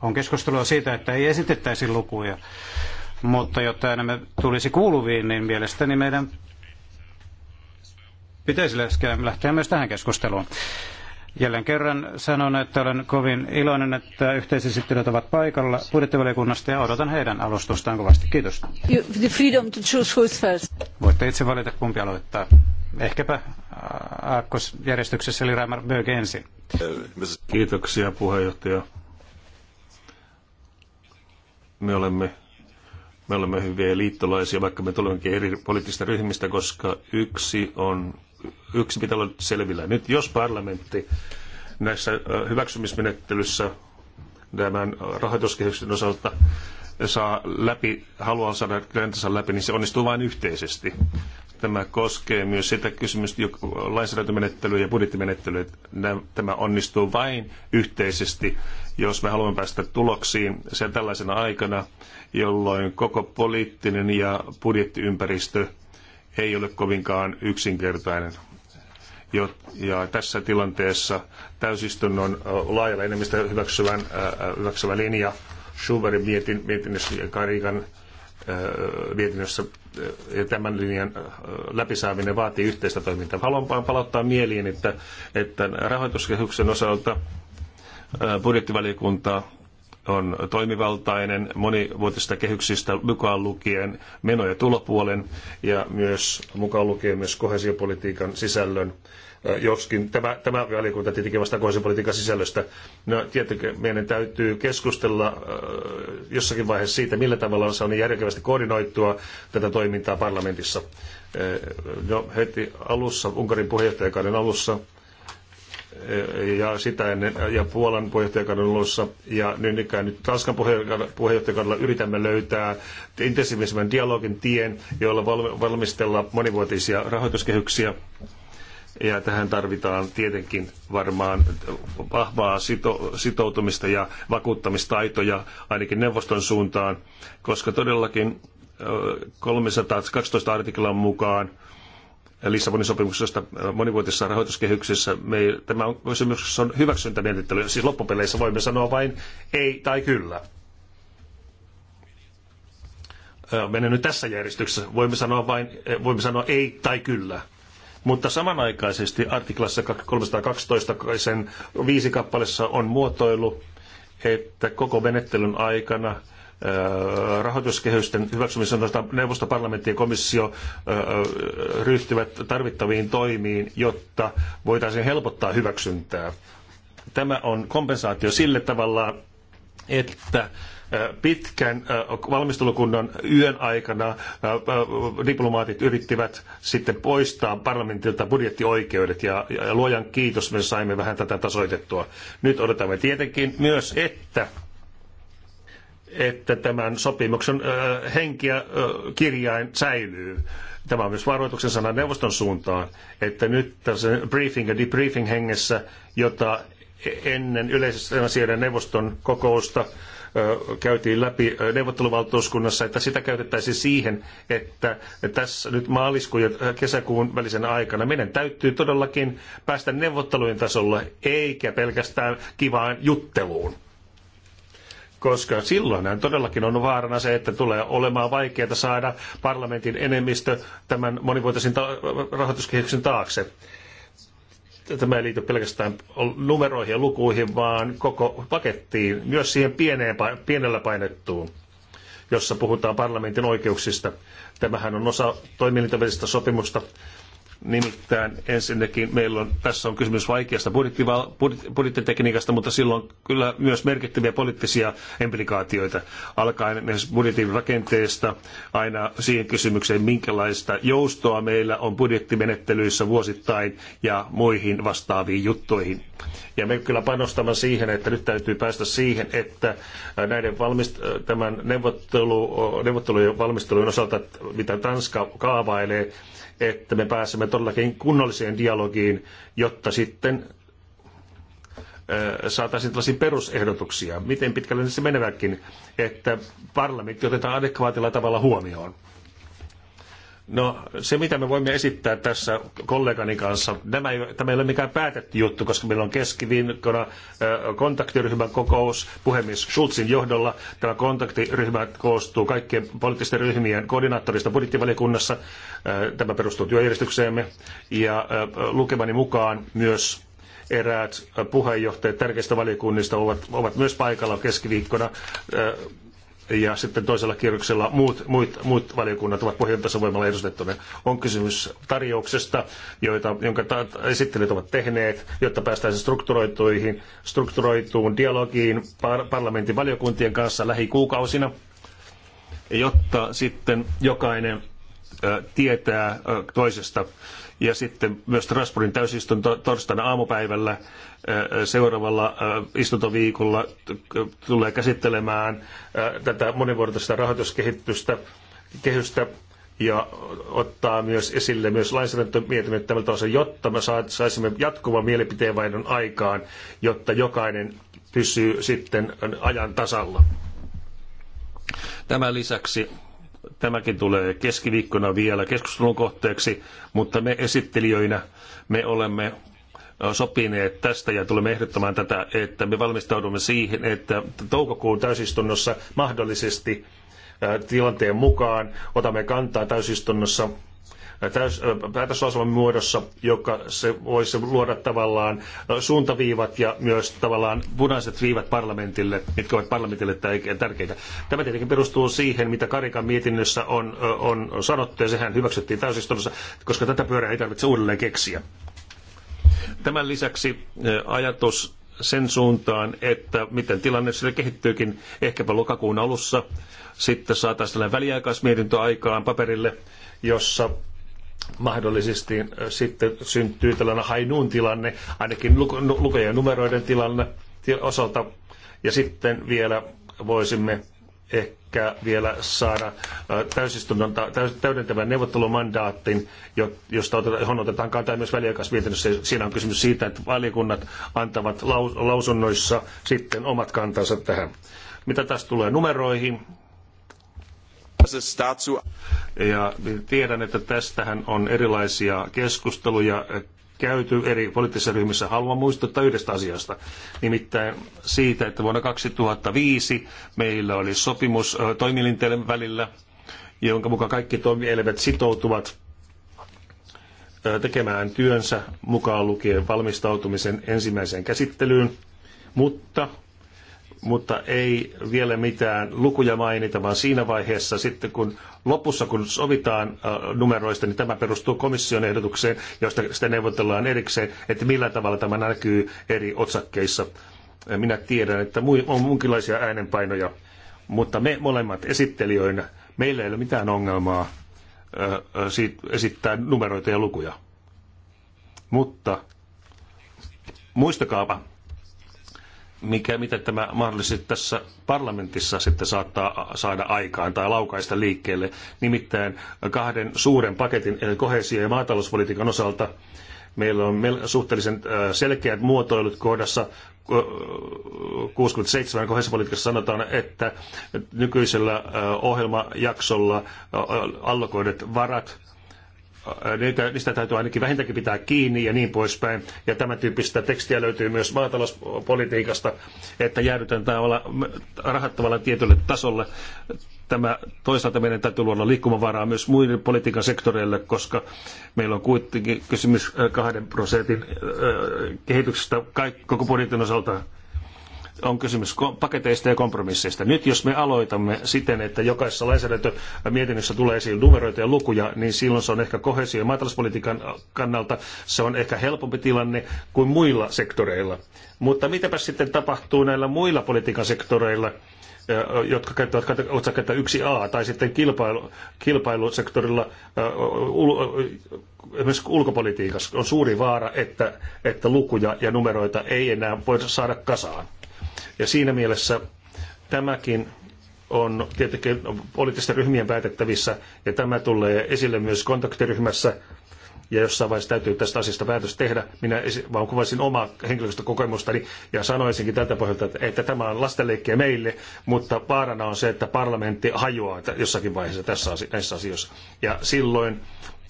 on keskustelua siitä, että ei esitettäisi lukuja, mutta jotta enemmän tulisi kuuluviin, niin mielestäni meidän pitäisi lähteä myös tähän keskusteluun. Jälleen kerran sanon, että olen kovin iloinen, että yhteisesittelijät ovat paikalla budjettivaliokunnasta ja odotan heidän alustustaan kovasti. Kiitos. You, the freedom to choose first. Voitte itse valita, kumpi aloittaa. Ehkäpä aakkosjärjestyksessä, eli Raimar Böök ensin. Kiitoksia puheenjohtaja. Me olemme, me olemme hyviä liittolaisia, vaikka me tulemmekin eri poliittisista ryhmistä, koska yksi on yksi pitää olla selvillä. Nyt jos parlamentti näissä hyväksymismenettelyssä tämän rahoituskehyksen osalta saa läpi, haluaa saada lentonsa läpi, niin se onnistuu vain yhteisesti. Tämä koskee myös sitä kysymystä, lainsäädäntömenettely ja budjettimenettely, että tämä onnistuu vain yhteisesti, jos me haluamme päästä tuloksiin sen tällaisena aikana, jolloin koko poliittinen ja budjettiympäristö ei ole kovinkaan yksinkertainen. Ja tässä tilanteessa täysistunnon laajalla enemmistö hyväksyvän, hyväksyvä linja Schuberin mietin, mietinnössä ja Karikan mietinnössä ja tämän linjan läpisaaminen vaatii yhteistä toimintaa. Haluan vain palauttaa mieliin, että, että rahoituskehyksen osalta budjettivaliokunta on toimivaltainen monivuotisista kehyksistä mukaan lukien meno- ja tulopuolen ja myös mukaan lukien myös kohesiopolitiikan sisällön. Joskin tämä, tämä valiokunta tietenkin vastaa kohesiopolitiikan sisällöstä. No, tietenkin meidän täytyy keskustella jossakin vaiheessa siitä, millä tavalla on saanut järkevästi koordinoitua tätä toimintaa parlamentissa. No, heti alussa, Unkarin puheenjohtajakauden alussa, ja sitä ennen, ja Puolan puheenjohtajakaudella luossa, ja niin ikään nyt Tanskan puheenjohtajakaudella yritämme löytää intensiivisemmän dialogin tien, jolla valmistella monivuotisia rahoituskehyksiä. Ja tähän tarvitaan tietenkin varmaan vahvaa sito, sitoutumista ja vakuuttamistaitoja ainakin neuvoston suuntaan, koska todellakin 312 artiklan mukaan Lissabonin sopimuksesta monivuotisessa rahoituskehyksessä. Me, tämä on kysymys on hyväksyntämenettely. Siis loppupeleissä voimme sanoa vain ei tai kyllä. Menen nyt tässä järjestyksessä. Voimme sanoa vain voimme sanoa ei tai kyllä. Mutta samanaikaisesti artiklassa 312 sen viisi kappalessa on muotoilu, että koko menettelyn aikana rahoituskehysten hyväksymisen osalta neuvosto, parlamentti ja komissio ryhtyvät tarvittaviin toimiin, jotta voitaisiin helpottaa hyväksyntää. Tämä on kompensaatio sille tavalla, että pitkän valmistelukunnan yön aikana diplomaatit yrittivät sitten poistaa parlamentilta budjettioikeudet ja, ja luojan kiitos me saimme vähän tätä tasoitettua. Nyt odotamme tietenkin myös, että että tämän sopimuksen henki ja kirjain säilyy. Tämä on myös varoituksen sana neuvoston suuntaan, että nyt tässä briefing ja debriefing hengessä, jota ennen yleisen asioiden neuvoston kokousta käytiin läpi neuvotteluvaltuuskunnassa, että sitä käytettäisiin siihen, että tässä nyt maaliskuun ja kesäkuun välisen aikana meidän täytyy todellakin päästä neuvottelujen tasolle, eikä pelkästään kivaan jutteluun koska silloin, hän todellakin on vaarana se, että tulee olemaan vaikeaa saada parlamentin enemmistö tämän monivuotisen ta- taakse. Tämä ei liity pelkästään numeroihin ja lukuihin, vaan koko pakettiin, myös siihen pieneen, pienellä painettuun jossa puhutaan parlamentin oikeuksista. Tämähän on osa toimielintävälistä sopimusta, Nimittäin ensinnäkin meillä on, tässä on kysymys vaikeasta budjettitekniikasta, mutta silloin kyllä myös merkittäviä poliittisia implikaatioita, alkaen budjetin rakenteesta aina siihen kysymykseen, minkälaista joustoa meillä on budjettimenettelyissä vuosittain ja muihin vastaaviin juttuihin. Ja me kyllä panostamme siihen, että nyt täytyy päästä siihen, että näiden valmist- tämän neuvottelu, neuvottelujen valmistelujen osalta, mitä Tanska kaavailee, että me pääsemme todellakin kunnolliseen dialogiin, jotta sitten saataisiin tällaisia perusehdotuksia, miten pitkälle se menevätkin, että parlamentti otetaan adekvaatilla tavalla huomioon. No se, mitä me voimme esittää tässä kollegani kanssa, nämä ei, tämä ei ole mikään päätetty juttu, koska meillä on keskiviikkona äh, kontaktiryhmän kokous puhemies Schulzin johdolla. Tämä kontaktiryhmä koostuu kaikkien poliittisten ryhmien koordinaattorista budjettivaliokunnassa. Äh, tämä perustuu työjärjestykseemme ja äh, lukemani mukaan myös eräät puheenjohtajat tärkeistä valiokunnista ovat, ovat myös paikalla keskiviikkona ja sitten toisella kierroksella muut, muut, muut valiokunnat ovat pohjoittaisen voimalla edustettuna. On kysymys tarjouksesta, joita, jonka ta- esittelijät ovat tehneet, jotta päästään strukturoituihin, strukturoituun dialogiin par- parlamentin valiokuntien kanssa lähikuukausina, jotta sitten jokainen tietää toisesta ja sitten myös Strasbourgin täysistunto torstaina aamupäivällä seuraavalla istuntoviikolla tulee käsittelemään tätä monivuotista rahoituskehitystä kehystä ja ottaa myös esille myös lainsäädäntömietinnöt tältä osin, jotta me saisimme jatkuvan mielipiteenvaihdon aikaan, jotta jokainen pysyy sitten ajan tasalla. Tämän lisäksi Tämäkin tulee keskiviikkona vielä keskustelun kohteeksi, mutta me esittelijöinä me olemme sopineet tästä ja tulemme ehdottamaan tätä, että me valmistaudumme siihen, että toukokuun täysistunnossa mahdollisesti tilanteen mukaan otamme kantaa täysistunnossa täys, päätöslauselman muodossa, joka se voisi luoda tavallaan suuntaviivat ja myös tavallaan punaiset viivat parlamentille, mitkä ovat parlamentille tärkeitä. Tämä tietenkin perustuu siihen, mitä Karikan mietinnössä on, on sanottu, ja sehän hyväksyttiin täysistunnossa, koska tätä pyörää ei tarvitse uudelleen keksiä. Tämän lisäksi ajatus sen suuntaan, että miten tilanne sille kehittyykin ehkäpä lokakuun alussa. Sitten saataisiin tällainen väliaikaismietintö aikaan paperille, jossa mahdollisesti sitten syntyy tällainen hainuun tilanne, ainakin lukujen numeroiden tilanne osalta. Ja sitten vielä voisimme ehkä vielä saada täysistunnon täydentävän neuvottelumandaattin, josta otetaan, johon otetaan kantaa myös väliaikaismietinnössä. Siinä on kysymys siitä, että valiokunnat antavat lausunnoissa sitten omat kantansa tähän. Mitä tässä tulee numeroihin, ja tiedän, että tästähän on erilaisia keskusteluja eh, käyty eri poliittisissa ryhmissä. Haluan muistuttaa yhdestä asiasta, nimittäin siitä, että vuonna 2005 meillä oli sopimus eh, toimielinten välillä, jonka mukaan kaikki toimielimet sitoutuvat eh, tekemään työnsä mukaan lukien valmistautumisen ensimmäiseen käsittelyyn, mutta mutta ei vielä mitään lukuja mainita, vaan siinä vaiheessa sitten kun lopussa, kun sovitaan äh, numeroista, niin tämä perustuu komission ehdotukseen, josta sitä neuvotellaan erikseen, että millä tavalla tämä näkyy eri otsakkeissa. Äh, minä tiedän, että on munkinlaisia äänenpainoja, mutta me molemmat esittelijöinä, meillä ei ole mitään ongelmaa äh, esittää numeroita ja lukuja. Mutta muistakaapa, mikä, mitä tämä mahdollisesti tässä parlamentissa sitten saattaa saada aikaan tai laukaista liikkeelle. Nimittäin kahden suuren paketin, eli kohesio- ja maatalouspolitiikan osalta meillä on suhteellisen äh, selkeät muotoilut kohdassa 67 äh, kohesiopolitiikassa sanotaan, että nykyisellä äh, ohjelmajaksolla allokoidut varat niitä, niistä täytyy ainakin vähintäänkin pitää kiinni ja niin poispäin. Ja tämän tyyppistä tekstiä löytyy myös maatalouspolitiikasta, että jäädytään tavalla, rahat tavallaan tietylle tasolle. Tämä, toisaalta meidän täytyy luoda liikkumavaraa myös muille politiikan sektoreille, koska meillä on kuitenkin kysymys kahden prosentin kehityksestä koko budjetin osalta on kysymys paketeista ja kompromisseista. Nyt jos me aloitamme siten, että jokaisessa lainsäädäntömietinnössä tulee esiin numeroita ja lukuja, niin silloin se on ehkä kohesio- ja maatalouspolitiikan kannalta se on ehkä helpompi tilanne kuin muilla sektoreilla. Mutta mitäpä sitten tapahtuu näillä muilla politiikan sektoreilla, jotka käyttävät otsaketta 1a, tai sitten kilpailu, kilpailusektorilla esimerkiksi ulkopolitiikassa on suuri vaara, että, että lukuja ja numeroita ei enää voida saada kasaan. Ja siinä mielessä tämäkin on tietenkin poliittisten ryhmien päätettävissä, ja tämä tulee esille myös kontaktiryhmässä, ja jossain vaiheessa täytyy tästä asiasta päätös tehdä. Minä vaan kuvasin omaa henkilöstä kokemustani ja sanoisinkin tältä pohjalta, että, tämä on lastenleikkiä meille, mutta vaarana on se, että parlamentti hajoaa jossakin vaiheessa tässä, näissä asioissa. Ja silloin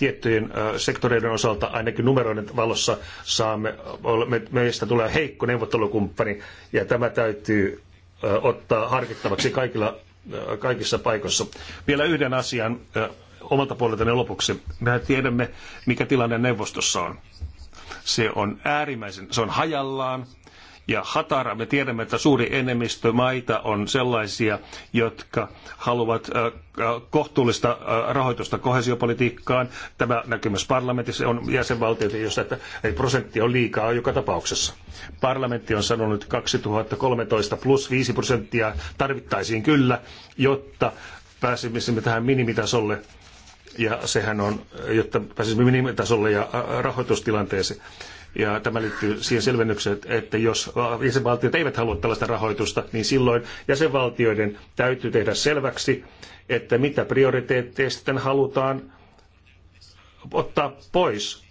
tiettyjen sektoreiden osalta, ainakin numeroiden valossa, saamme, meistä tulee heikko neuvottelukumppani, ja tämä täytyy ottaa harkittavaksi kaikilla, kaikissa paikoissa. Vielä yhden asian omalta puoleltani lopuksi. Mehän tiedämme, mikä tilanne neuvostossa on. Se on äärimmäisen, se on hajallaan, ja hatara. Me tiedämme, että suuri enemmistö maita on sellaisia, jotka haluavat äh, äh, kohtuullista äh, rahoitusta kohesiopolitiikkaan. Tämä näkyy myös parlamentissa, on jäsenvaltioita, joissa että prosentti on liikaa joka tapauksessa. Parlamentti on sanonut 2013 plus 5 prosenttia tarvittaisiin kyllä, jotta pääsisimme tähän minimitasolle ja sehän on, jotta pääsisimme minimitasolle ja rahoitustilanteeseen. Ja tämä liittyy siihen selvennykseen, että jos jäsenvaltiot eivät halua tällaista rahoitusta, niin silloin jäsenvaltioiden täytyy tehdä selväksi, että mitä prioriteetteja sitten halutaan ottaa pois,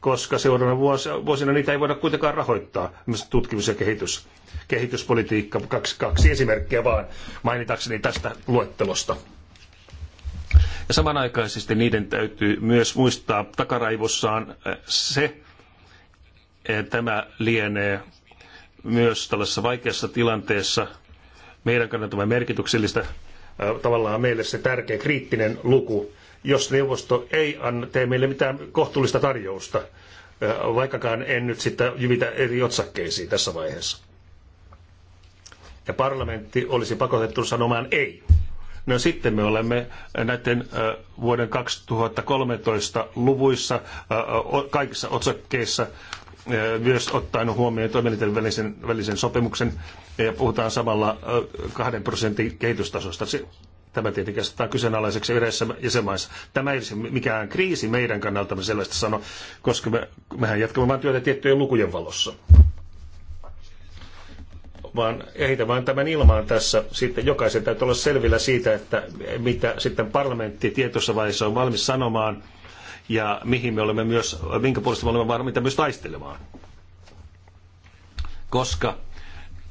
koska seuraavana vuosina niitä ei voida kuitenkaan rahoittaa, esimerkiksi tutkimus- ja kehitys, kehityspolitiikka, kaksi, kaksi esimerkkiä vaan mainitakseni tästä luettelosta. Ja samanaikaisesti niiden täytyy myös muistaa takaraivossaan äh, se, Eh, tämä lienee myös tällaisessa vaikeassa tilanteessa meidän kannaltamme merkityksellistä eh, tavallaan meille se tärkeä kriittinen luku, jos neuvosto ei anna, tee meille mitään kohtuullista tarjousta, eh, vaikkakaan en nyt sitä jyvitä eri otsakkeisiin tässä vaiheessa. Ja parlamentti olisi pakotettu sanomaan ei. No sitten me olemme näiden vuoden 2013 luvuissa kaikissa otsakkeissa myös ottaen huomioon toimielinten välisen, välisen sopimuksen ja puhutaan samalla kahden prosentin kehitystasosta. Tämä tietenkin asettaa kyseenalaiseksi yhdessä jäsenmaissa. Tämä ei ole siis mikään kriisi meidän kannalta, me sellaista sano, koska me, mehän jatkamme vain työtä tiettyjen lukujen valossa. Vaan ehitä vain tämän ilmaan tässä. Sitten jokaisen täytyy olla selvillä siitä, että mitä sitten parlamentti tietyssä vaiheessa on valmis sanomaan – ja mihin me olemme myös, minkä puolesta me olemme varmiita myös taistelemaan. Koska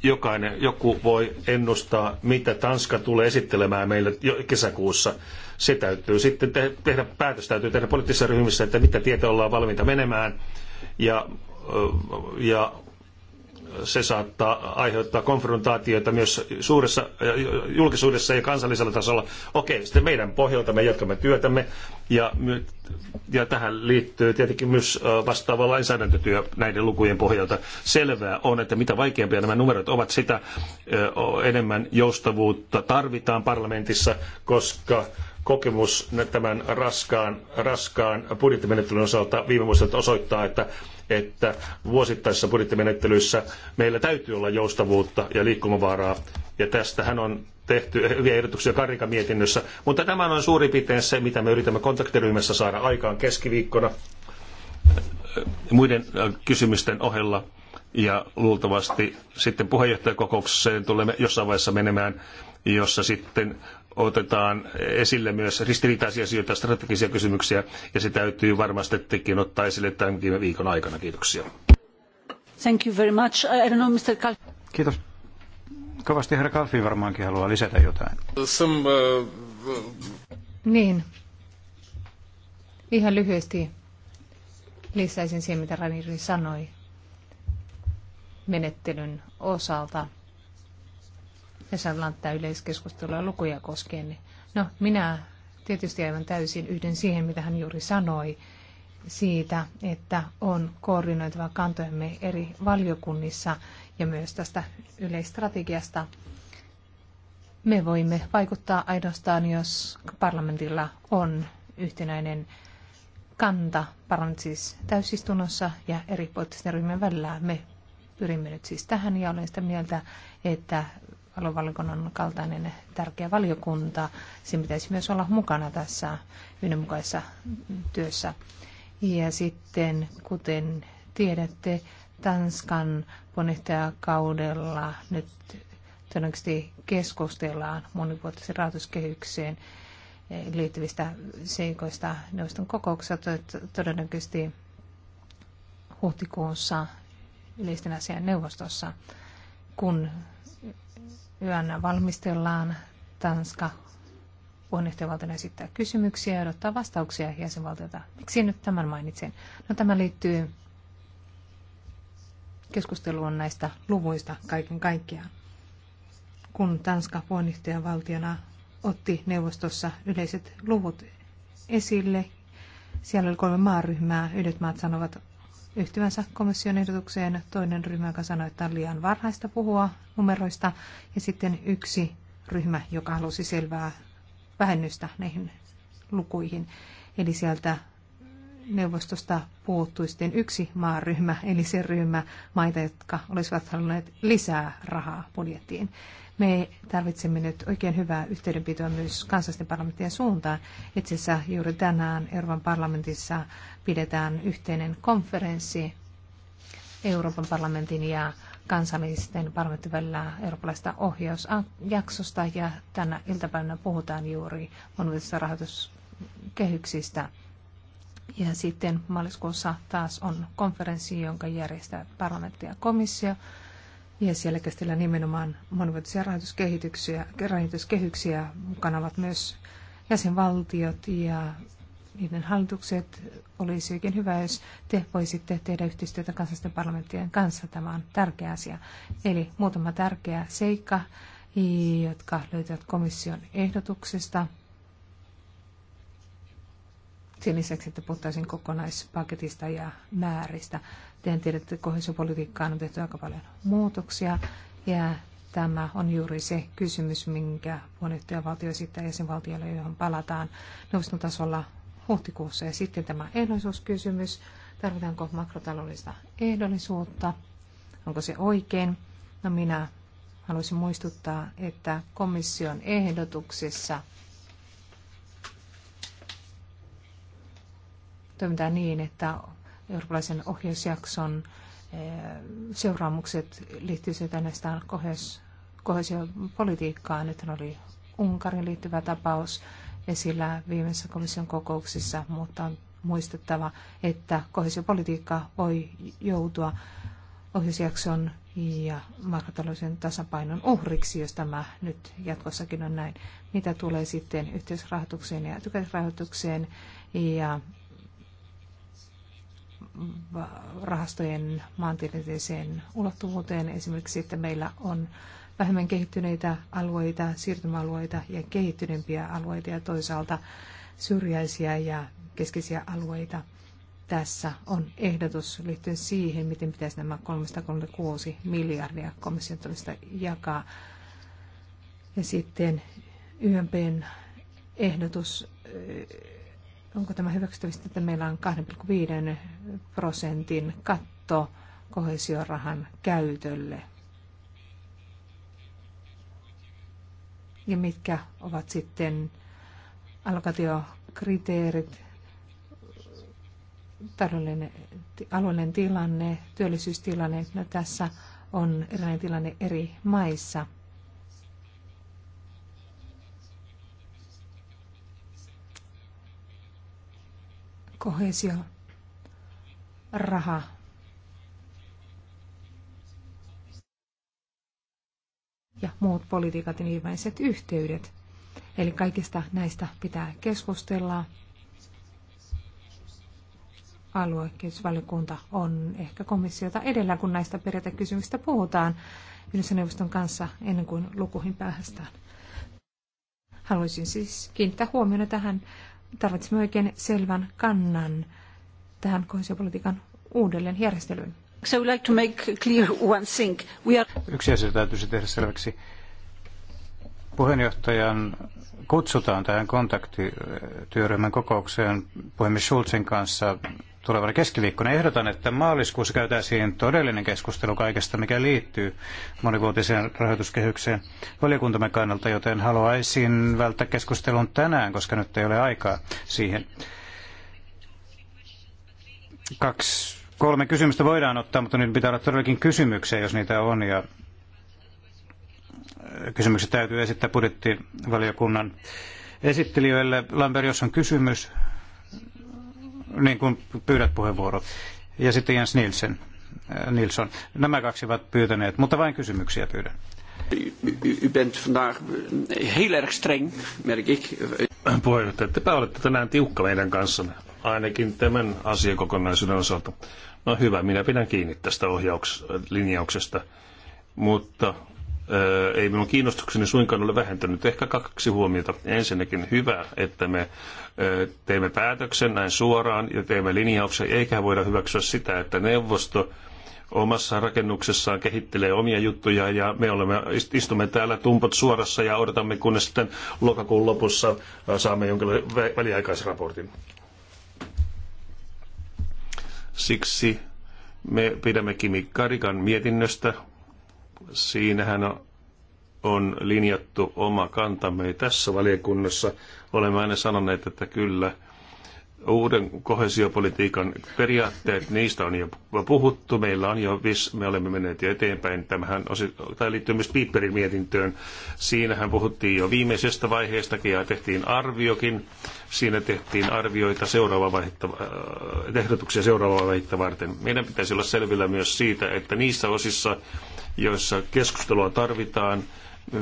jokainen, joku voi ennustaa, mitä Tanska tulee esittelemään meille jo kesäkuussa. Se täytyy sitten te- tehdä, päätös täytyy tehdä poliittisessa ryhmissä, että mitä tietoa ollaan valmiita menemään. Ja, ja se saattaa aiheuttaa konfrontaatioita myös suuressa julkisuudessa ja kansallisella tasolla. Okei, sitten meidän pohjalta me jatkamme työtämme ja, ja tähän liittyy tietenkin myös vastaava lainsäädäntötyö näiden lukujen pohjalta. Selvää on, että mitä vaikeampia nämä numerot ovat, sitä enemmän joustavuutta tarvitaan parlamentissa, koska kokemus tämän raskaan, raskaan budjettimenettelyn osalta viime vuosilta osoittaa, että, että vuosittaisissa budjettimenettelyissä meillä täytyy olla joustavuutta ja liikkumavaraa. Ja tästähän on tehty hyviä ehdotuksia Karika mietinnössä. Mutta tämä on suurin piirtein se, mitä me yritämme kontaktiryhmässä saada aikaan keskiviikkona muiden äh, kysymysten ohella. Ja luultavasti sitten puheenjohtajakokoukseen tulemme jossain vaiheessa menemään, jossa sitten otetaan esille myös ristiriitaisia asioita, strategisia kysymyksiä, ja se täytyy varmasti tekin ottaa esille tämän viime viikon aikana. Kiitoksia. Thank you very much. I don't know, Mr. Kal- Kiitos. Kovasti herra Kalfi varmaankin haluaa lisätä jotain. Some, uh... Niin. Ihan lyhyesti lisäisin siihen, mitä Raniri sanoi menettelyn osalta ja yleiskeskustelua lukuja koskien. Niin- no, minä tietysti aivan täysin yhden siihen, mitä hän juuri sanoi siitä, että on koordinoitava kantojemme eri valiokunnissa ja myös tästä yleistrategiasta. Me voimme vaikuttaa ainoastaan, jos parlamentilla on yhtenäinen kanta parlamentissa siis täysistunnossa ja eri poliittisten ryhmien välillä. Me pyrimme nyt siis tähän ja olen sitä mieltä, että aluevaliokunnan kaltainen tärkeä valiokunta, sen pitäisi myös olla mukana tässä yhdenmukaisessa työssä. Ja sitten, kuten tiedätte, Tanskan puheenjohtajakaudella nyt todennäköisesti keskustellaan monivuotisen rahoituskehykseen liittyvistä seikoista neuvoston kokouksessa todennäköisesti huhtikuussa yleisten asian neuvostossa, kun yön valmistellaan. Tanska puheenjohtajavaltiona esittää kysymyksiä ja odottaa vastauksia jäsenvaltiota. Miksi nyt tämän mainitsen? No tämä liittyy keskusteluun näistä luvuista kaiken kaikkiaan. Kun Tanska puheenjohtajavaltiona otti neuvostossa yleiset luvut esille, siellä oli kolme maaryhmää. Yhdet maat sanovat yhtyvänsä komission ehdotukseen. Toinen ryhmä, joka sanoi, että on liian varhaista puhua numeroista. Ja sitten yksi ryhmä, joka halusi selvää vähennystä näihin lukuihin. Eli sieltä neuvostosta puuttui sitten yksi maaryhmä, eli se ryhmä maita, jotka olisivat halunneet lisää rahaa budjettiin. Me tarvitsemme nyt oikein hyvää yhteydenpitoa myös kansallisten parlamenttien suuntaan. Itse asiassa juuri tänään Euroopan parlamentissa pidetään yhteinen konferenssi Euroopan parlamentin ja kansallisten parlamentin välillä eurooppalaista ohjausjaksosta ja tänä iltapäivänä puhutaan juuri monivuotisista rahoituskehyksistä. Ja sitten maaliskuussa taas on konferenssi, jonka järjestää parlamentti ja komissio. Ja siellä käsitellään nimenomaan monivuotisia rahoituskehityksiä, rahoituskehyksiä. Mukana ovat myös jäsenvaltiot ja niiden hallitukset. Olisi oikein hyvä, jos te voisitte tehdä yhteistyötä kansallisten parlamenttien kanssa. Tämä on tärkeä asia. Eli muutama tärkeä seikka, jotka löytyvät komission ehdotuksesta. Sen lisäksi, että puhuttaisiin kokonaispaketista ja määristä. Tehän tiedätte, että kohesiopolitiikkaan on tehty aika paljon muutoksia ja tämä on juuri se kysymys, minkä puheenjohtajavaltio esittää jäsenvaltioille, johon palataan neuvoston tasolla huhtikuussa. Ja sitten tämä ehdollisuuskysymys, tarvitaanko makrotaloudellista ehdollisuutta, onko se oikein. No minä haluaisin muistuttaa, että komission ehdotuksessa toimitaan niin, että eurooppalaisen ohjausjakson eh, seuraamukset liittyisivät ainoastaan kohesiopolitiikkaan. Nyt oli Unkarin liittyvä tapaus esillä viimeisessä komission kokouksissa, mutta on muistettava, että kohesiopolitiikka voi joutua ohjausjakson ja makrotalouden tasapainon uhriksi, jos tämä nyt jatkossakin on näin. Mitä tulee sitten yhteisrahoitukseen ja tykäisrahoitukseen ja rahastojen maantieteelliseen ulottuvuuteen. Esimerkiksi, että meillä on vähemmän kehittyneitä alueita, siirtymäalueita ja kehittyneempiä alueita ja toisaalta syrjäisiä ja keskeisiä alueita. Tässä on ehdotus liittyen siihen, miten pitäisi nämä 336 miljardia komission jakaa. Ja sitten YMPn ehdotus onko tämä hyväksyttävistä, että meillä on 2,5 prosentin katto kohesiorahan käytölle? Ja mitkä ovat sitten allokaatiokriteerit, alueellinen tilanne, työllisyystilanne? No tässä on erilainen tilanne eri maissa – kohesio raha. Ja muut politiikat ja ilmeiset yhteydet. Eli kaikista näistä pitää keskustella. Aluekehitysvaliokunta on ehkä komissiota edellä, kun näistä periaatekysymyksistä puhutaan yhdessä neuvoston kanssa ennen kuin lukuihin päästään. Haluaisin siis kiinnittää huomiota tähän tarvitsemme oikein selvän kannan tähän kohesiopolitiikan uudelleen järjestelyyn. So would like to make clear one thing. We are... Yksi asia täytyisi tehdä selväksi. Puheenjohtajan kutsutaan tähän kontaktityöryhmän kokoukseen puhemies Schulzin kanssa tulevana keskiviikkona. Ehdotan, että maaliskuussa käytäisiin todellinen keskustelu kaikesta, mikä liittyy monivuotiseen rahoituskehykseen valiokuntamme kannalta, joten haluaisin välttää keskustelun tänään, koska nyt ei ole aikaa siihen. Kaksi, kolme kysymystä voidaan ottaa, mutta nyt pitää olla todellakin kysymyksiä, jos niitä on, ja kysymykset täytyy esittää budjettivaliokunnan esittelijöille. Lambert, jos on kysymys, niin kuin pyydät puheenvuoro. Ja sitten Jens Nielsen. Äh, Nilsson. Nämä kaksi ovat pyytäneet, mutta vain kysymyksiä pyydän. U bent vandaag eh, heel erg streng, merk ik. Puheenjohtaja, tepä olette tänään tiukka meidän kanssamme, ainakin tämän asiakokonaisuuden osalta. No hyvä, minä pidän kiinni tästä ohjauks- linjauksesta. mutta ei minun kiinnostukseni suinkaan ole vähentynyt. Ehkä kaksi huomiota. Ensinnäkin hyvä, että me teemme päätöksen näin suoraan ja teemme linjauksen, eikä voida hyväksyä sitä, että neuvosto omassa rakennuksessaan kehittelee omia juttuja ja me olemme, istumme täällä tumpot suorassa ja odotamme, kunnes sitten lokakuun lopussa saamme jonkin väliaikaisraportin. Siksi me pidämme Kimi Karikan mietinnöstä, Siinähän on linjattu oma kantamme. Tässä valiokunnassa olemme aina sanoneet, että kyllä uuden kohesiopolitiikan periaatteet, niistä on jo puhuttu, meillä on jo vis, me olemme menneet jo eteenpäin. Tämähän osi, tai liittyy myös Piperin mietintöön. Siinähän puhuttiin jo viimeisestä vaiheestakin ja tehtiin arviokin. Siinä tehtiin arvioita seuraavaa vaihetta, äh, ehdotuksia seuraavaa vaihetta varten. Meidän pitäisi olla selvillä myös siitä, että niissä osissa, joissa keskustelua tarvitaan.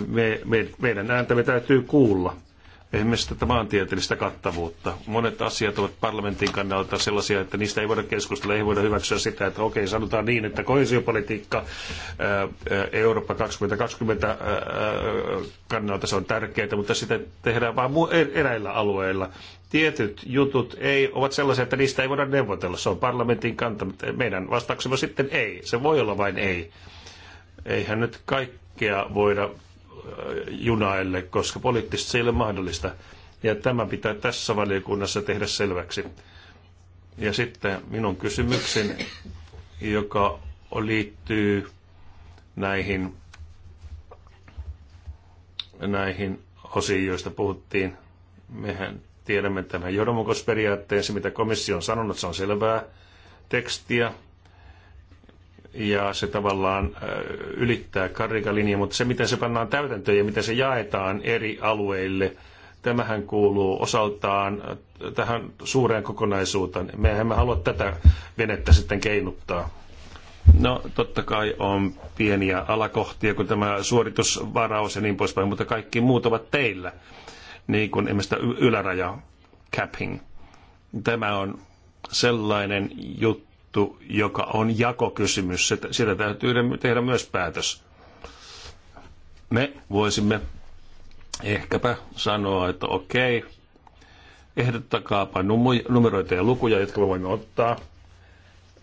Me, me, meidän ääntämme täytyy kuulla. Esimerkiksi tätä maantieteellistä kattavuutta. Monet asiat ovat parlamentin kannalta sellaisia, että niistä ei voida keskustella, ei voida hyväksyä sitä, että okei, sanotaan niin, että kohesiopolitiikka Eurooppa 2020 kannalta se on tärkeää, mutta sitä tehdään vain er-, eräillä alueilla. Tietyt jutut ei, ovat sellaisia, että niistä ei voida neuvotella. Se on parlamentin kanta, mutta meidän vastauksemme sitten ei. Se voi olla vain ei. Eihän nyt kaikkea voida äh, junaille, koska poliittisesti se ei ole mahdollista. Ja tämä pitää tässä valiokunnassa tehdä selväksi. Ja sitten minun kysymykseni, joka liittyy näihin, näihin osiin, joista puhuttiin. Mehän tiedämme tämän johdonmukaisperiaatteen, se mitä komissio on sanonut, se on selvää tekstiä, ja se tavallaan äh, ylittää karikalinja, mutta se, miten se pannaan täytäntöön ja miten se jaetaan eri alueille, tämähän kuuluu osaltaan äh, tähän suureen kokonaisuuteen. Me emme halua tätä venettä sitten keinuttaa. No totta kai on pieniä alakohtia, kun tämä suoritusvaraus ja niin poispäin, mutta kaikki muut ovat teillä. Niin kuin esimerkiksi yläraja, capping. Tämä on sellainen juttu, juttu, joka on jakokysymys. Siitä täytyy tehdä myös päätös. Me voisimme ehkäpä sanoa, että okei, ehdottakaapa numeroita ja lukuja, jotka me voimme ottaa.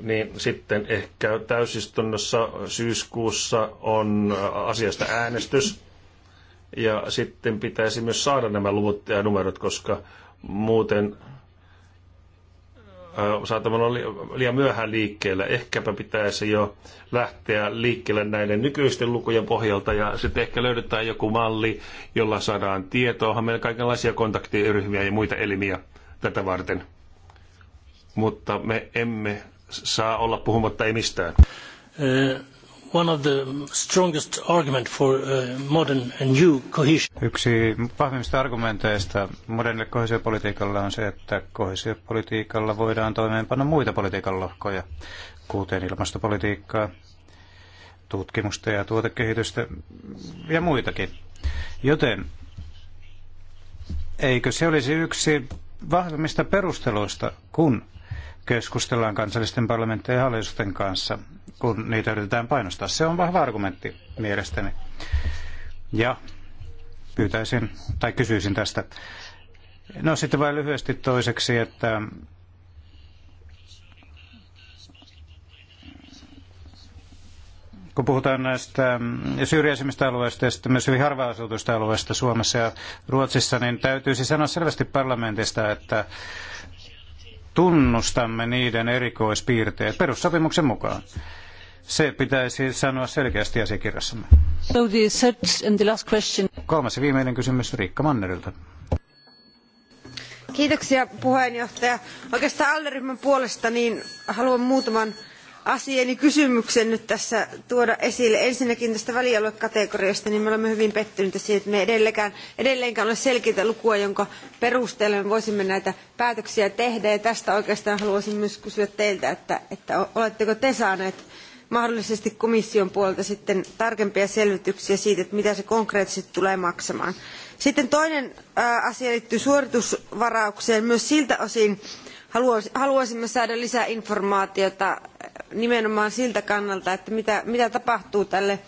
Niin sitten ehkä täysistunnossa syyskuussa on äh, asiasta äänestys. Ja sitten pitäisi myös saada nämä luvut ja numerot, koska muuten saatamme olla liian myöhään liikkeellä. Ehkäpä pitäisi jo lähteä liikkeelle näiden nykyisten lukujen pohjalta ja sitten ehkä löydetään joku malli, jolla saadaan tietoa. Onhan meillä kaikenlaisia kontaktiryhmiä ja muita elimiä tätä varten. Mutta me emme saa olla puhumatta ei mistään. Äh, one of the strongest argument for uh, modern and new cohesion. Yksi vahvimmista argumenteista modernille kohesiopolitiikalle on se, että kohesiopolitiikalla voidaan toimeenpanna muita politiikan lohkoja, kuten ilmastopolitiikkaa, tutkimusta ja tuotekehitystä ja muitakin. Joten eikö se olisi yksi vahvimmista perusteluista, kun keskustellaan kansallisten parlamenttien ja hallitusten kanssa, kun niitä yritetään painostaa. Se on vahva argumentti mielestäni. Ja pyytäisin tai kysyisin tästä. No sitten vain lyhyesti toiseksi, että kun puhutaan näistä syrjäisimmistä alueista ja sitten myös hyvin harva-asutuista alueista Suomessa ja Ruotsissa, niin täytyisi sanoa selvästi parlamentista, että tunnustamme niiden erikoispiirteet perussopimuksen mukaan. Se pitäisi sanoa selkeästi asiakirjassamme. So the third and the last question. Kolmas ja viimeinen kysymys Riikka Mannerilta. Kiitoksia puheenjohtaja. Oikeastaan Alderyhmän puolesta niin haluan muutaman asiani kysymyksen nyt tässä tuoda esille. Ensinnäkin tästä välialuekategoriasta, niin me olemme hyvin pettyneitä siihen, että me edelleenkään, edelleenkään ole selkeitä lukua, jonka perusteella me voisimme näitä päätöksiä tehdä. Ja tästä oikeastaan haluaisin myös kysyä teiltä, että, että oletteko te saaneet mahdollisesti komission puolelta sitten tarkempia selvityksiä siitä, että mitä se konkreettisesti tulee maksamaan. Sitten toinen asia liittyy suoritusvaraukseen. Myös siltä osin haluaisimme saada lisää informaatiota nimenomaan siltä kannalta, että mitä, mitä tapahtuu tälle,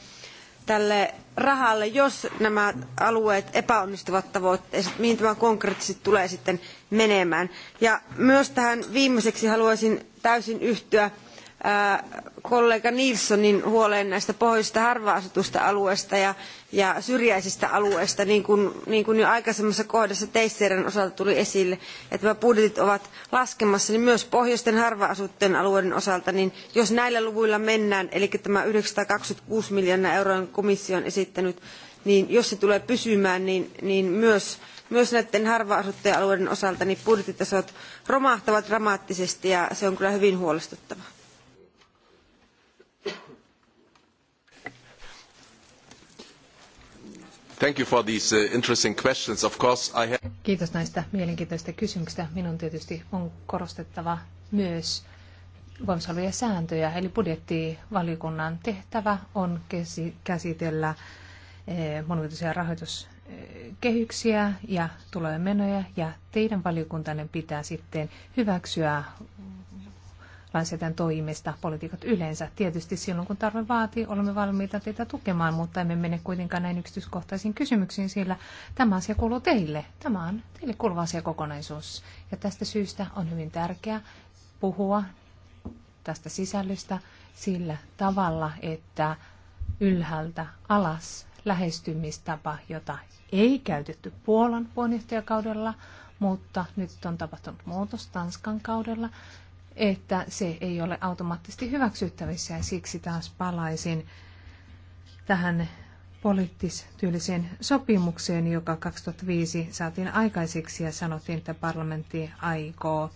tälle rahalle, jos nämä alueet epäonnistuvat tavoitteessa, mihin tämä konkreettisesti tulee sitten menemään. Ja myös tähän viimeiseksi haluaisin täysin yhtyä kollega Nilssonin huoleen näistä pohjoisista harvaasutusta alueista ja, ja syrjäisistä alueista, niin kuin, niin kuin jo aikaisemmassa kohdassa teisseiden osalta tuli esille, että nämä budjetit ovat laskemassa, niin myös pohjoisten harvaasuttujen alueiden osalta, niin jos näillä luvuilla mennään, eli tämä 926 miljoonaa euroa komissio on esittänyt, niin jos se tulee pysymään, niin, niin myös myös näiden harva-asuttujen alueiden osalta niin budjettitasot romahtavat dramaattisesti ja se on kyllä hyvin huolestuttavaa. Thank you for these uh, interesting questions. Of course I have... Kiitos näistä mielenkiintoisista kysymyksistä. Minun tietysti on korostettava myös voimassa olevia sääntöjä, eli budjettivaliokunnan tehtävä on käsitellä eh, monivuotisia rahoituskehyksiä ja tulojen menoja, ja teidän valiokuntanne pitää sitten hyväksyä lainsäädännön toimista, poliitikot yleensä. Tietysti silloin, kun tarve vaatii, olemme valmiita teitä tukemaan, mutta emme mene kuitenkaan näin yksityiskohtaisiin kysymyksiin, sillä tämä asia kuuluu teille. Tämä on teille kuuluva asiakokonaisuus. Ja tästä syystä on hyvin tärkeää puhua tästä sisällöstä sillä tavalla, että ylhäältä alas lähestymistapa, jota ei käytetty Puolan puheenjohtajakaudella, mutta nyt on tapahtunut muutos Tanskan kaudella että se ei ole automaattisesti hyväksyttävissä ja siksi taas palaisin tähän poliittistyyliseen sopimukseen, joka 2005 saatiin aikaiseksi ja sanottiin, että parlamentti aikoo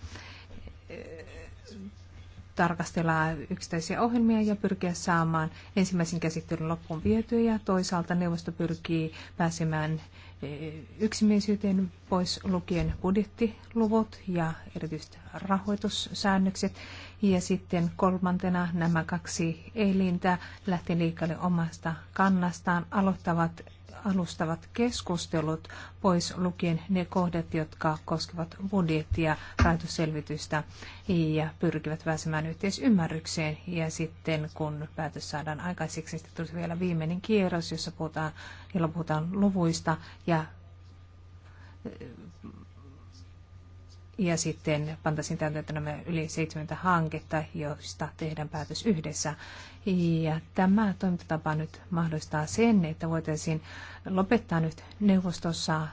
eh, tarkastella yksittäisiä ohjelmia ja pyrkiä saamaan ensimmäisen käsittelyn loppuun vietyä ja toisaalta neuvosto pyrkii pääsemään yksimielisyyteen pois lukien budjettiluvut ja erityisesti rahoitussäännökset. Ja sitten kolmantena nämä kaksi elintä lähti liikkeelle omasta kannastaan aloittavat alustavat keskustelut, pois lukien ne kohdat, jotka koskevat budjettia, päätösselvitystä ja pyrkivät pääsemään yhteisymmärrykseen. Ja sitten kun päätös saadaan aikaiseksi, sitten tulisi vielä viimeinen kierros, jossa puhutaan, jolla puhutaan luvuista ja ja sitten pantaisiin täytäntöön nämä yli 70 hanketta, joista tehdään päätös yhdessä. Ja tämä toimintatapa nyt mahdollistaa sen, että voitaisiin lopettaa nyt neuvostossa äh,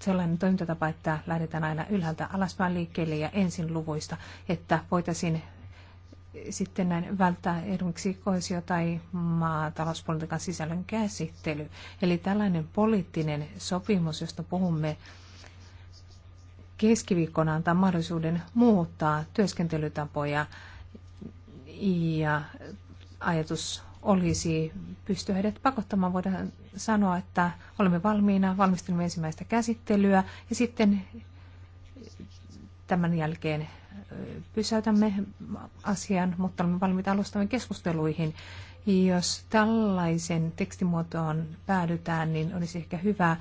sellainen toimintatapa, että lähdetään aina ylhäältä alaspäin liikkeelle ja ensin luvuista, että voitaisiin sitten näin välttää esimerkiksi kohesio- tai maatalouspolitiikan sisällön käsittely. Eli tällainen poliittinen sopimus, josta puhumme, keskiviikkona antaa mahdollisuuden muuttaa työskentelytapoja ja ajatus olisi pystyä heidät pakottamaan. Voidaan sanoa, että olemme valmiina, valmistelemme ensimmäistä käsittelyä ja sitten tämän jälkeen pysäytämme asian, mutta olemme valmiita alustamaan keskusteluihin. Jos tällaisen tekstimuotoon päädytään, niin olisi ehkä hyvä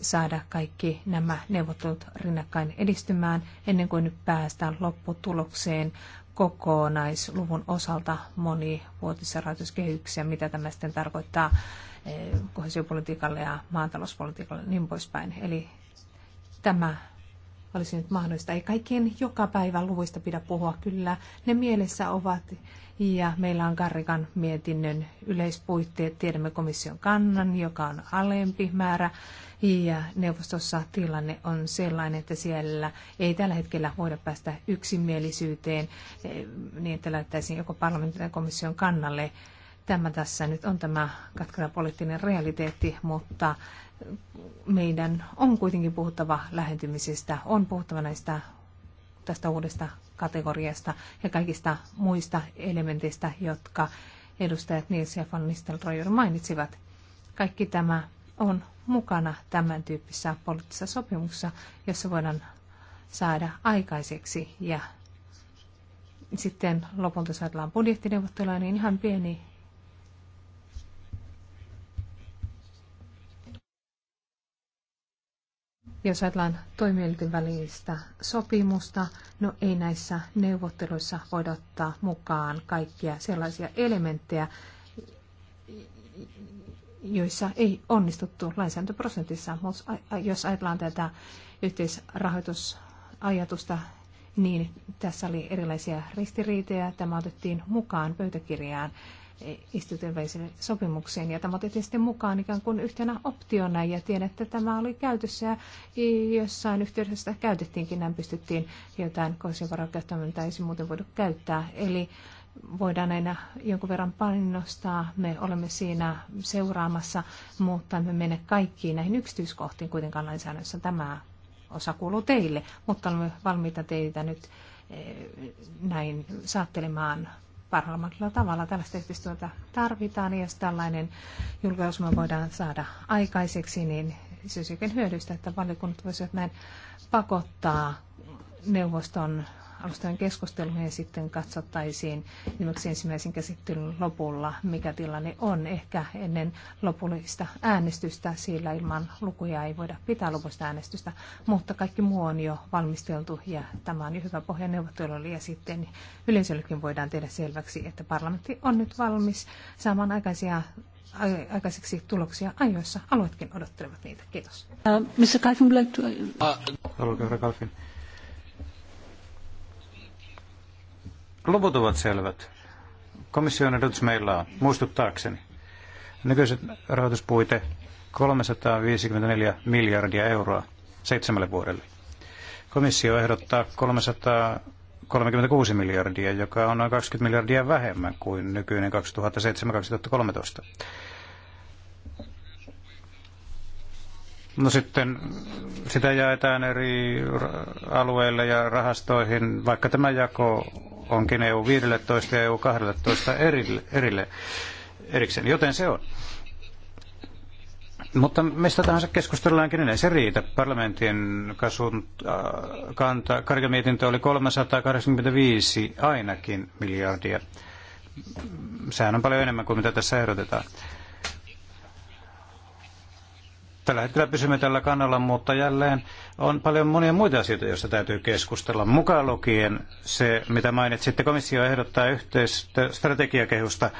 saada kaikki nämä neuvottelut rinnakkain edistymään ennen kuin nyt päästään lopputulokseen kokonaisluvun osalta monivuotisia rahoituskehyksiä, mitä tämä sitten tarkoittaa eh, kohesiopolitiikalle ja maatalouspolitiikalle ja niin poispäin. Eli tämä olisi nyt mahdollista. Ei kaikkien joka päivän luvuista pidä puhua, kyllä ne mielessä ovat. Ja meillä on Karrikan mietinnön yleispuitteet, tiedämme komission kannan, joka on alempi määrä. Ja neuvostossa tilanne on sellainen, että siellä ei tällä hetkellä voida päästä yksimielisyyteen eh, niin, että laittaisiin joko parlamentin komission kannalle Tämä tässä nyt on tämä katkera poliittinen realiteetti, mutta meidän on kuitenkin puhuttava lähentymisestä, on puhuttava näistä tästä uudesta kategoriasta ja kaikista muista elementeistä, jotka edustajat Nils ja Van Nistelrooyer mainitsivat. Kaikki tämä on mukana tämän tyyppisessä poliittisessa sopimuksessa, jossa voidaan saada aikaiseksi ja sitten lopulta saadaan budjettineuvotteluja, niin ihan pieni jos ajatellaan toimielinten välistä sopimusta, no ei näissä neuvotteluissa voida ottaa mukaan kaikkia sellaisia elementtejä, joissa ei onnistuttu lainsäädäntöprosentissa. Mutta jos ajatellaan tätä yhteisrahoitusajatusta, niin tässä oli erilaisia ristiriitejä. Tämä otettiin mukaan pöytäkirjaan instituutin väliseen sopimukseen. Ja tämä otettiin sitten mukaan ikään kuin yhtenä optiona ja tiedän, että tämä oli käytössä ja jossain yhteydessä sitä käytettiinkin, näin pystyttiin jotain kohdallisia käyttämään, mitä ei se muuten voidu käyttää. Eli voidaan aina jonkun verran painostaa, me olemme siinä seuraamassa, mutta me mene kaikkiin näihin yksityiskohtiin kuitenkaan lainsäädännössä tämä osa kuuluu teille, mutta olemme valmiita teitä nyt eh, näin saattelemaan parhaimmalla tavalla. Tällaista yhteistyötä tarvitaan ja jos tällainen julkaisuma voidaan saada aikaiseksi, niin siis hyödyistä, että valiokunnat voisivat näin pakottaa neuvoston alustavan keskustelun ja sitten katsottaisiin esimerkiksi ensimmäisen käsittelyn lopulla, mikä tilanne on ehkä ennen lopullista äänestystä, sillä ilman lukuja ei voida pitää lopullista äänestystä, mutta kaikki muu on jo valmisteltu ja tämä on jo hyvä pohja neuvotteluille ja sitten yleisöllekin voidaan tehdä selväksi, että parlamentti on nyt valmis saamaan aikaisia aikaiseksi tuloksia ajoissa. Alueetkin odottelevat niitä. Kiitos. Uh, Mr. Kalfin, would like to... Uh, herra Luvut ovat selvät. Komission ehdotus meillä on, muistuttaakseni. Nykyiset rahoituspuite 354 miljardia euroa seitsemälle vuodelle. Komissio ehdottaa 336 miljardia, joka on noin 20 miljardia vähemmän kuin nykyinen 2007-2013. No sitten sitä jaetaan eri alueille ja rahastoihin, vaikka tämä jako onkin EU 15 ja EU 12 erille, erille, erikseen, joten se on. Mutta mistä tahansa keskustellaankin, niin ei se riitä. Parlamentin kasvun äh, kanta, karkamietintö oli 385 ainakin miljardia. Sehän on paljon enemmän kuin mitä tässä ehdotetaan. Tällä hetkellä pysymme tällä kannalla, mutta jälleen on paljon monia muita asioita, joista täytyy keskustella. Mukaan lukien se, mitä mainitsitte, komissio ehdottaa yhteistä strategiakehusta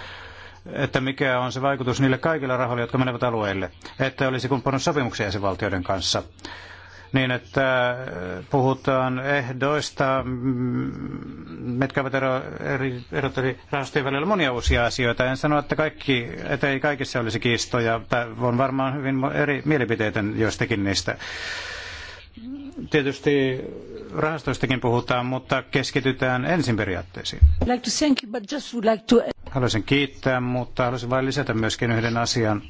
että mikä on se vaikutus niille kaikille rahoille, jotka menevät alueille, että olisi sopimuksia jäsenvaltioiden kanssa niin että äh, puhutaan ehdoista, mitkä ovat ero, eri, eri rahastojen välillä monia uusia asioita. En sano, että, kaikki, ettei ei kaikissa olisi kiistoja. On varmaan hyvin eri mielipiteitä joistakin niistä. Tietysti rahastoistakin puhutaan, mutta keskitytään ensin periaatteisiin. Haluaisin kiittää, mutta haluaisin vain lisätä myöskin yhden asian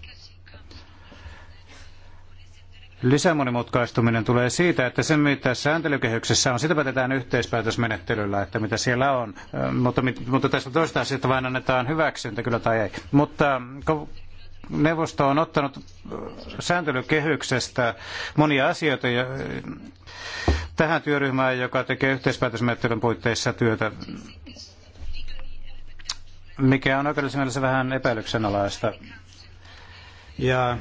Lisämonimutkaistuminen tulee siitä, että se mitä sääntelykehyksessä on, sitä päätetään yhteispäätösmenettelyllä, että mitä siellä on. Mutta, mutta tästä toista asiasta vain annetaan hyväksyntä, kyllä tai ei. Mutta neuvosto on ottanut sääntelykehyksestä monia asioita ja tähän työryhmään, joka tekee yhteispäätösmenettelyn puitteissa työtä, mikä on oikeudellisessa mielessä vähän epäilyksenalaista. Ja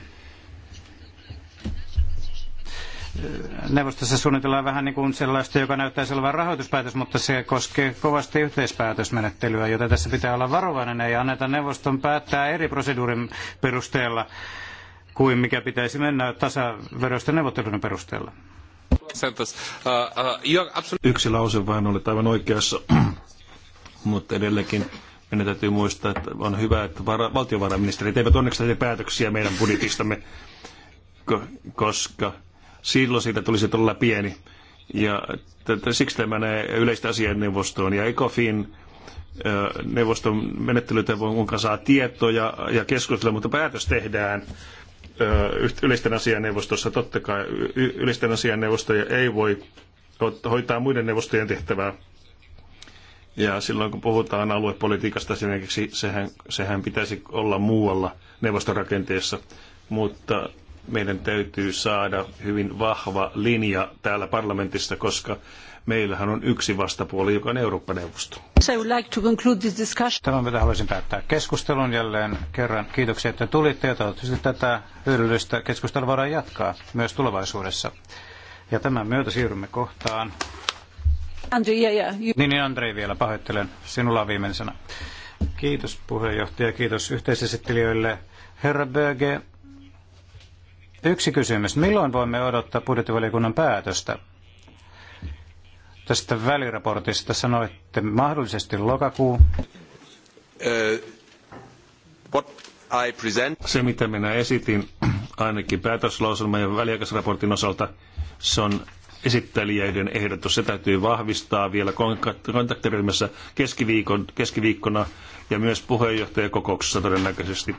neuvostossa suunnitellaan vähän niin kuin sellaista, joka näyttäisi olevan rahoituspäätös, mutta se koskee kovasti yhteispäätösmenettelyä, joten tässä pitää olla varovainen. Ei anneta neuvoston päättää eri proseduurin perusteella kuin mikä pitäisi mennä tasaveroisten neuvotteluiden perusteella. Uh, uh, Yksi lause vain olet aivan oikeassa, <clears throat> mutta edelleenkin meidän täytyy muistaa, että on hyvä, että vara- valtiovarainministerit eivät onneksi tee päätöksiä meidän budjetistamme, koska silloin siitä tulisi todella pieni. Ja siksi tämä menee yleistä neuvostoon ja ECOFIN neuvoston menettelytavon mukaan saa tietoja ja keskustella, mutta päätös tehdään yleisten asianneuvostossa. Totta kai yleisten asianneuvostoja ei voi hoitaa muiden neuvostojen tehtävää. Ja silloin kun puhutaan aluepolitiikasta esimerkiksi, sehän, sehän pitäisi olla muualla neuvostorakenteessa. Mutta meidän täytyy saada hyvin vahva linja täällä parlamentissa, koska meillähän on yksi vastapuoli, joka on Eurooppa-neuvosto. Tämän mitä haluaisin päättää keskustelun jälleen kerran. Kiitoksia, että tulitte ja toivottavasti tätä hyödyllistä keskustelua voidaan jatkaa myös tulevaisuudessa. Ja tämän myötä siirrymme kohtaan. Andrei, yeah, yeah, you... Niin, niin Andrei vielä, pahoittelen. Sinulla on viimeisenä. Kiitos puheenjohtaja, kiitos yhteisesittelijöille. Herra Böge, Yksi kysymys. Milloin voimme odottaa budjettivaliokunnan päätöstä? Tästä väliraportista sanoitte mahdollisesti lokakuu. Uh, Se, mitä minä esitin, ainakin päätöslauselman ja väliaikaisraportin osalta, se on esittelijöiden ehdotus. Se täytyy vahvistaa vielä kontaktiryhmässä keskiviikon, keskiviikkona ja myös puheenjohtajakokouksessa todennäköisesti.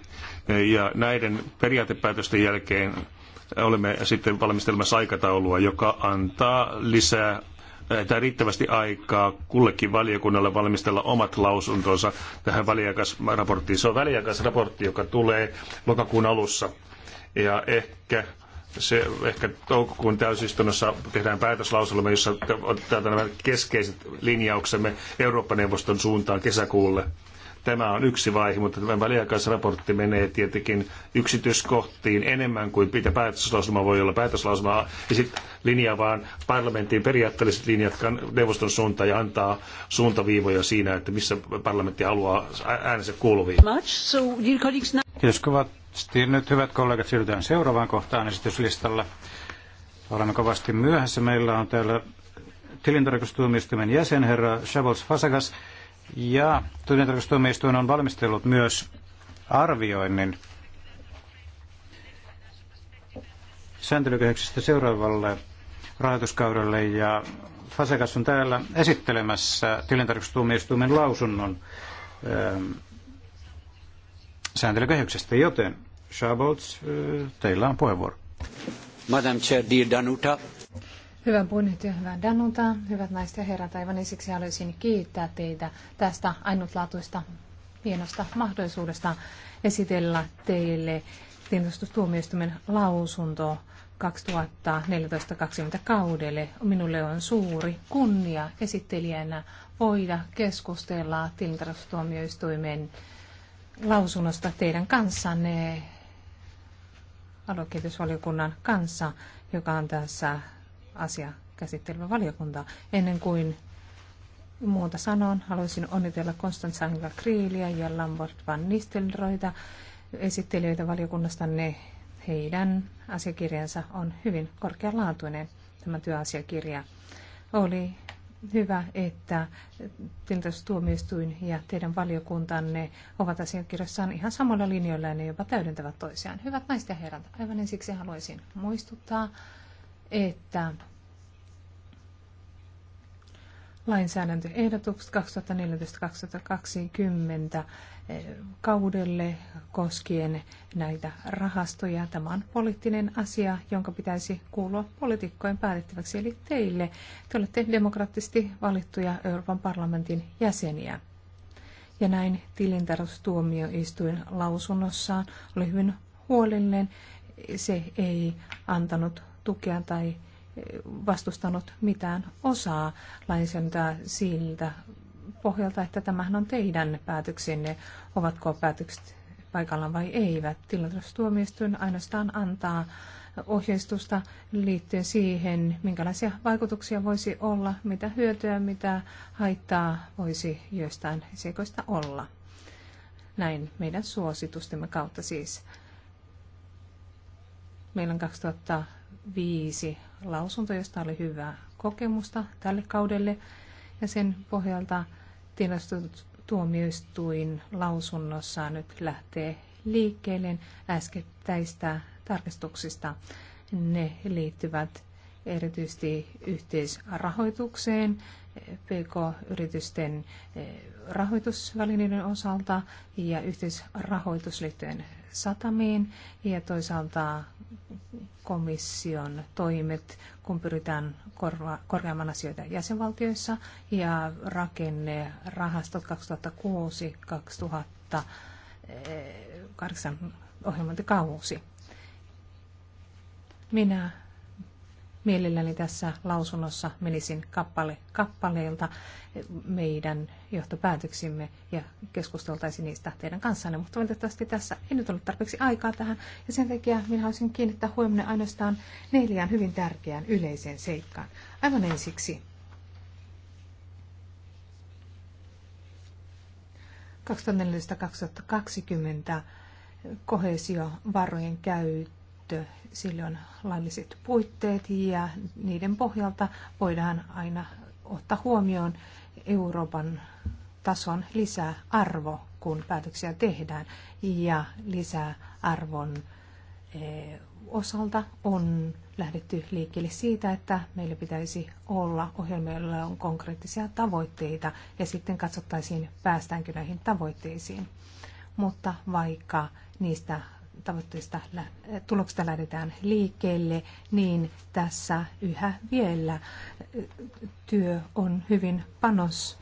Ja näiden periaatepäätösten jälkeen olemme sitten valmistelemassa aikataulua, joka antaa lisää äh, tai riittävästi aikaa kullekin valiokunnalle valmistella omat lausuntonsa tähän väliaikaisraporttiin. Se on väliaikaisraportti, joka tulee lokakuun alussa. Ja ehkä se ehkä toukokuun täysistunnossa tehdään päätöslauselma, jossa otetaan nämä keskeiset linjauksemme Eurooppa-neuvoston suuntaan kesäkuulle. Tämä on yksi vaihe, mutta tämä väliaikaisraportti menee tietenkin yksityiskohtiin enemmän kuin mitä päätöslausuma voi olla. Päätöslausuma ja sitten linja vaan parlamentin periaatteelliset linjat neuvoston suuntaan ja antaa suuntaviivoja siinä, että missä parlamentti haluaa äänensä kuuluviin. Kiitos kovasti. Nyt hyvät kollegat, siirrytään seuraavaan kohtaan esityslistalla. Olemme kovasti myöhässä. Meillä on täällä tilintarkastustuomioistuimen jäsen, herra Shavos Fasagas. Ja tyyntarkastustuomioistuin on valmistellut myös arvioinnin sääntelykehyksestä seuraavalle rahoituskaudelle ja Fasekas on täällä esittelemässä tilintarkastustuomioistuimen lausunnon ähm, sääntelykehyksestä, joten Schabolz, äh, teillä on puheenvuoro. Madam Chair, dear Danuta, Hyvän ja hyvää Danuta, hyvät naiset ja herrat, aivan ensiksi haluaisin kiittää teitä tästä ainutlaatuista hienosta mahdollisuudesta esitellä teille tiedostustuomioistuimen lausunto 2014-2020 kaudelle. Minulle on suuri kunnia esittelijänä voida keskustella tilintarkastustuomioistuimen lausunnosta teidän kanssanne aluekehitysvaliokunnan kanssa, joka on tässä asia käsittelevä valiokunta. Ennen kuin muuta sanon, haluaisin onnitella Konstantin Angela Kriiliä ja Lambert van Nistelroita esittelijöitä ne Heidän asiakirjansa on hyvin korkealaatuinen tämä työasiakirja. Oli hyvä, että tuomioistuin ja teidän valiokuntanne ovat asiakirjassaan ihan samalla linjoilla ja ne jopa täydentävät toisiaan. Hyvät naiset ja herrat, aivan ensiksi haluaisin muistuttaa, että lainsäädäntöehdotukset 2014-2020 eh, kaudelle koskien näitä rahastoja. Tämä on poliittinen asia, jonka pitäisi kuulua poliitikkojen päätettäväksi, eli teille. Te olette demokraattisesti valittuja Euroopan parlamentin jäseniä. Ja näin tilintarkastustuomioistuin lausunnossaan oli hyvin huolellinen. Se ei antanut tukea tai eh, vastustanut mitään osaa lainsäädäntöä siltä pohjalta, että tämähän on teidän päätöksenne, ovatko päätökset paikallaan vai eivät. Tilatustuomioistuin ainoastaan antaa ohjeistusta liittyen siihen, minkälaisia vaikutuksia voisi olla, mitä hyötyä, mitä haittaa voisi joistain seikoista olla. Näin meidän suositustemme kautta siis. Meillä on 2000 viisi lausunto, josta oli hyvää kokemusta tälle kaudelle. Ja sen pohjalta tilastotuomioistuin lausunnossa nyt lähtee liikkeelle äskettäistä tarkistuksista. Ne liittyvät erityisesti yhteisrahoitukseen, PK-yritysten eh, rahoitusvälineiden osalta ja yhteisrahoitus liittyen satamiin ja toisaalta komission toimet, kun pyritään korva, korjaamaan asioita jäsenvaltioissa ja rakenne rahastot 2006-2008 ohjelmointikausi. Minä Mielelläni tässä lausunnossa menisin kappale kappaleelta eh, meidän johtopäätöksimme ja keskusteltaisiin niistä teidän kanssanne, mutta valitettavasti tässä ei nyt ollut tarpeeksi aikaa tähän ja sen takia minä haluaisin kiinnittää huomioon ainoastaan neljään hyvin tärkeään yleiseen seikkaan. Aivan ensiksi 2014-2020 kohesiovarojen käyttö käyttö, sille on lailliset puitteet ja niiden pohjalta voidaan aina ottaa huomioon Euroopan tason lisäarvo, kun päätöksiä tehdään. Ja lisäarvon eh, osalta on lähdetty liikkeelle siitä, että meillä pitäisi olla ohjelmilla on konkreettisia tavoitteita ja sitten katsottaisiin, päästäänkö näihin tavoitteisiin. Mutta vaikka niistä tavoitteista äh, tuloksista lähdetään liikkeelle, niin tässä yhä vielä äh, työ on hyvin panos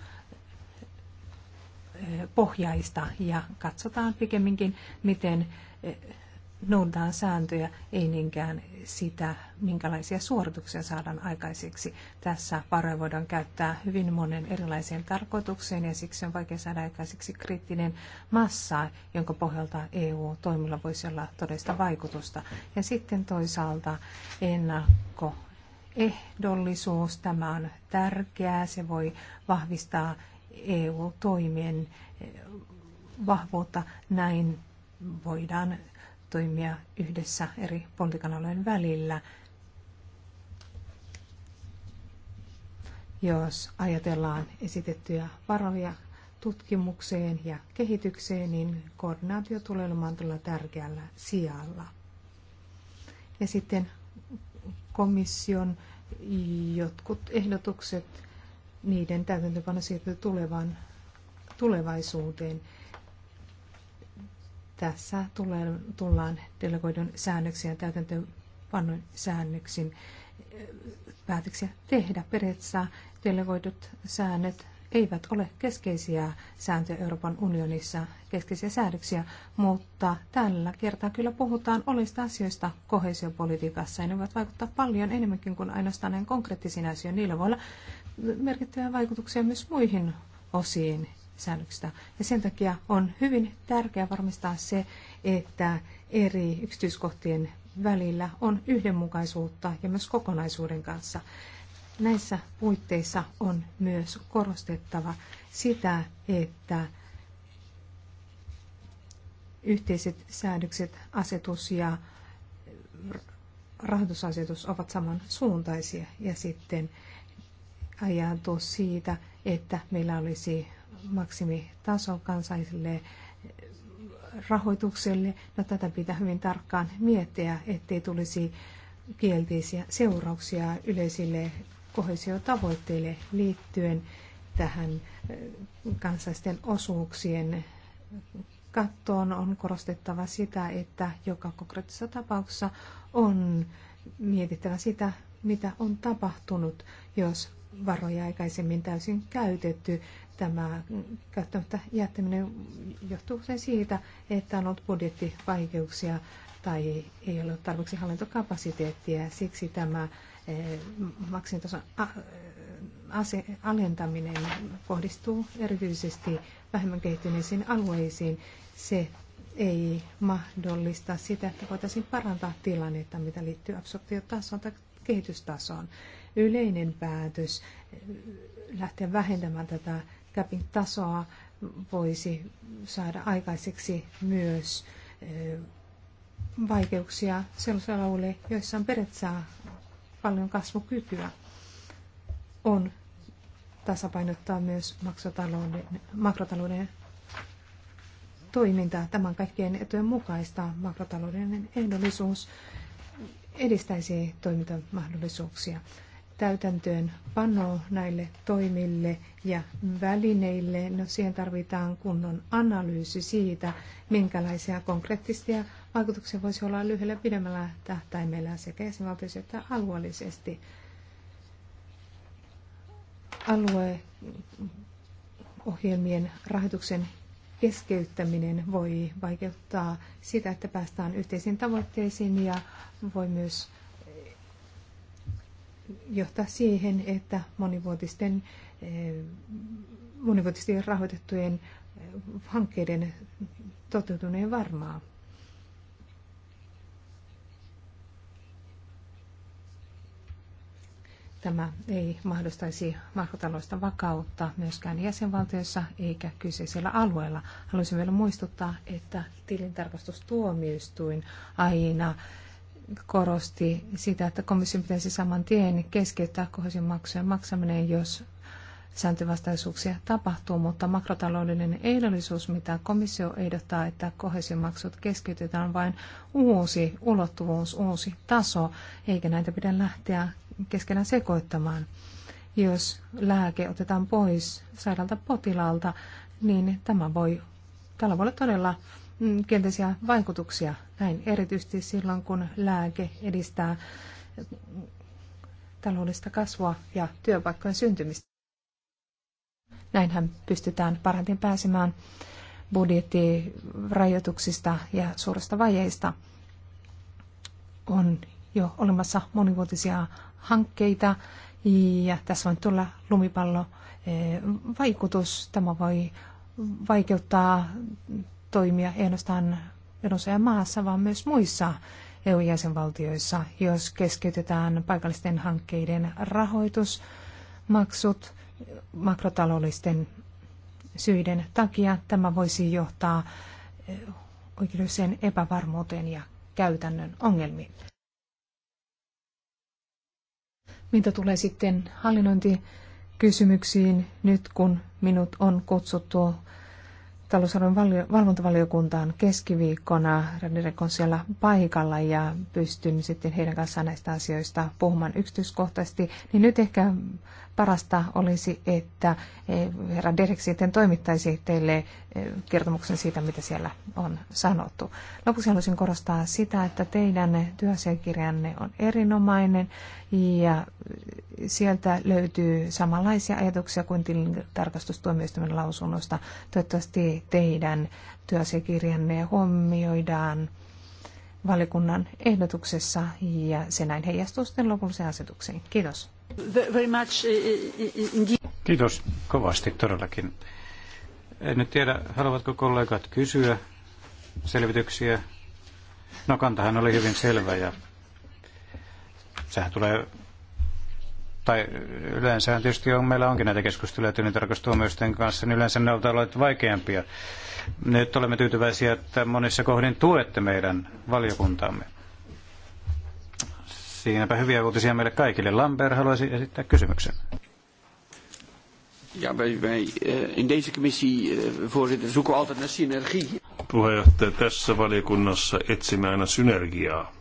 äh, pohjaista ja katsotaan pikemminkin, miten noudataan sääntöjä, ei niinkään sitä, minkälaisia suorituksia saadaan aikaiseksi. Tässä varoja voidaan käyttää hyvin monen erilaiseen tarkoitukseen ja siksi on vaikea saada aikaiseksi kriittinen massa, jonka pohjalta EU-toimilla voisi olla todellista vaikutusta. Ja sitten toisaalta ennakko ehdollisuus, tämä on tärkeää, se voi vahvistaa EU-toimien vahvuutta, näin voidaan toimia yhdessä eri pontikanalojen välillä. Jos ajatellaan esitettyjä varoja tutkimukseen ja kehitykseen, niin koordinaatio tulee olemaan tärkeällä sijalla. Ja sitten komission jotkut ehdotukset, niiden täytäntöpano siirtyy tulevaan tulevaisuuteen. Tässä tullaan delegoidun säännöksiä ja täytäntöönpannon säännöksin eh, päätöksiä tehdä. Periaatteessa delegoidut säännöt eivät ole keskeisiä sääntöjä Euroopan unionissa, keskeisiä säädöksiä, mutta tällä kertaa kyllä puhutaan olista asioista kohesiopolitiikassa ja ne voivat vaikuttaa paljon enemmänkin kuin ainoastaan näin konkreettisiin asioihin. Niillä voi olla merkittäviä vaikutuksia myös muihin osiin säännöksistä. Ja sen takia on hyvin tärkeää varmistaa se, että eri yksityiskohtien välillä on yhdenmukaisuutta ja myös kokonaisuuden kanssa. Näissä puitteissa on myös korostettava sitä, että yhteiset säädökset, asetus ja rahoitusasetus ovat samansuuntaisia ja sitten ajatus siitä, että meillä olisi maksimitaso kansalliselle rahoitukselle. No, tätä pitää hyvin tarkkaan miettiä, ettei tulisi kielteisiä seurauksia yleisille kohesiotavoitteille liittyen tähän eh, kansallisten osuuksien kattoon on korostettava sitä, että joka konkreettisessa tapauksessa on mietittävä sitä, mitä on tapahtunut, jos varoja aikaisemmin täysin käytetty. Tämä käyttämättä jättäminen johtuu sen siitä, että on ollut budjettivaikeuksia tai ei ole tarpeeksi hallintokapasiteettia. Siksi tämä eh, maksintason eh, alentaminen kohdistuu erityisesti vähemmän kehittyneisiin alueisiin. Se ei mahdollista sitä, että voitaisiin parantaa tilannetta, mitä liittyy absorptiotasoon tai kehitystasoon. Yleinen päätös eh, lähteä vähentämään tätä käpin tasoa voisi saada aikaiseksi myös eh, vaikeuksia sellaisilla alueilla, joissa on periaatteessa paljon kasvukykyä. On tasapainottaa myös makrotalouden, makrotalouden toimintaa. Tämän kaikkien etujen mukaista makrotalouden ehdollisuus edistäisi toimintamahdollisuuksia. Täytäntöön pano näille toimille ja välineille, no siihen tarvitaan kunnon analyysi siitä, minkälaisia konkreettisia vaikutuksia voisi olla lyhyellä pidemmällä tähtäimellä sekä esimerkiksi että alueellisesti. alueohjelmien rahoituksen keskeyttäminen voi vaikeuttaa sitä, että päästään yhteisiin tavoitteisiin ja voi myös johtaa siihen, että monivuotisten, eh, monivuotisten rahoitettujen eh, hankkeiden toteutuneen varmaa. Tämä ei mahdollistaisi makrotaloista vakautta myöskään jäsenvaltioissa eikä kyseisellä alueella. Haluaisin vielä muistuttaa, että tilintarkastustuomioistuin aina korosti sitä, että komission pitäisi saman tien keskeyttää kohdisen maksujen maksaminen, jos sääntövastaisuuksia tapahtuu, mutta makrotaloudellinen ehdollisuus, mitä komissio ehdottaa, että kohesiomaksut keskeytetään vain uusi ulottuvuus, uusi taso, eikä näitä pidä lähteä keskenään sekoittamaan. Jos lääke otetaan pois sairaalta potilaalta, niin tämä voi, tällä voi olla todella mm, kielteisiä vaikutuksia, näin erityisesti silloin, kun lääke edistää mm, taloudellista kasvua ja työpaikkojen syntymistä. Näinhän pystytään parhaiten pääsemään budjettirajoituksista ja suurista vajeista. On jo olemassa monivuotisia hankkeita ja tässä voi tulla lumipallo eh, vaikutus. Tämä voi vaikeuttaa toimia ei ainoastaan edustajan maassa, vaan myös muissa EU-jäsenvaltioissa, jos keskeytetään paikallisten hankkeiden rahoitus, maksut makrotaloudellisten syiden takia. Tämä voisi johtaa eh, oikeudelliseen epävarmuuteen ja käytännön ongelmiin. Mitä tulee sitten hallinnointikysymyksiin nyt, kun minut on kutsuttu talousarvon valvontavaliokuntaan keskiviikkona. Radirek on siellä paikalla ja pystyn sitten heidän kanssaan näistä asioista puhumaan yksityiskohtaisesti. Niin nyt ehkä parasta olisi, että e, herra Derek sitten toimittaisi teille e, kertomuksen siitä, mitä siellä on sanottu. Lopuksi haluaisin korostaa sitä, että teidän työasiakirjanne on erinomainen ja sieltä löytyy samanlaisia ajatuksia kuin tilintarkastustuomioistuimen lausunnosta. Toivottavasti teidän työasiakirjanne huomioidaan valikunnan ehdotuksessa ja se näin heijastuu sitten lopulliseen asetukseen. Kiitos. Kiitos kovasti todellakin. En nyt tiedä, haluavatko kollegat kysyä selvityksiä. No kantahan oli hyvin selvä ja sehän tulee, tai yleensä tietysti on, meillä onkin näitä keskusteluja tyyntarkastuomioisten kanssa, niin yleensä ne ovat olleet vaikeampia. Nyt olemme tyytyväisiä, että monissa kohdin tuette meidän valiokuntaamme. Siinäpä hyviä uutisia meille kaikille. Lambert haluaisi esittää kysymyksen. Ja, wij, wij eh, in deze commissie, eh, voorzitter, zoeken altijd naar synergie. Puheenjohtaja, tässä valiokunnassa etsimme aina synergiaa.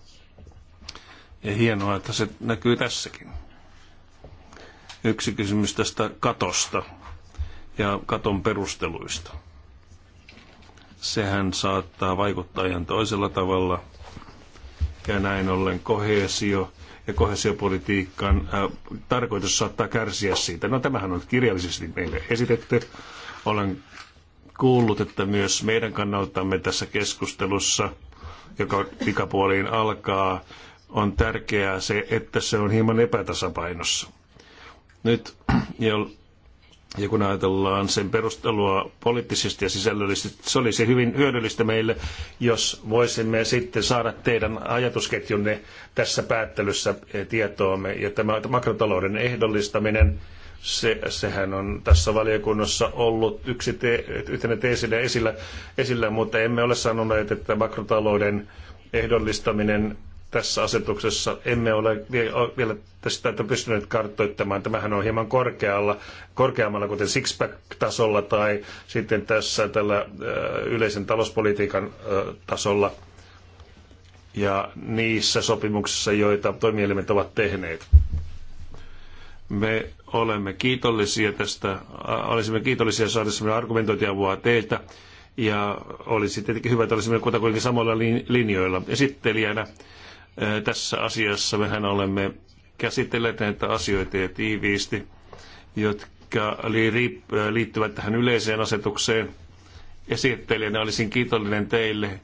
Ja hienoa, että se näkyy tässäkin. Yksi kysymys tästä katosta ja katon perusteluista. Sehän saattaa vaikuttaa ihan toisella tavalla – ja näin ollen kohesio ja kohesiopolitiikan äh, tarkoitus saattaa kärsiä siitä. No tämähän on kirjallisesti meille esitetty. Olen kuullut, että myös meidän kannaltamme tässä keskustelussa, joka pikapuoliin alkaa, on tärkeää se, että se on hieman epätasapainossa. Nyt jo ja kun ajatellaan sen perustelua poliittisesti ja sisällöllisesti, se olisi hyvin hyödyllistä meille, jos voisimme sitten saada teidän ajatusketjunne tässä päättelyssä eh, tietoomme. Ja tämä makrotalouden ehdollistaminen, se, sehän on tässä valiokunnassa ollut yksi te, yhtenä teesinä esillä, esillä, mutta emme ole sanoneet, että makrotalouden ehdollistaminen tässä asetuksessa emme ole vielä tästä pystyneet kartoittamaan. Tämähän on hieman korkealla, korkeammalla, kuten Sixpack-tasolla tai sitten tässä tällä yleisen talouspolitiikan tasolla ja niissä sopimuksissa, joita toimielimet ovat tehneet. Me olemme kiitollisia tästä, olisimme kiitollisia saadessamme argumentointiavua teiltä ja olisi tietenkin hyvä, että olisimme kuitenkin samoilla linjoilla esittelijänä tässä asiassa mehän olemme käsitelleet näitä asioita ja tiiviisti, jotka liittyvät tähän yleiseen asetukseen. Esittelijänä olisin kiitollinen teille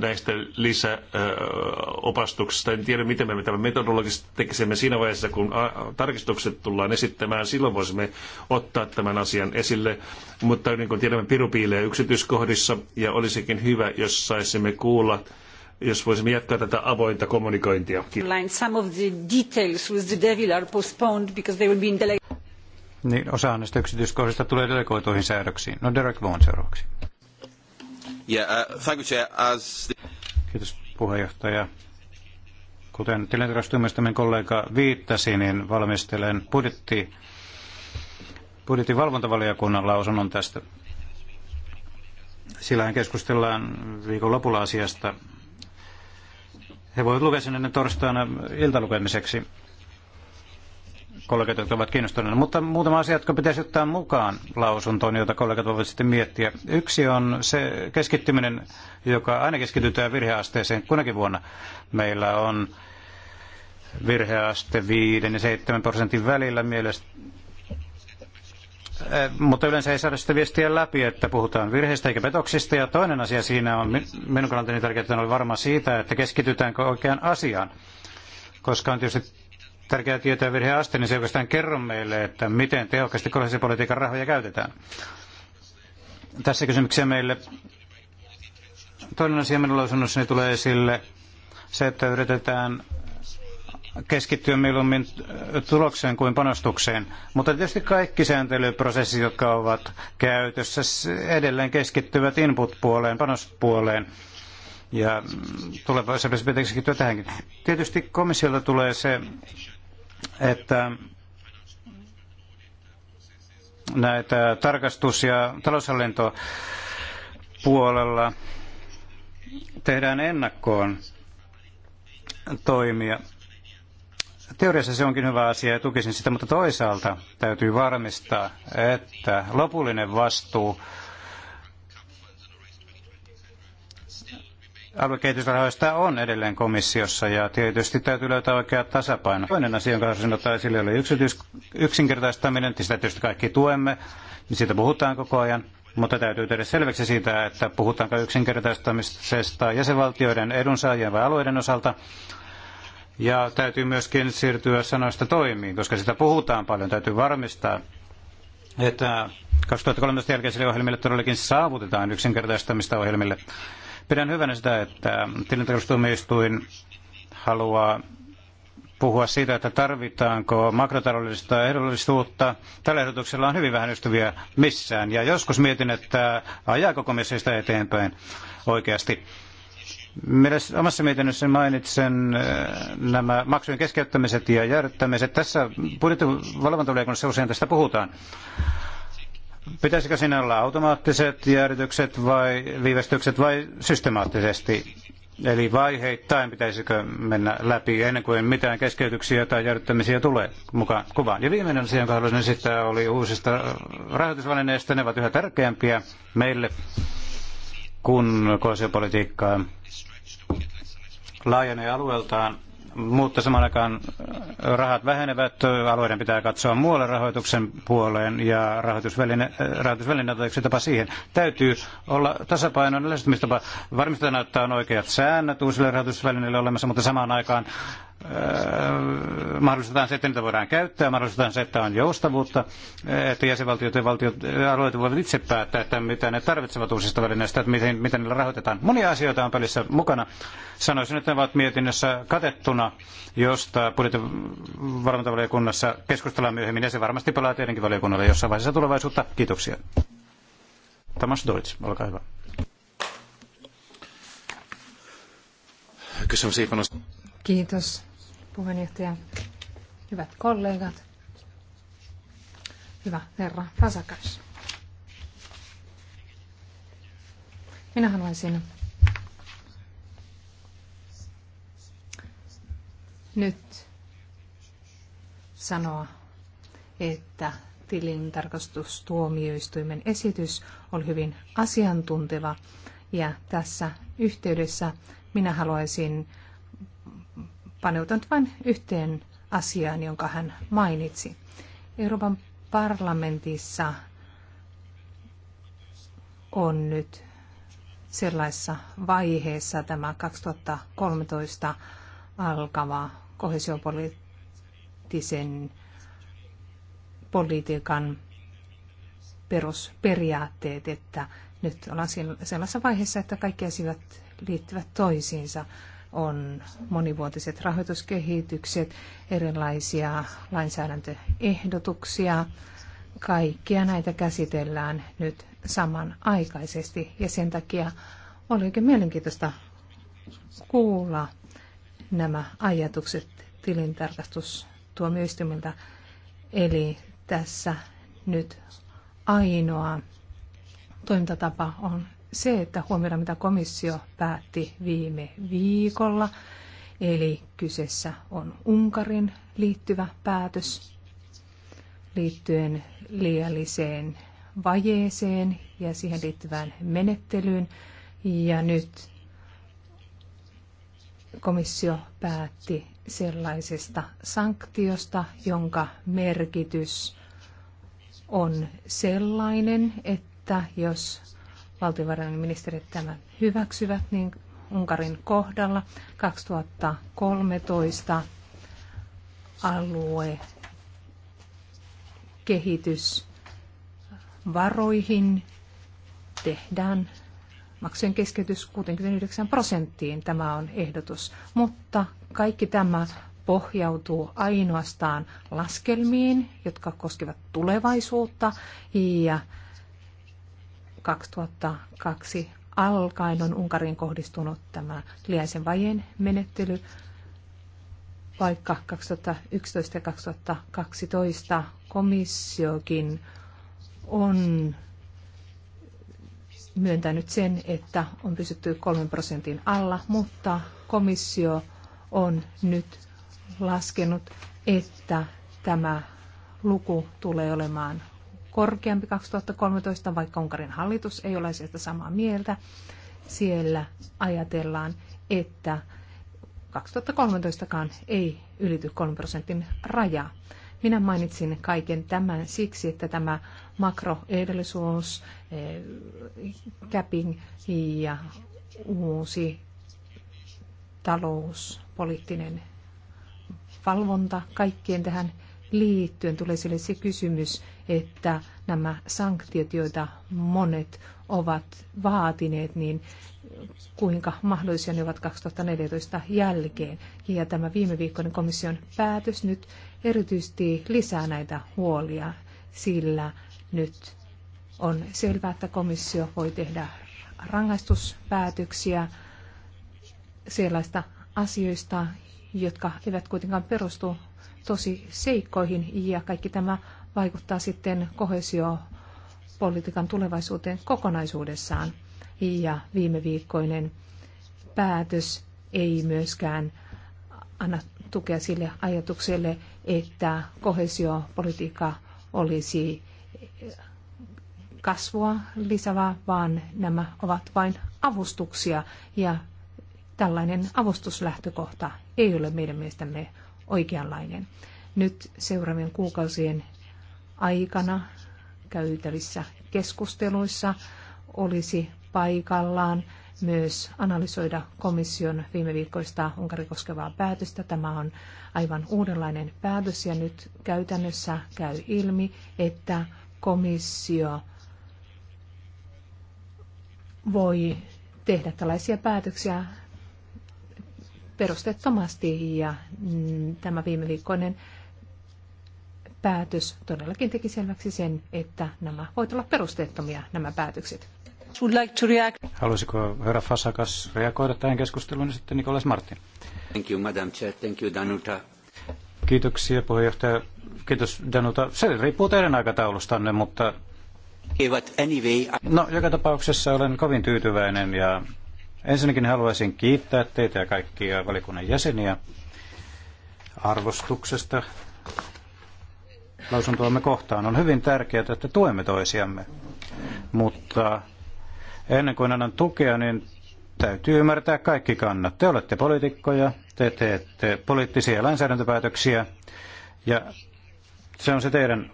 näistä lisäopastuksista. En tiedä, miten me tämän metodologisesti tekisimme siinä vaiheessa, kun tarkistukset tullaan esittämään. Silloin voisimme ottaa tämän asian esille, mutta niin kuin tiedämme, piru piilee yksityiskohdissa ja olisikin hyvä, jos saisimme kuulla jos voisimme jatkaa tätä avointa kommunikointia. Niin, osa näistä yksityiskohdista tulee delegoituihin säädöksiin. No Derek Vaughan seuraavaksi. Yeah, uh, thank you, Chair. As the... Kiitos puheenjohtaja. Kuten tilintarkastumistamme kollega viittasi, niin valmistelen budjetti, budjetin valvontavaliokunnan lausunnon tästä. Sillähän keskustellaan viikon lopulla asiasta he voivat lukea sen ennen torstaina iltalukemiseksi kollegat, jotka ovat kiinnostuneita. Mutta muutama asia, jotka pitäisi ottaa mukaan lausuntoon, jota kollegat voivat sitten miettiä. Yksi on se keskittyminen, joka aina keskitytään virheasteeseen kunakin vuonna. Meillä on virheaste 5 ja 7 prosentin välillä mielestä Eh, mutta yleensä ei saada sitä viestiä läpi, että puhutaan virheistä eikä petoksista. Ja toinen asia siinä on, minun kannaltani niin tärkeää oli varma siitä, että keskitytäänkö oikeaan asiaan. Koska on tietysti tärkeää tietää virheaste, niin se oikeastaan kerro meille, että miten tehokkaasti kohdallisen rahoja käytetään. Tässä kysymyksiä meille. Toinen asia minun että tulee esille se, että yritetään keskittyä mieluummin tulokseen kuin panostukseen. Mutta tietysti kaikki sääntelyprosessit, jotka ovat käytössä, edelleen keskittyvät input-puoleen, panospuoleen. Ja tulevaisuudessa pitää keskittyä tähänkin. Tietysti komissiolta tulee se, että näitä tarkastus- ja taloushallintopuolella tehdään ennakkoon toimia Teoriassa se onkin hyvä asia ja tukisin sitä, mutta toisaalta täytyy varmistaa, että lopullinen vastuu aluekehitysrahoista on edelleen komissiossa ja tietysti täytyy löytää oikea tasapaino. Toinen asia, jonka haluaisin ottaa esille, oli yksityis- yksinkertaistaminen. Sitä tietysti kaikki tuemme, niin siitä puhutaan koko ajan. Mutta täytyy tehdä selväksi siitä, että puhutaanko yksinkertaistamisesta jäsenvaltioiden edunsaajien vai alueiden osalta. Ja täytyy myöskin siirtyä sanoista toimiin, koska sitä puhutaan paljon. Täytyy varmistaa, että 2013 jälkeisille ohjelmille todellakin saavutetaan yksinkertaistamista ohjelmille. Pidän hyvänä sitä, että tilintarkastustuomioistuin haluaa puhua siitä, että tarvitaanko makrotaloudellista ehdollisuutta. Tällä ehdotuksella on hyvin vähän ystäviä missään. Ja joskus mietin, että ajaako komissio sitä eteenpäin oikeasti omassa mietinnössäni mainitsen äh, nämä maksujen keskeyttämiset ja jäädyttämiset. Tässä budjettivalvontavaliokunnassa usein tästä puhutaan. Pitäisikö siinä olla automaattiset jäädytykset vai viivästykset vai systemaattisesti? Eli vaiheittain pitäisikö mennä läpi ennen kuin mitään keskeytyksiä tai jäädyttämisiä tulee mukaan kuvaan. Ja viimeinen asia, jonka haluaisin esittää, oli uusista rahoitusvälineistä. Ne ovat yhä tärkeämpiä meille, kun koesiopolitiikkaa laajenee alueeltaan, mutta samaan aikaan rahat vähenevät. Alueiden pitää katsoa muualle rahoituksen puoleen ja rahoitusväline, rahoitusväline on yksi tapa siihen. Täytyy olla tasapainoinen lähestymistapa. Varmistetaan, että on oikeat säännöt uusille rahoitusvälineille olemassa, mutta samaan aikaan Öö, mahdollistetaan se, että niitä voidaan käyttää, mahdollistetaan se, että on joustavuutta, että jäsenvaltiot ja valtiot, alueet voivat itse päättää, että mitä ne tarvitsevat uusista välineistä, että miten, miten niillä rahoitetaan. Monia asioita on pelissä mukana. Sanoisin, että ne ovat mietinnössä katettuna, josta budjettivalvontavaliokunnassa keskustellaan myöhemmin, ja se varmasti palaa tietenkin valiokunnalle jossain vaiheessa tulevaisuutta. Kiitoksia. Tamas Deutsch, olkaa hyvä. Köszönöm Kiitos puheenjohtaja. Hyvät kollegat. Hyvä herra Rasakas. Minä haluaisin nyt sanoa, että tilintarkastustuomioistuimen esitys oli hyvin asiantunteva ja tässä yhteydessä minä haluaisin paneutunut vain yhteen asiaan, jonka hän mainitsi. Euroopan parlamentissa on nyt sellaisessa vaiheessa tämä 2013 alkava kohesiopoliittisen politiikan perusperiaatteet, että nyt ollaan sellaisessa vaiheessa, että kaikki asiat liittyvät toisiinsa on monivuotiset rahoituskehitykset, erilaisia lainsäädäntöehdotuksia. Kaikkia näitä käsitellään nyt samanaikaisesti ja sen takia oli oikein mielenkiintoista kuulla nämä ajatukset tilintarkastustuomioistuimelta. Eli tässä nyt ainoa toimintatapa on se, että huomioidaan mitä komissio päätti viime viikolla. Eli kyseessä on Unkarin liittyvä päätös liittyen liialliseen vajeeseen ja siihen liittyvään menettelyyn. Ja nyt komissio päätti sellaisesta sanktiosta, jonka merkitys on sellainen, että jos valtiovarainministerit tämän hyväksyvät, niin Unkarin kohdalla 2013 alue kehitysvaroihin tehdään maksujen keskeytys 69 prosenttiin, tämä on ehdotus. Mutta kaikki tämä pohjautuu ainoastaan laskelmiin, jotka koskevat tulevaisuutta ja 2002 alkaen on Unkariin kohdistunut tämä liäisen vajeen menettely, vaikka 2011 ja 2012 komissiokin on myöntänyt sen, että on pysytty kolmen prosentin alla, mutta komissio on nyt laskenut, että tämä luku tulee olemaan korkeampi 2013, vaikka Unkarin hallitus ei ole sieltä samaa mieltä. Siellä ajatellaan, että 2013kaan ei ylity 3 prosentin rajaa. Minä mainitsin kaiken tämän siksi, että tämä makroehdollisuus, eh, capping ja uusi talouspoliittinen valvonta kaikkien tähän liittyen tulee sille se kysymys, että nämä sanktiot, joita monet ovat vaatineet, niin kuinka mahdollisia ne ovat 2014 jälkeen. Ja tämä viime viikkoinen komission päätös nyt erityisesti lisää näitä huolia, sillä nyt on selvää, että komissio voi tehdä rangaistuspäätöksiä sellaista asioista, jotka eivät kuitenkaan perustu tosi seikkoihin ja kaikki tämä vaikuttaa sitten kohesiopolitiikan tulevaisuuteen kokonaisuudessaan. Ja viime viikkoinen päätös ei myöskään anna tukea sille ajatukselle, että kohesiopolitiikka olisi kasvua lisävää, vaan nämä ovat vain avustuksia ja tällainen avustuslähtökohta ei ole meidän mielestämme oikeanlainen. Nyt seuraavien kuukausien aikana käytävissä keskusteluissa olisi paikallaan myös analysoida komission viime viikkoista Unkarin koskevaa päätöstä. Tämä on aivan uudenlainen päätös ja nyt käytännössä käy ilmi, että komissio voi tehdä tällaisia päätöksiä perustettomasti ja tämä viimeviikkoinen päätös todellakin teki selväksi sen, että nämä voivat olla perusteettomia nämä päätökset. Haluaisiko herra Fasakas reagoida tähän keskusteluun ja sitten Nikolas Martin? Thank you, Madam Chair. Thank you, Danuta. Kiitoksia puheenjohtaja. Kiitos Danuta. Se riippuu teidän aikataulustanne, mutta... No, joka tapauksessa olen kovin tyytyväinen ja ensinnäkin haluaisin kiittää teitä ja kaikkia valikunnan jäseniä arvostuksesta lausuntoamme kohtaan. On hyvin tärkeää, että tuemme toisiamme, mutta ennen kuin annan tukea, niin täytyy ymmärtää kaikki kannat. Te olette poliitikkoja, te teette poliittisia lainsäädäntöpäätöksiä ja se on se teidän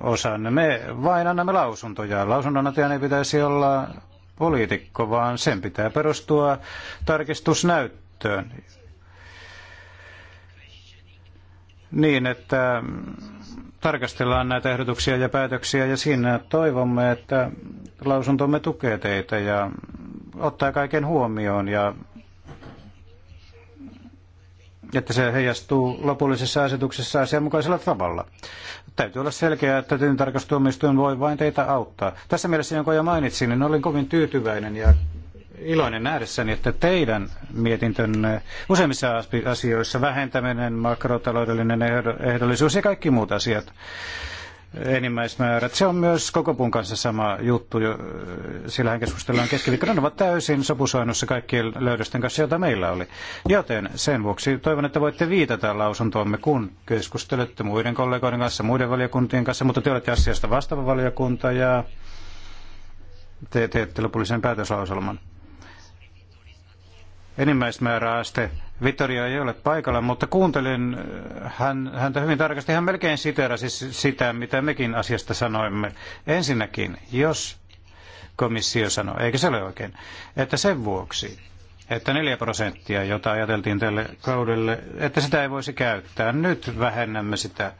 osanne. Me vain annamme lausuntoja. Lausunnonantajan ei pitäisi olla poliitikko, vaan sen pitää perustua tarkistusnäyttöön. Niin, että tarkastellaan näitä ehdotuksia ja päätöksiä ja siinä toivomme, että lausuntomme tukee teitä ja ottaa kaiken huomioon ja että se heijastuu lopullisessa asetuksessa asianmukaisella tavalla. Täytyy olla selkeää, että tilintarkastustuomioistuin voi vain teitä auttaa. Tässä mielessä, jonka jo mainitsin, niin olin kovin tyytyväinen ja iloinen nähdessäni, että teidän mietintönne useimmissa asioissa vähentäminen, makrotaloudellinen ehdollisuus ja kaikki muut asiat enimmäismäärät. Se on myös kokopun kanssa sama juttu, sillä sillähän keskustellaan keskiviikkona. Ne ovat täysin sopusoinnussa kaikkien löydösten kanssa, joita meillä oli. Joten sen vuoksi toivon, että voitte viitata lausuntoamme, kun keskustelette muiden kollegoiden kanssa, muiden valiokuntien kanssa, mutta te olette asiasta vastaava valiokunta ja te teette lopullisen päätöslauselman enimmäismääräaste. Vittoria ei ole paikalla, mutta kuuntelin äh, hän, häntä hyvin tarkasti. Hän melkein siteerasi sitä, mitä mekin asiasta sanoimme. Ensinnäkin, jos komissio sanoi, eikä se ole oikein, että sen vuoksi, että 4 prosenttia, jota ajateltiin tälle kaudelle, että sitä ei voisi käyttää. Nyt vähennämme sitä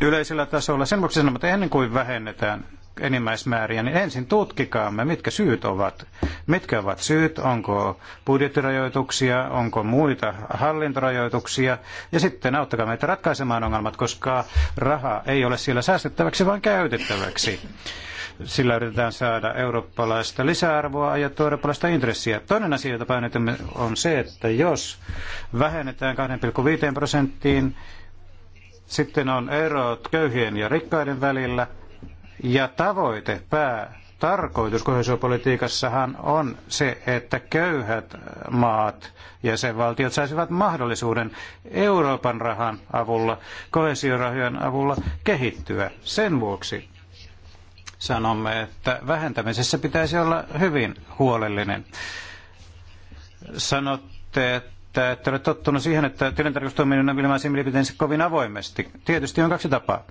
yleisellä tasolla. Sen vuoksi sanomme, että ennen kuin vähennetään enimmäismääriä, niin ensin tutkikaamme, mitkä syyt ovat. Mitkä ovat syyt, onko budjettirajoituksia, onko muita hallintorajoituksia, ja sitten auttakaa meitä ratkaisemaan ongelmat, koska raha ei ole siellä säästettäväksi, vaan käytettäväksi. Sillä yritetään saada eurooppalaista lisäarvoa ja eurooppalaista intressiä. Toinen asia, jota painotamme, on se, että jos vähennetään 2,5 prosenttiin, sitten on erot köyhien ja rikkaiden välillä – ja tavoite, pää, tarkoitus kohesiopolitiikassahan on se, että köyhät maat ja jäsenvaltiot saisivat mahdollisuuden Euroopan rahan avulla, kohesiorahojen avulla kehittyä. Sen vuoksi sanomme, että vähentämisessä pitäisi olla hyvin huolellinen. Sanotte, että ette ole tottunut siihen, että tilintarkastustoiminnan ilmaisi mielipiteensä kovin avoimesti. Tietysti on kaksi tapaa.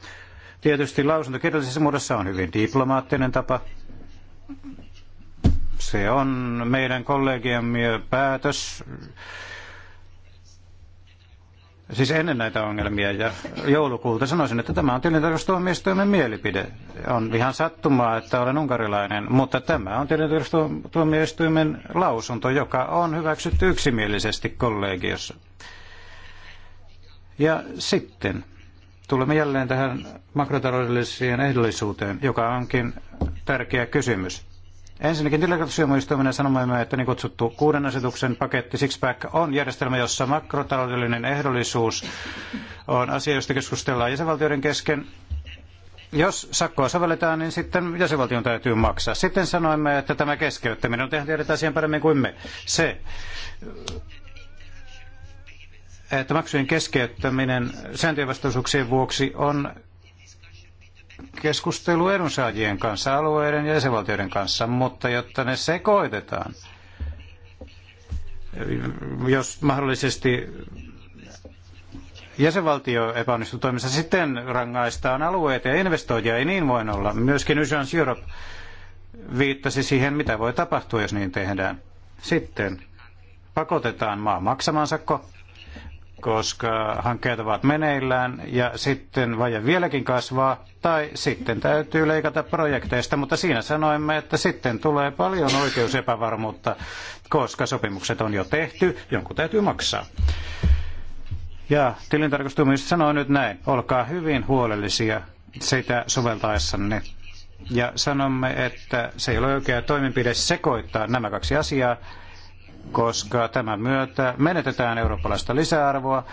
Tietysti lausunto kirjallisessa muodossa on hyvin diplomaattinen tapa. Se on meidän kollegiamme päätös. Siis ennen näitä ongelmia ja joulukuulta sanoisin, että tämä on tilintarkastustuomioistuimen mielipide. On ihan sattumaa, että olen unkarilainen, mutta tämä on tilintarkastustuomioistuimen lausunto, joka on hyväksytty yksimielisesti kollegiossa. Ja sitten tulemme jälleen tähän makrotaloudelliseen ehdollisuuteen, joka onkin tärkeä kysymys. Ensinnäkin tilakäsimuistoiminen sanomme, että niin kutsuttu kuuden asetuksen paketti Sixpack on järjestelmä, jossa makrotaloudellinen ehdollisuus on asia, josta keskustellaan jäsenvaltioiden kesken. Jos sakkoa sovelletaan, niin sitten jäsenvaltion täytyy maksaa. Sitten sanoimme, että tämä keskeyttäminen on tehty asian paremmin kuin me. Se että maksujen keskeyttäminen sääntöjenvastaisuuksien vuoksi on keskustelu edunsaajien kanssa, alueiden ja jäsenvaltioiden kanssa, mutta jotta ne sekoitetaan, jos mahdollisesti jäsenvaltio epäonnistuu toimissa, sitten rangaistaan alueita ja investoijia, ei niin voi olla. Myöskin Insurance Europe viittasi siihen, mitä voi tapahtua, jos niin tehdään. Sitten pakotetaan maa maksamaan sakko koska hankkeet ovat meneillään ja sitten vaje vieläkin kasvaa, tai sitten täytyy leikata projekteista, mutta siinä sanoimme, että sitten tulee paljon oikeusepävarmuutta, koska sopimukset on jo tehty, jonkun täytyy maksaa. Ja tilintarkastuminen sanoo nyt näin, olkaa hyvin huolellisia sitä soveltaessanne. Ja sanomme, että se ei ole oikea toimenpide sekoittaa nämä kaksi asiaa, koska tämän myötä menetetään eurooppalaista lisäarvoa,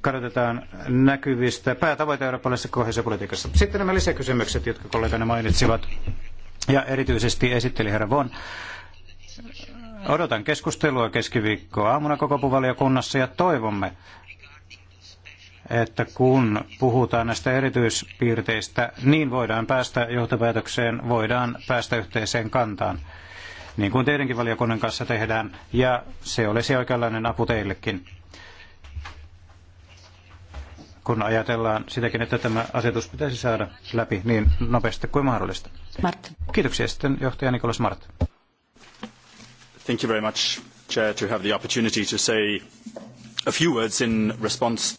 kadotetaan näkyvistä päätavoite eurooppalaisessa kohesiopolitiikassa. Sitten nämä lisäkysymykset, jotka kollegani mainitsivat, ja erityisesti esitteli herra Von. Odotan keskustelua keskiviikkoa aamuna puvaliokunnassa ja toivomme, että kun puhutaan näistä erityispiirteistä, niin voidaan päästä johtopäätökseen, voidaan päästä yhteiseen kantaan niin kuin teidänkin valiokunnan kanssa tehdään, ja se olisi oikeanlainen apu teillekin. Kun ajatellaan sitäkin, että tämä asetus pitäisi saada läpi niin nopeasti kuin mahdollista. Mart. Kiitoksia sitten johtaja Nikolas Mart. Thank you very much, Chair, to have the opportunity to say a few words in response.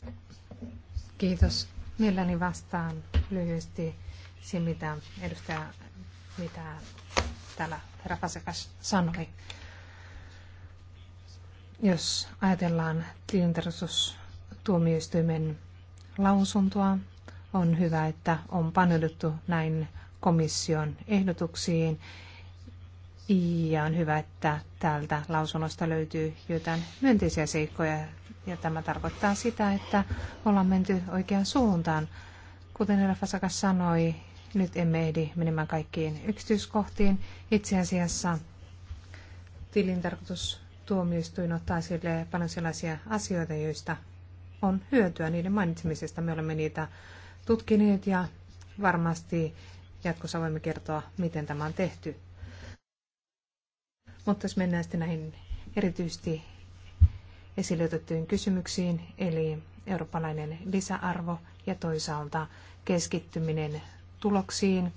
Kiitos. Mielelläni vastaan lyhyesti siihen, mitä edustaja, mitä täällä herra sanoi. Jos ajatellaan tilintarkastustuomioistuimen lausuntoa, on hyvä, että on paneuduttu näin komission ehdotuksiin. Ja on hyvä, että täältä lausunnosta löytyy jotain myönteisiä seikkoja. Ja tämä tarkoittaa sitä, että ollaan menty oikeaan suuntaan. Kuten Sakas sanoi, nyt emme ehdi menemään kaikkiin yksityiskohtiin. Itse asiassa tuomioistuin ottaa sille paljon sellaisia asioita, joista on hyötyä niiden mainitsemisesta. Me olemme niitä tutkineet ja varmasti jatkossa voimme kertoa, miten tämä on tehty. Mutta jos mennään sitten näihin erityisesti esille otettuihin kysymyksiin, eli eurooppalainen lisäarvo ja toisaalta keskittyminen tuloksiin.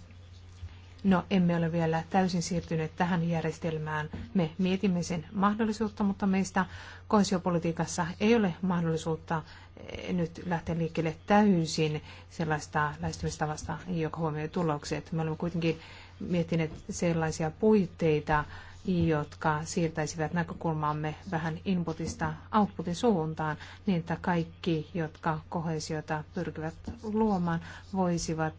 No, emme ole vielä täysin siirtyneet tähän järjestelmään. Me mietimme sen mahdollisuutta, mutta meistä koisiopolitiikassa ei ole mahdollisuutta eh, nyt lähteä liikkeelle täysin sellaista lähestymistavasta, joka huomioi tulokset. Me olemme kuitenkin miettineet sellaisia puitteita, jotka siirtäisivät näkökulmaamme vähän inputista outputin suuntaan, niin että kaikki, jotka kohesiota pyrkivät luomaan, voisivat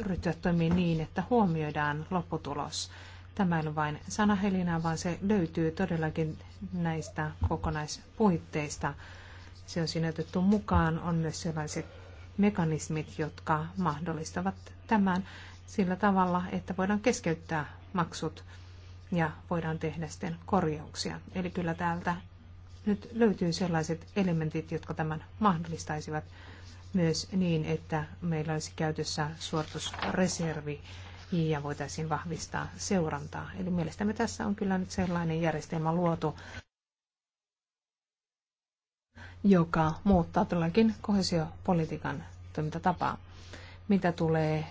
ryhtyä toimiin niin, että huomioidaan lopputulos. Tämä ei ole vain sanahelinää, vaan se löytyy todellakin näistä kokonaispuitteista. Se on siinä otettu mukaan, on myös sellaiset mekanismit, jotka mahdollistavat tämän sillä tavalla, että voidaan keskeyttää maksut ja voidaan tehdä sitten korjauksia. Eli kyllä täältä nyt löytyy sellaiset elementit, jotka tämän mahdollistaisivat myös niin, että meillä olisi käytössä suoritusreservi ja voitaisiin vahvistaa seurantaa. Eli mielestämme tässä on kyllä nyt sellainen järjestelmä luotu, joka muuttaa todellakin kohesiopolitiikan toimintatapaa. Mitä tulee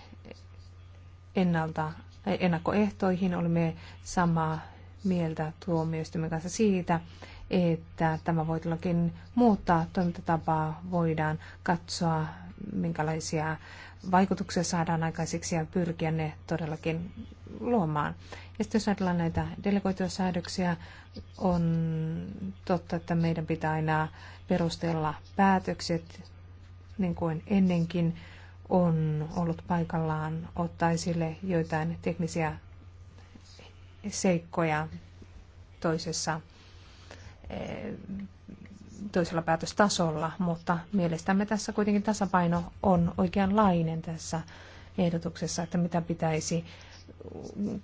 ennalta, ennakkoehtoihin, olemme samaa mieltä tuomioistuimen kanssa siitä, että tämä voi tullakin muuttaa toimintatapaa, voidaan katsoa, minkälaisia vaikutuksia saadaan aikaiseksi ja pyrkiä ne todellakin luomaan. Ja sitten jos ajatellaan näitä delegoituja säädöksiä, on totta, että meidän pitää aina perustella päätökset niin kuin ennenkin on ollut paikallaan ottaa esille joitain teknisiä seikkoja toisessa Eh, toisella päätöstasolla, mutta mielestämme tässä kuitenkin tasapaino on oikeanlainen tässä ehdotuksessa, että mitä pitäisi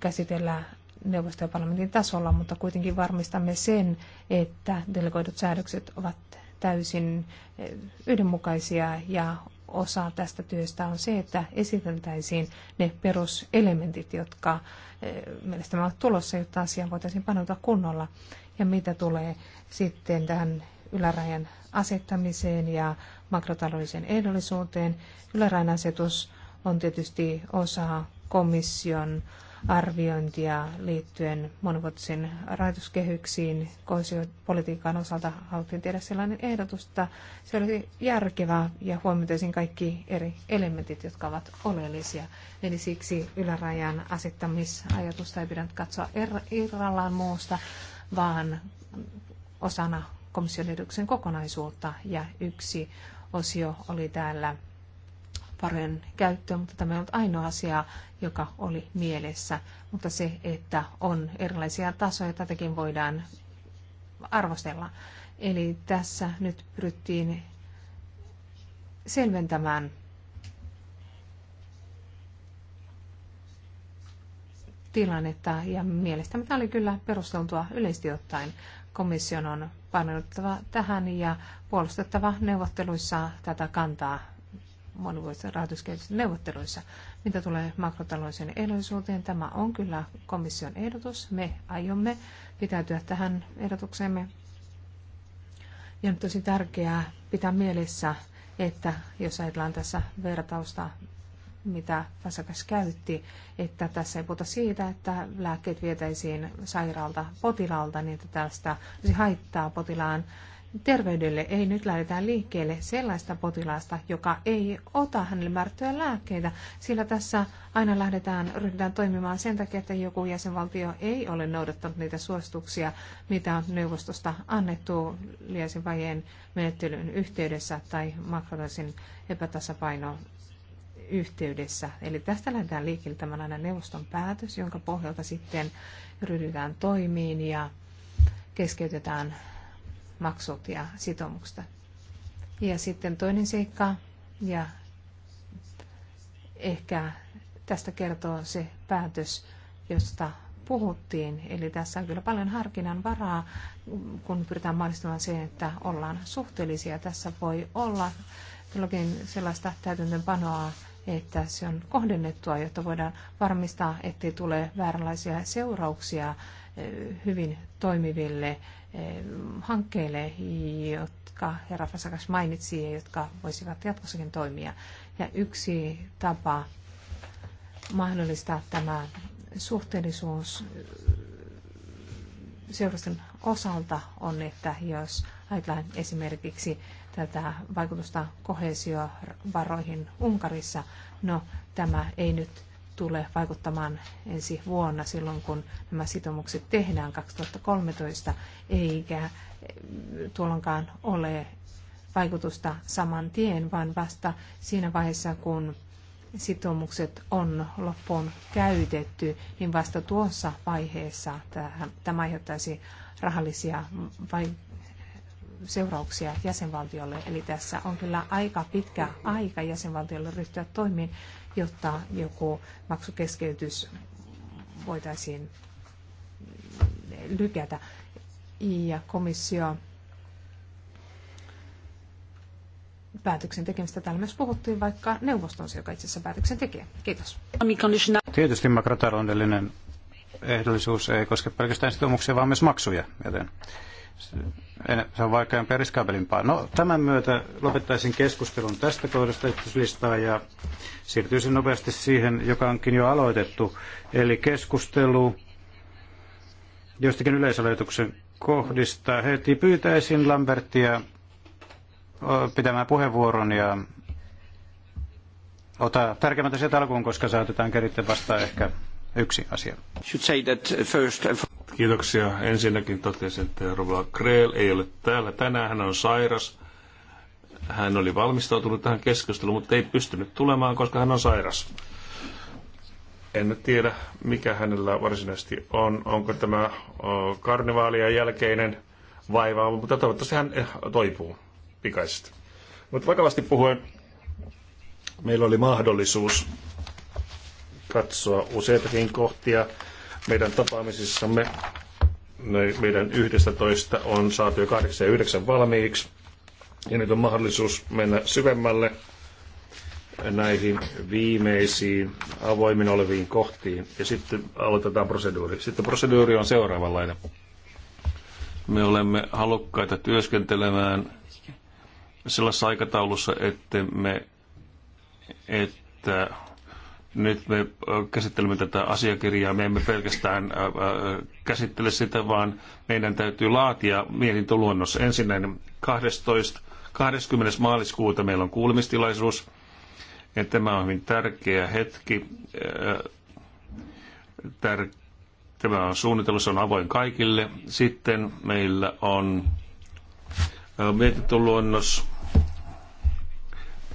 käsitellä neuvosto- ja parlamentin tasolla, mutta kuitenkin varmistamme sen, että delegoidut säädökset ovat täysin eh, yhdenmukaisia ja osa tästä työstä on se, että esiteltäisiin ne peruselementit, jotka eh, mielestäni ovat tulossa, jotta asiaan voitaisiin panoutua kunnolla. Ja mitä tulee sitten tähän ylärajan asettamiseen ja makrotaloudelliseen ehdollisuuteen. Ylärajan asetus on tietysti osa komission arviointia liittyen monivuotisiin rahoituskehyksiin politiikan osalta haluttiin tehdä sellainen ehdotus, että se olisi järkevää ja huomioitaisiin kaikki eri elementit, jotka ovat oleellisia. Eli siksi ylärajan asettamisajatusta ei pidä katsoa er-, irrallaan muusta, vaan osana komission kokonaisuutta ja yksi osio oli täällä varojen käyttöön, mutta tämä ei ollut ainoa asia, joka oli mielessä. Mutta se, että on erilaisia tasoja, tätäkin voidaan arvostella. Eli tässä nyt pyrittiin selventämään tilannetta ja mielestäni tämä oli kyllä perusteltua yleisesti ottaen. Komission on paneuduttava tähän ja puolustettava neuvotteluissa tätä kantaa monivuotisen rahoituskehityksen neuvotteluissa. Mitä tulee makrotalouden ehdollisuuteen, tämä on kyllä komission ehdotus. Me aiomme pitäytyä tähän ehdotukseemme. Ja on tosi tärkeää pitää mielessä, että jos ajatellaan tässä vertausta mitä vasakas käytti, että tässä ei puhuta siitä, että lääkkeet vietäisiin sairaalta potilaalta, niin että tästä haittaa potilaan terveydelle. Ei nyt lähdetä liikkeelle sellaista potilaasta, joka ei ota hänelle määrättyjä lääkkeitä, sillä tässä aina lähdetään, ryhdytään toimimaan sen takia, että joku jäsenvaltio ei ole noudattanut niitä suosituksia, mitä on neuvostosta annettu liäsenvajeen menettelyn yhteydessä tai makrotasin epätasapaino yhteydessä. Eli tästä lähdetään liikkeelle tämän aina neuvoston päätös, jonka pohjalta sitten ryhdytään toimiin ja keskeytetään maksut ja sitoumukset. Ja sitten toinen seikka, ja ehkä tästä kertoo se päätös, josta puhuttiin. Eli tässä on kyllä paljon harkinnan varaa, kun pyritään mahdollistamaan se, että ollaan suhteellisia. Tässä voi olla jollakin sellaista täytäntöönpanoa, että se on kohdennettua, jotta voidaan varmistaa, ettei tule vääränlaisia seurauksia hyvin toimiville eh, hankkeille, jotka herra Fasakas mainitsi ja jotka voisivat jatkossakin toimia. Ja yksi tapa mahdollistaa tämä suhteellisuus eh, seurasten osalta on, että jos ajatellaan esimerkiksi tätä vaikutusta kohesiovaroihin Unkarissa, no tämä ei nyt tule vaikuttamaan ensi vuonna silloin, kun nämä sitoumukset tehdään 2013, eikä tuolloinkaan ole vaikutusta saman tien, vaan vasta siinä vaiheessa, kun sitoumukset on loppuun käytetty, niin vasta tuossa vaiheessa tämä aiheuttaisi rahallisia vai seurauksia jäsenvaltiolle. Eli tässä on kyllä aika pitkä aika jäsenvaltiolle ryhtyä toimiin, jotta joku maksukeskeytys voitaisiin lykätä. Ja komissio päätöksen tekemistä. Täällä myös puhuttiin vaikka se, joka itse asiassa päätöksen tekee. Kiitos. Tietysti makrotaloudellinen ehdollisuus ei koske pelkästään sitoumuksia, vaan myös maksuja, joten se on vaikeampi ja No, tämän myötä lopettaisin keskustelun tästä kohdasta esityslistaa ja siirtyisin nopeasti siihen, joka onkin jo aloitettu, eli keskustelu jostakin yleisöleityksen kohdista. Heti pyytäisin Lambertia pitämään puheenvuoron ja ota tärkeimmät asiat alkuun, koska saatetaan kerittää vasta ehkä yksi asia. Should say that first Kiitoksia. Ensinnäkin totesin, että Rova Kreel ei ole täällä tänään, hän on sairas. Hän oli valmistautunut tähän keskusteluun, mutta ei pystynyt tulemaan, koska hän on sairas. En tiedä, mikä hänellä varsinaisesti on. Onko tämä karnevaalia jälkeinen vaiva, mutta toivottavasti hän eh, toipuu pikaisesti. Mutta vakavasti puhuen, meillä oli mahdollisuus katsoa useitakin kohtia meidän tapaamisissamme. Meidän 11 on saatu jo 8 ja 9 valmiiksi. Ja nyt on mahdollisuus mennä syvemmälle näihin viimeisiin avoimin oleviin kohtiin. Ja sitten aloitetaan proseduuri. Sitten proseduuri on seuraavanlainen. Me olemme halukkaita työskentelemään sellaisessa aikataulussa, että me, että nyt me äh, käsittelemme tätä asiakirjaa, me emme pelkästään äh, äh, käsittele sitä, vaan meidän täytyy laatia mietintöluonnos. Ensinnäinen 12, 20. maaliskuuta meillä on kuulemistilaisuus. Ja tämä on hyvin tärkeä hetki. Tämä on suunnitelma, se on avoin kaikille. Sitten meillä on mietintöluonnos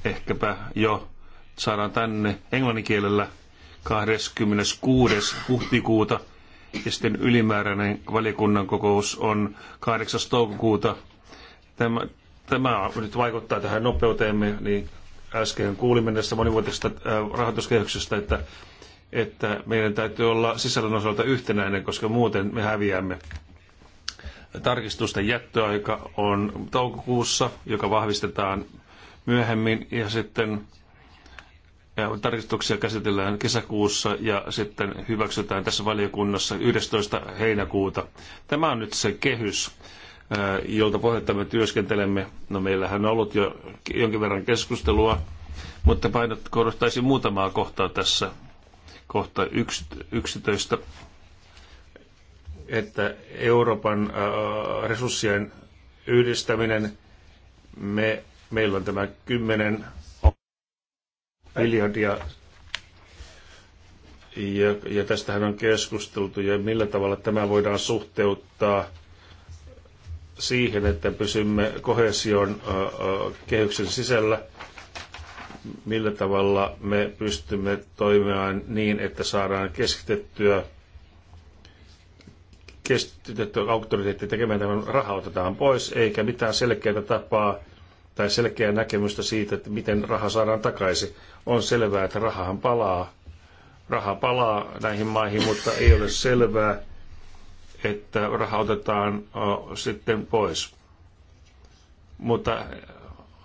ehkäpä jo saadaan tänne englanninkielellä 26. huhtikuuta ja sitten ylimääräinen valiokunnan kokous on 8. toukokuuta. Tämä, tämä nyt vaikuttaa tähän nopeuteemme, niin äsken kuulimme näistä monivuotisesta äh, rahoituskehyksestä, että, että meidän täytyy olla sisällön osalta yhtenäinen, koska muuten me häviämme. Tarkistusten jättöaika on toukokuussa, joka vahvistetaan myöhemmin, ja sitten E tarkistuksia käsitellään kesäkuussa ja sitten hyväksytään tässä valiokunnassa 11. heinäkuuta. Tämä on nyt se kehys, jolta pohjalta me työskentelemme. No meillähän on ollut jo jonkin verran keskustelua, mutta painot korostaisin muutamaa kohtaa tässä. Kohta 11 että Euroopan resurssien yhdistäminen, me, meillä on tämä kymmenen miljardia. Ja, ja tästähän on keskusteltu ja millä tavalla tämä voidaan suhteuttaa siihen, että pysymme kohesion kehyksen sisällä, millä tavalla me pystymme toimimaan niin, että saadaan keskitettyä keskitettyä auktoriteetti tekemään tämän rahaa otetaan pois, eikä mitään selkeää tapaa tai selkeää näkemystä siitä, että miten raha saadaan takaisin. On selvää, että rahahan palaa. Raha palaa näihin maihin, mutta ei ole selvää, että raha otetaan sitten pois. Mutta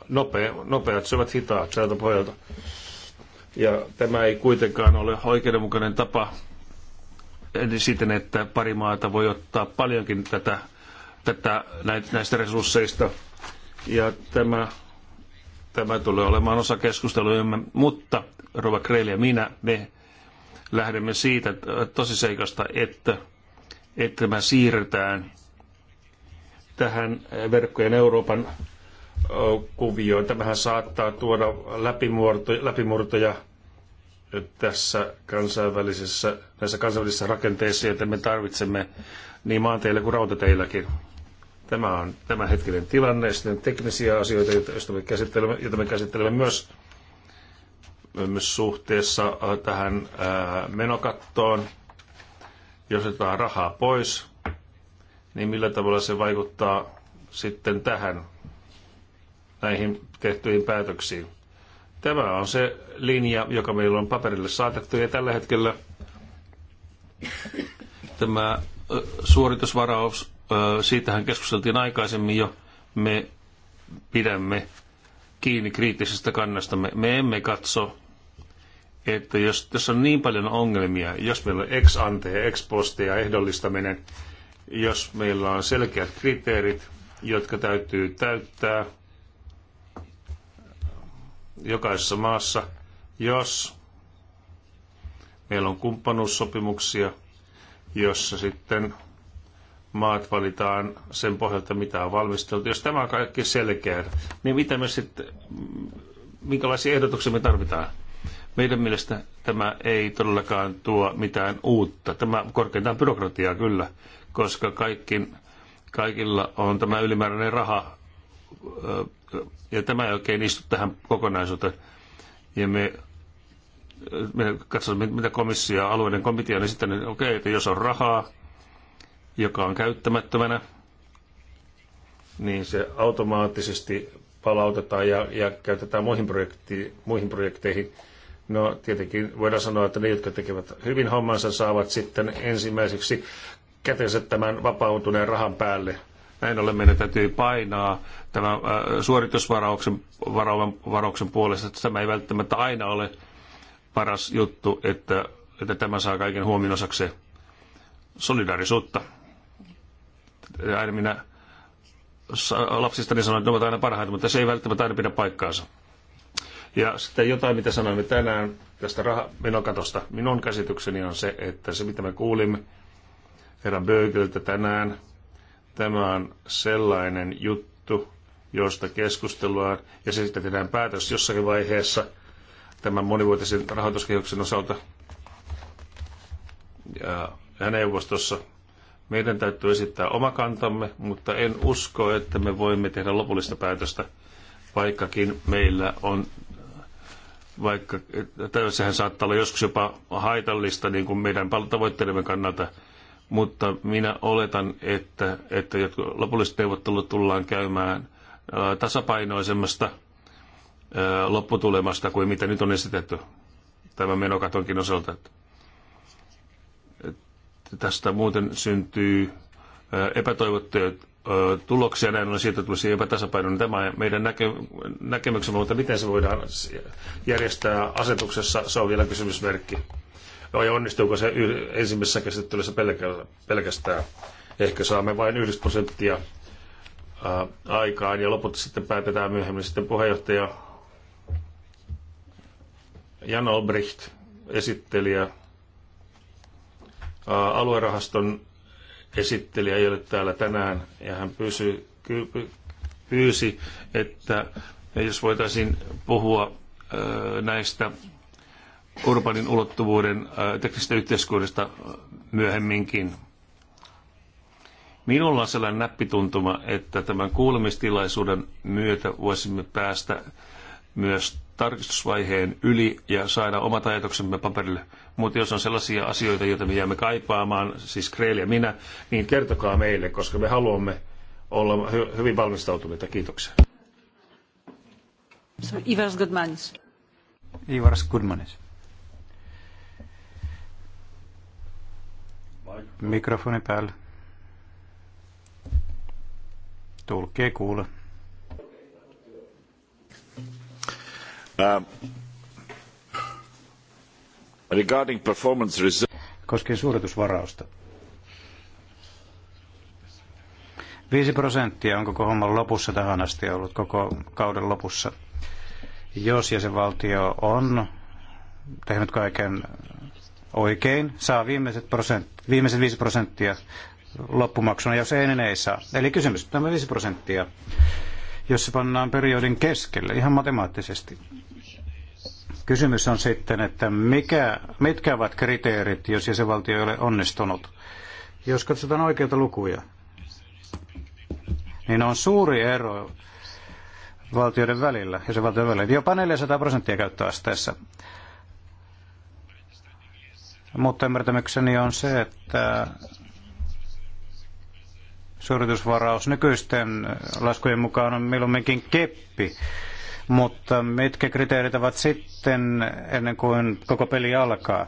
nopea, nopeat syövät hitaat sieltä pojalta. Ja tämä ei kuitenkaan ole oikeudenmukainen tapa eli siten, että pari maata voi ottaa paljonkin tätä, tätä näistä resursseista ja tämä, tämä tulee olemaan osa keskustelujamme, mutta Rova Kreili ja minä, me lähdemme siitä tosiseikasta, että, että me siirretään tähän verkkojen Euroopan kuvioon. Tämähän saattaa tuoda läpimurtoja, läpimurtoja tässä kansainvälisessä, näissä kansainvälisissä rakenteissa, joita me tarvitsemme niin maanteille kuin rautateilläkin. Tämä on tämänhetkinen tilanne. Sitten teknisiä asioita, joita me käsittelemme, joita me käsittelemme myös, myös suhteessa äh, tähän äh, menokattoon. Jos otetaan rahaa pois, niin millä tavalla se vaikuttaa sitten tähän näihin tehtyihin päätöksiin. Tämä on se linja, joka meillä on paperille saatettu ja tällä hetkellä tämä äh, suoritusvaraus siitähän keskusteltiin aikaisemmin jo, me pidämme kiinni kriittisestä kannastamme. Me emme katso, että jos tässä on niin paljon ongelmia, jos meillä on ex ante, ex poste ja ehdollistaminen, jos meillä on selkeät kriteerit, jotka täytyy täyttää jokaisessa maassa, jos meillä on kumppanuussopimuksia, jossa sitten maat valitaan sen pohjalta, mitä on valmisteltu. Jos tämä on kaikki selkeä, niin mitä me sitten, minkälaisia ehdotuksia me tarvitaan? Meidän mielestä tämä ei todellakaan tuo mitään uutta. Tämä korkeintaan byrokratiaa kyllä, koska kaikki, kaikilla on tämä ylimääräinen raha ja tämä ei oikein istu tähän kokonaisuuteen. Ja me, me katsotaan, mitä komissio, alueiden komitea on niin esittänyt, okei, että jos on rahaa, joka on käyttämättömänä, niin se automaattisesti palautetaan ja, ja käytetään muihin, muihin projekteihin. No tietenkin voidaan sanoa, että ne, jotka tekevät hyvin hommansa, saavat sitten ensimmäiseksi kätensä tämän vapautuneen rahan päälle. Näin ollen meidän täytyy painaa tämän äh, suoritusvarauksen varauman, varauksen puolesta. Tämä ei välttämättä aina ole paras juttu, että, että tämä saa kaiken huomioon osakseen. Solidarisuutta aina minä lapsistani sanoin, että ne ovat aina parhaita, mutta se ei välttämättä aina pidä paikkaansa. Ja sitten jotain, mitä sanoimme tänään tästä rahaminokatosta. Minun käsitykseni on se, että se mitä me kuulimme herran Bögeltä tänään, tämä on sellainen juttu, josta keskustellaan ja se sitten tehdään päätös jossakin vaiheessa tämän monivuotisen rahoituskehyksen osalta ja, ja neuvostossa meidän täytyy esittää oma kantamme, mutta en usko, että me voimme tehdä lopullista päätöstä, vaikkakin meillä on vaikka sehän saattaa olla joskus jopa haitallista niin kuin meidän tavoitteidemme kannalta, mutta minä oletan, että, että lopulliset neuvottelut tullaan käymään tasapainoisemmasta lopputulemasta kuin mitä nyt on esitetty tämän menokatonkin osalta. Tästä muuten syntyy epätoivottuja tuloksia, näin on siitä tulisi epätasapaino. Niin tämä on meidän näke, näkemyksemme, mutta miten se voidaan järjestää asetuksessa, se on vielä kysymysmerkki. No, ja onnistuuko se ensimmäisessä käsittelyssä pelkästään? Ehkä saamme vain 1 prosenttia aikaan ja loput sitten päätetään myöhemmin sitten puheenjohtaja Jan Olbricht, esittelijä, Aluerahaston esittelijä ei ole täällä tänään ja hän py, pyysi, että jos voitaisiin puhua näistä urbanin ulottuvuuden teknisestä yhteiskunnasta myöhemminkin. Minulla on sellainen näppituntuma, että tämän kuulemistilaisuuden myötä voisimme päästä myös tarkistusvaiheen yli ja saada omat ajatuksemme paperille. Mutta jos on sellaisia asioita, joita me jäämme kaipaamaan, siis Kreel ja minä, niin kertokaa meille, koska me haluamme olla hy- hyvin valmistautuneita. Kiitoksia. So, Ivars Goodmanis. Ivars Goodmanis. Mikrofoni päällä. Tulkee ei Um, regarding performance reserve... Koskien suoritusvarausta. Viisi prosenttia on koko homman lopussa tähän asti ollut, koko kauden lopussa. Jos jäsenvaltio on tehnyt kaiken oikein, saa viimeiset, prosent, viimeiset viisi prosenttia loppumaksuna, jos ei, niin ei saa. Eli kysymys, tämä viisi prosenttia jos se pannaan periodin keskelle, ihan matemaattisesti. Kysymys on sitten, että mikä, mitkä ovat kriteerit, jos jäsenvaltio ei ole onnistunut. Jos katsotaan oikeita lukuja, niin on suuri ero valtioiden välillä, jäsenvaltioiden välillä. Jopa 400 prosenttia käyttöasteessa. Mutta ymmärtämykseni on se, että suoritusvaraus nykyisten laskujen mukaan on milloinkin keppi. Mutta mitkä kriteerit ovat sitten ennen kuin koko peli alkaa?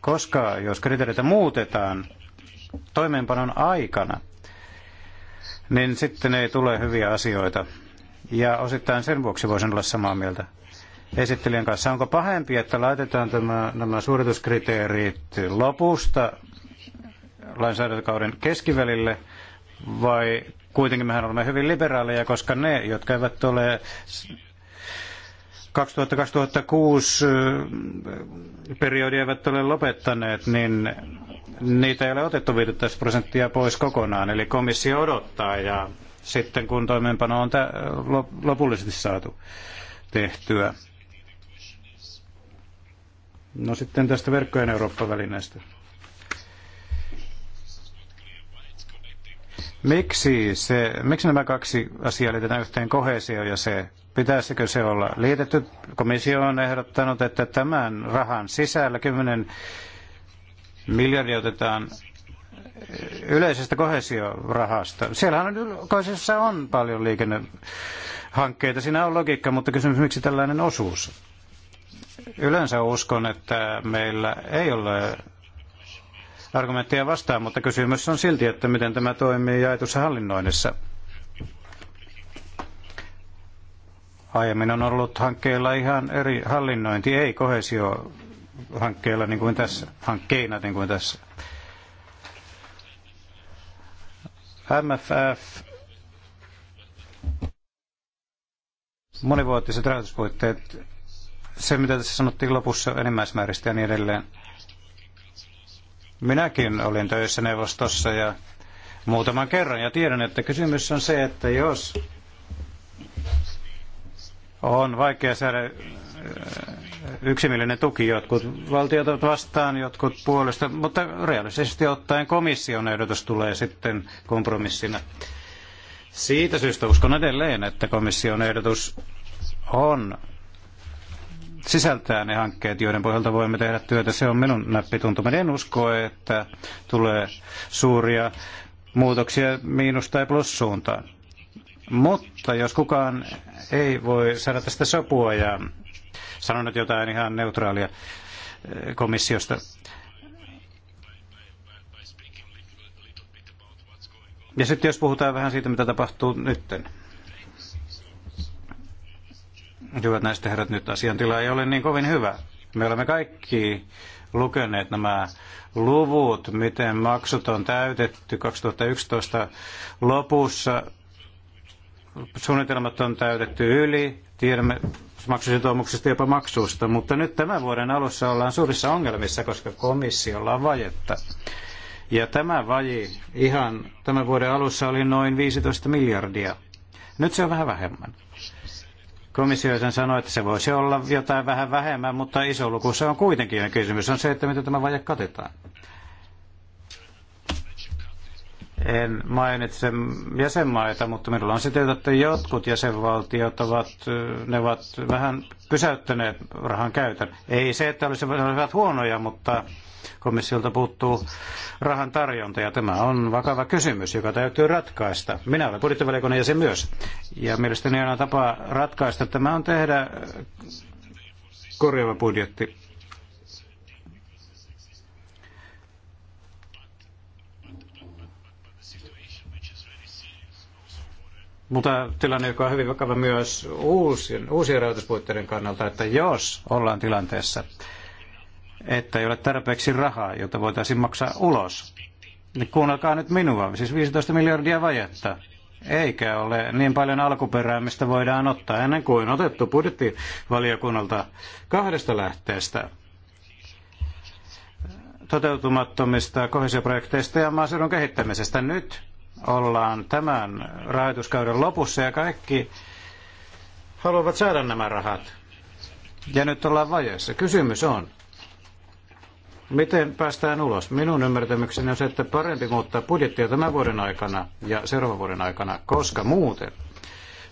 Koska jos kriteerit muutetaan toimeenpanon aikana, niin sitten ei tule hyviä asioita. Ja osittain sen vuoksi voisin olla samaa mieltä esittelijän kanssa. Onko pahempi, että laitetaan tämä, nämä suorituskriteerit lopusta lainsäädäntökauden keskivälille vai kuitenkin mehän olemme hyvin liberaaleja, koska ne, jotka eivät ole 2000-2006 periodia eivät ole lopettaneet, niin niitä ei ole otettu 15 prosenttia pois kokonaan. Eli komissio odottaa ja sitten kun toimeenpano on lopullisesti saatu tehtyä. No sitten tästä verkkojen Eurooppa-välineestä. Miksi, se, miksi nämä kaksi asiaa liitetään yhteen kohesio ja se? Pitäisikö se olla liitetty? Komissio on ehdottanut, että tämän rahan sisällä 10 miljardia otetaan yleisestä kohesiorahasta. Siellähän on, kohesiossa on paljon liikennehankkeita, siinä on logiikka, mutta kysymys, miksi tällainen osuus? Yleensä uskon, että meillä ei ole argumentteja vastaan, mutta kysymys on silti, että miten tämä toimii jaetussa hallinnoinnissa. Aiemmin on ollut hankkeilla ihan eri hallinnointi, ei kohesio hankkeilla niin kuin tässä, hankkeina niin kuin tässä. MFF, monivuotiset rahoituspuitteet, se mitä tässä sanottiin lopussa enimmäismääristä ja niin edelleen – Minäkin olin töissä neuvostossa ja muutaman kerran ja tiedän, että kysymys on se, että jos on vaikea saada yksimielinen tuki jotkut valtiot ovat vastaan, jotkut puolesta, mutta realistisesti ottaen komission ehdotus tulee sitten kompromissina. Siitä syystä uskon edelleen, että komission ehdotus on sisältää ne hankkeet, joiden pohjalta voimme tehdä työtä. Se on minun näppituntumani. En usko, että tulee suuria muutoksia miinus- tai plussuuntaan. Mutta jos kukaan ei voi saada tästä sopua ja sanon nyt jotain ihan neutraalia eh, komissiosta, ja sitten jos puhutaan vähän siitä, mitä tapahtuu nytten. Hyvät näistä herrat, nyt asiantila ei ole niin kovin hyvä. Me olemme kaikki lukeneet nämä luvut, miten maksut on täytetty 2011 lopussa. Suunnitelmat on täytetty yli, tiedämme maksusitoumuksesta jopa maksusta, mutta nyt tämän vuoden alussa ollaan suurissa ongelmissa, koska komissiolla on vajetta. Ja tämä vaji ihan tämän vuoden alussa oli noin 15 miljardia. Nyt se on vähän vähemmän komissio sen sanoi, että se voisi olla jotain vähän vähemmän, mutta iso luku se on kuitenkin. Kysymys on se, että miten tämä vaje katetaan. En mainitse jäsenmaita, mutta minulla on sitten, että jotkut jäsenvaltiot ovat, ne ovat vähän pysäyttäneet rahan käytön. Ei se, että olisivat huonoja, mutta Komissiolta puuttuu rahan tarjonta ja tämä on vakava kysymys, joka täytyy ratkaista. Minä olen budjettivaliokunnan jäsen myös. Ja mielestäni aina tapa ratkaista tämä on tehdä korjaava budjetti. Mutta tilanne, joka on hyvin vakava myös uusien, uusien rajoituspuitteiden kannalta, että jos ollaan tilanteessa, että ei ole tarpeeksi rahaa, jota voitaisiin maksaa ulos. Niin Kuunnelkaa nyt minua, siis 15 miljardia vajetta. Eikä ole niin paljon alkuperää, mistä voidaan ottaa ennen kuin otettu budjettivaliokunnalta kahdesta lähteestä toteutumattomista kohesioprojekteista ja maaseudun kehittämisestä. Nyt ollaan tämän rahoituskauden lopussa ja kaikki haluavat saada nämä rahat. Ja nyt ollaan vajeessa. Kysymys on, Miten päästään ulos? Minun ymmärtämykseni on se, että parempi muuttaa budjettia tämän vuoden aikana ja seuraavan vuoden aikana, koska muuten,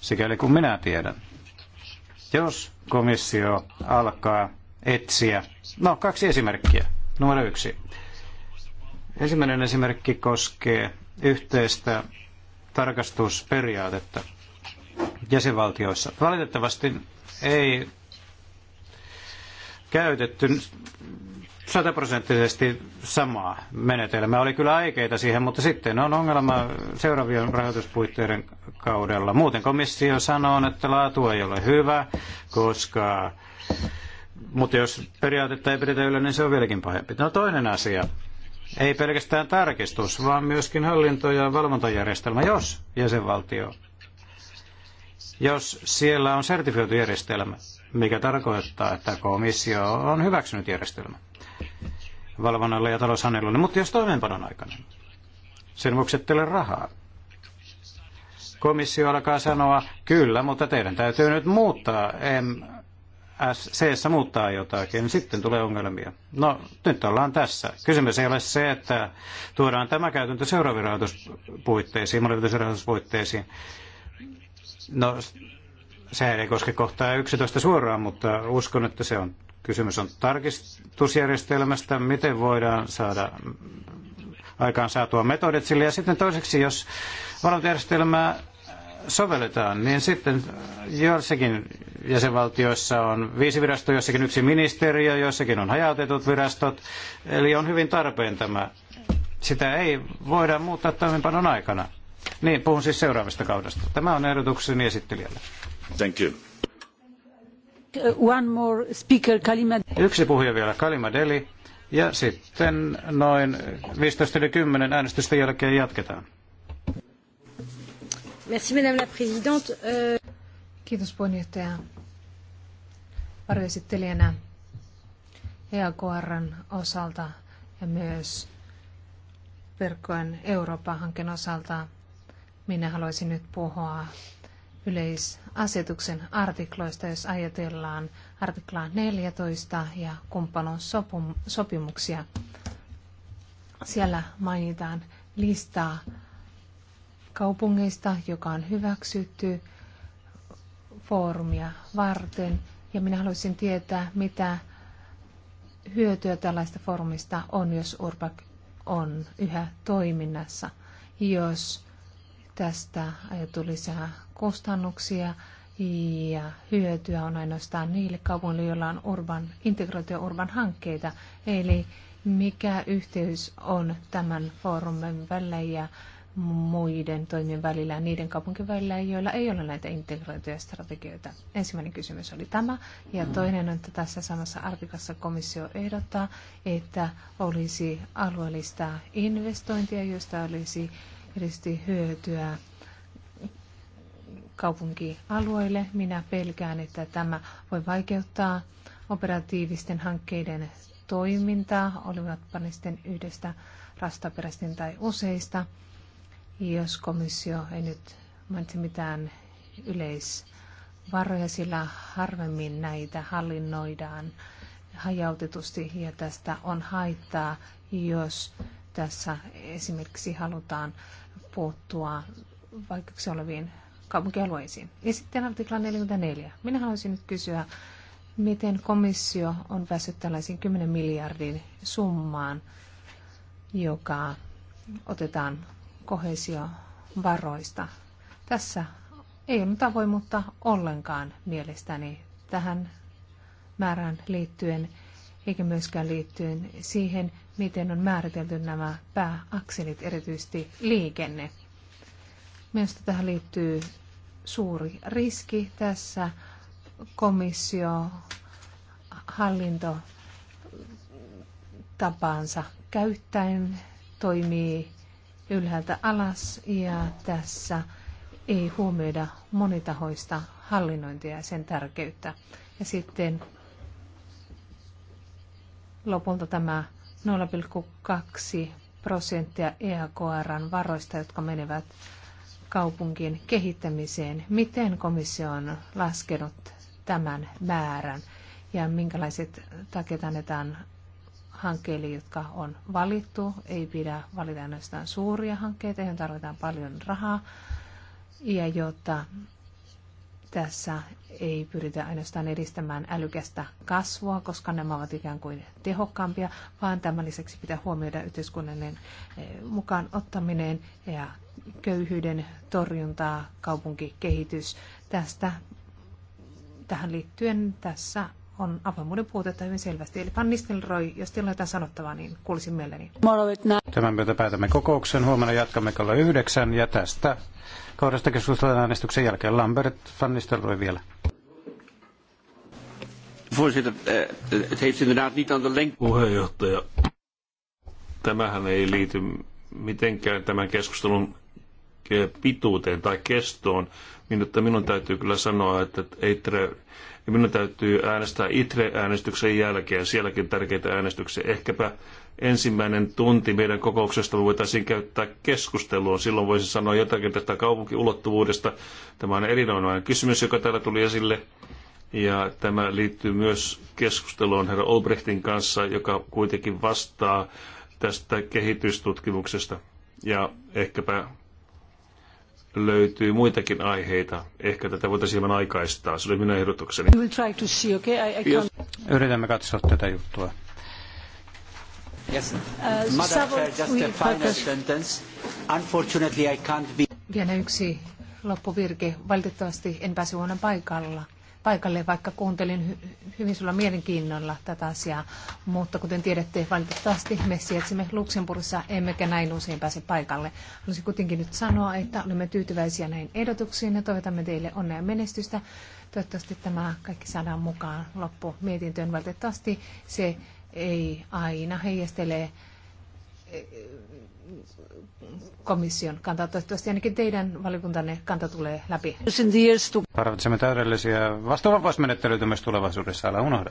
sikäli kuin minä tiedän, jos komissio alkaa etsiä, no kaksi esimerkkiä. Numero yksi. Ensimmäinen esimerkki koskee yhteistä tarkastusperiaatetta jäsenvaltioissa. Valitettavasti ei käytetty sataprosenttisesti samaa menetelmää. Oli kyllä aikeita siihen, mutta sitten on ongelma seuraavien rahoituspuitteiden kaudella. Muuten komissio sanoo, että laatu ei ole hyvä, koska... Mutta jos periaatetta ei pidetä yllä, niin se on vieläkin pahempi. No toinen asia. Ei pelkästään tarkistus, vaan myöskin hallinto- ja valvontajärjestelmä, jos jäsenvaltio, jos siellä on sertifioitu järjestelmä mikä tarkoittaa, että komissio on hyväksynyt järjestelmän valvonnalle ja taloushannelulle, mutta jos toimeenpanon aikana. Sen vuoksi ette ole rahaa. Komissio alkaa sanoa, kyllä, mutta teidän täytyy nyt muuttaa MSC muuttaa jotakin, sitten tulee ongelmia. No, nyt ollaan tässä. Kysymys ei ole se, että tuodaan tämä käytäntö seuraaviin rahoituspuitteisiin, monivuotisrahoituspuitteisiin. No, se ei koske kohtaa 11 suoraan, mutta uskon, että se on kysymys on tarkistusjärjestelmästä, miten voidaan saada aikaan saatua metodit sille. Ja sitten toiseksi, jos valvontajärjestelmää sovelletaan, niin sitten joissakin jäsenvaltioissa on viisi virastoa, jossakin yksi ministeriö, jossakin on hajautetut virastot. Eli on hyvin tarpeen tämä. Sitä ei voida muuttaa toimenpanon aikana. Niin, puhun siis seuraavasta kaudesta. Tämä on ehdotukseni esittelijälle. Uh, Yksi puhuja vielä, Kalima Deli. Ja sitten noin 15 yli 10 äänestysten jälkeen jatketaan. Merci, Madame la Présidente. Euh, Kiitos puheenjohtaja. Varjoesittelijänä EAKRn osalta ja myös verkkojen Eurooppa-hankkeen osalta minä haluaisin nyt puhua yleis asetuksen artikloista, jos ajatellaan artiklaa 14 ja kumppanuussopimuksia. Siellä mainitaan listaa kaupungeista, joka on hyväksytty foorumia varten. Ja minä haluaisin tietää, mitä hyötyä tällaista foorumista on, jos Urbak on yhä toiminnassa. Jos Tästä aiheutuu kustannuksia ja hyötyä on ainoastaan niille kaupungille, joilla on urban, integroituja urban hankkeita. Eli mikä yhteys on tämän foorumin välillä ja muiden toimien välillä, niiden kaupunkien välillä, joilla ei ole näitä integroituja strategioita? Ensimmäinen kysymys oli tämä. Ja toinen on, että tässä samassa artikassa komissio ehdottaa, että olisi alueellista investointia, josta olisi erityisesti hyötyä kaupunkialueille. Minä pelkään, että tämä voi vaikeuttaa operatiivisten hankkeiden toimintaa, olivatpa ne sitten yhdestä rastaperäisten tai useista. Jos komissio ei nyt mainitse mitään yleisvaroja, sillä harvemmin näitä hallinnoidaan hajautetusti ja tästä on haittaa, jos tässä esimerkiksi halutaan puuttua vaikeuksia oleviin kaupunkialueisiin. Ja sitten artikla 44. Minä haluaisin nyt kysyä, miten komissio on päässyt tällaisiin 10 miljardin summaan, joka otetaan kohesiovaroista. Tässä ei ole avoimuutta ollenkaan mielestäni tähän määrään liittyen eikä myöskään liittyen siihen, miten on määritelty nämä pääakselit, erityisesti liikenne. Mielestäni tähän liittyy suuri riski tässä. Komissio, hallinto tapaansa käyttäen toimii ylhäältä alas ja tässä ei huomioida monitahoista hallinnointia ja sen tärkeyttä. Ja sitten lopulta tämä 0,2 prosenttia EAKRn varoista, jotka menevät kaupunkien kehittämiseen. Miten komissio on laskenut tämän määrän ja minkälaiset takia annetaan hankkeille, jotka on valittu. Ei pidä valita ainoastaan suuria hankkeita, joihin tarvitaan paljon rahaa. Ja jotta tässä ei pyritä ainoastaan edistämään älykästä kasvua, koska nämä ovat ikään kuin tehokkaampia, vaan tämän lisäksi pitää huomioida yhteiskunnallinen eh, mukaan ottaminen ja köyhyyden torjuntaa, kaupunkikehitys. Tästä tähän liittyen tässä on avoimuuden puutetta hyvin selvästi. Eli Van Nistelrooy, jos teillä on jotain sanottavaa, niin kuulisin mieleni. Tämän myötä päätämme kokouksen. Huomenna jatkamme kello yhdeksän ja tästä kohdasta keskustellaan äänestyksen jälkeen. Lambert, Van Nistelrooy vielä. Eh, eh, Puheenjohtaja, tämähän ei liity mitenkään tämän keskustelun eh, pituuteen tai kestoon, minusta minun täytyy kyllä sanoa, että ei niin minun täytyy äänestää ITRE-äänestyksen jälkeen, sielläkin tärkeitä äänestyksiä. Ehkäpä ensimmäinen tunti meidän kokouksesta voitaisiin käyttää keskusteluun. Silloin voisi sanoa jotakin tästä kaupunkiulottuvuudesta. Tämä on erinomainen kysymys, joka täällä tuli esille. Ja tämä liittyy myös keskusteluun herra Olbrechtin kanssa, joka kuitenkin vastaa tästä kehitystutkimuksesta. Ja ehkäpä löytyy muitakin aiheita. Ehkä tätä voitaisiin hieman aikaistaa. Se oli minun ehdotukseni. See, okay? I, I Yritämme katsoa tätä juttua. Yes. Uh, uh, Unfortunately, I can't be... Vielä yksi loppuvirke. Valitettavasti en pääse huoneen paikalla paikalle, vaikka kuuntelin hyvin sulla mielenkiinnolla tätä asiaa. Mutta kuten tiedätte, valitettavasti me sijaitsemme Luxemburgissa, emmekä näin usein pääse paikalle. Haluaisin kuitenkin nyt sanoa, että olemme tyytyväisiä näihin ehdotuksiin ja toivotamme teille onnea ja menestystä. Toivottavasti tämä kaikki saadaan mukaan loppu mietintöön. Valitettavasti se ei aina heijastele komission kanta. Toivottavasti ainakin teidän valiokuntanne kanta tulee läpi. Tarvitsemme täydellisiä vastuuvapausmenettelyitä myös tulevaisuudessa, älä unohda.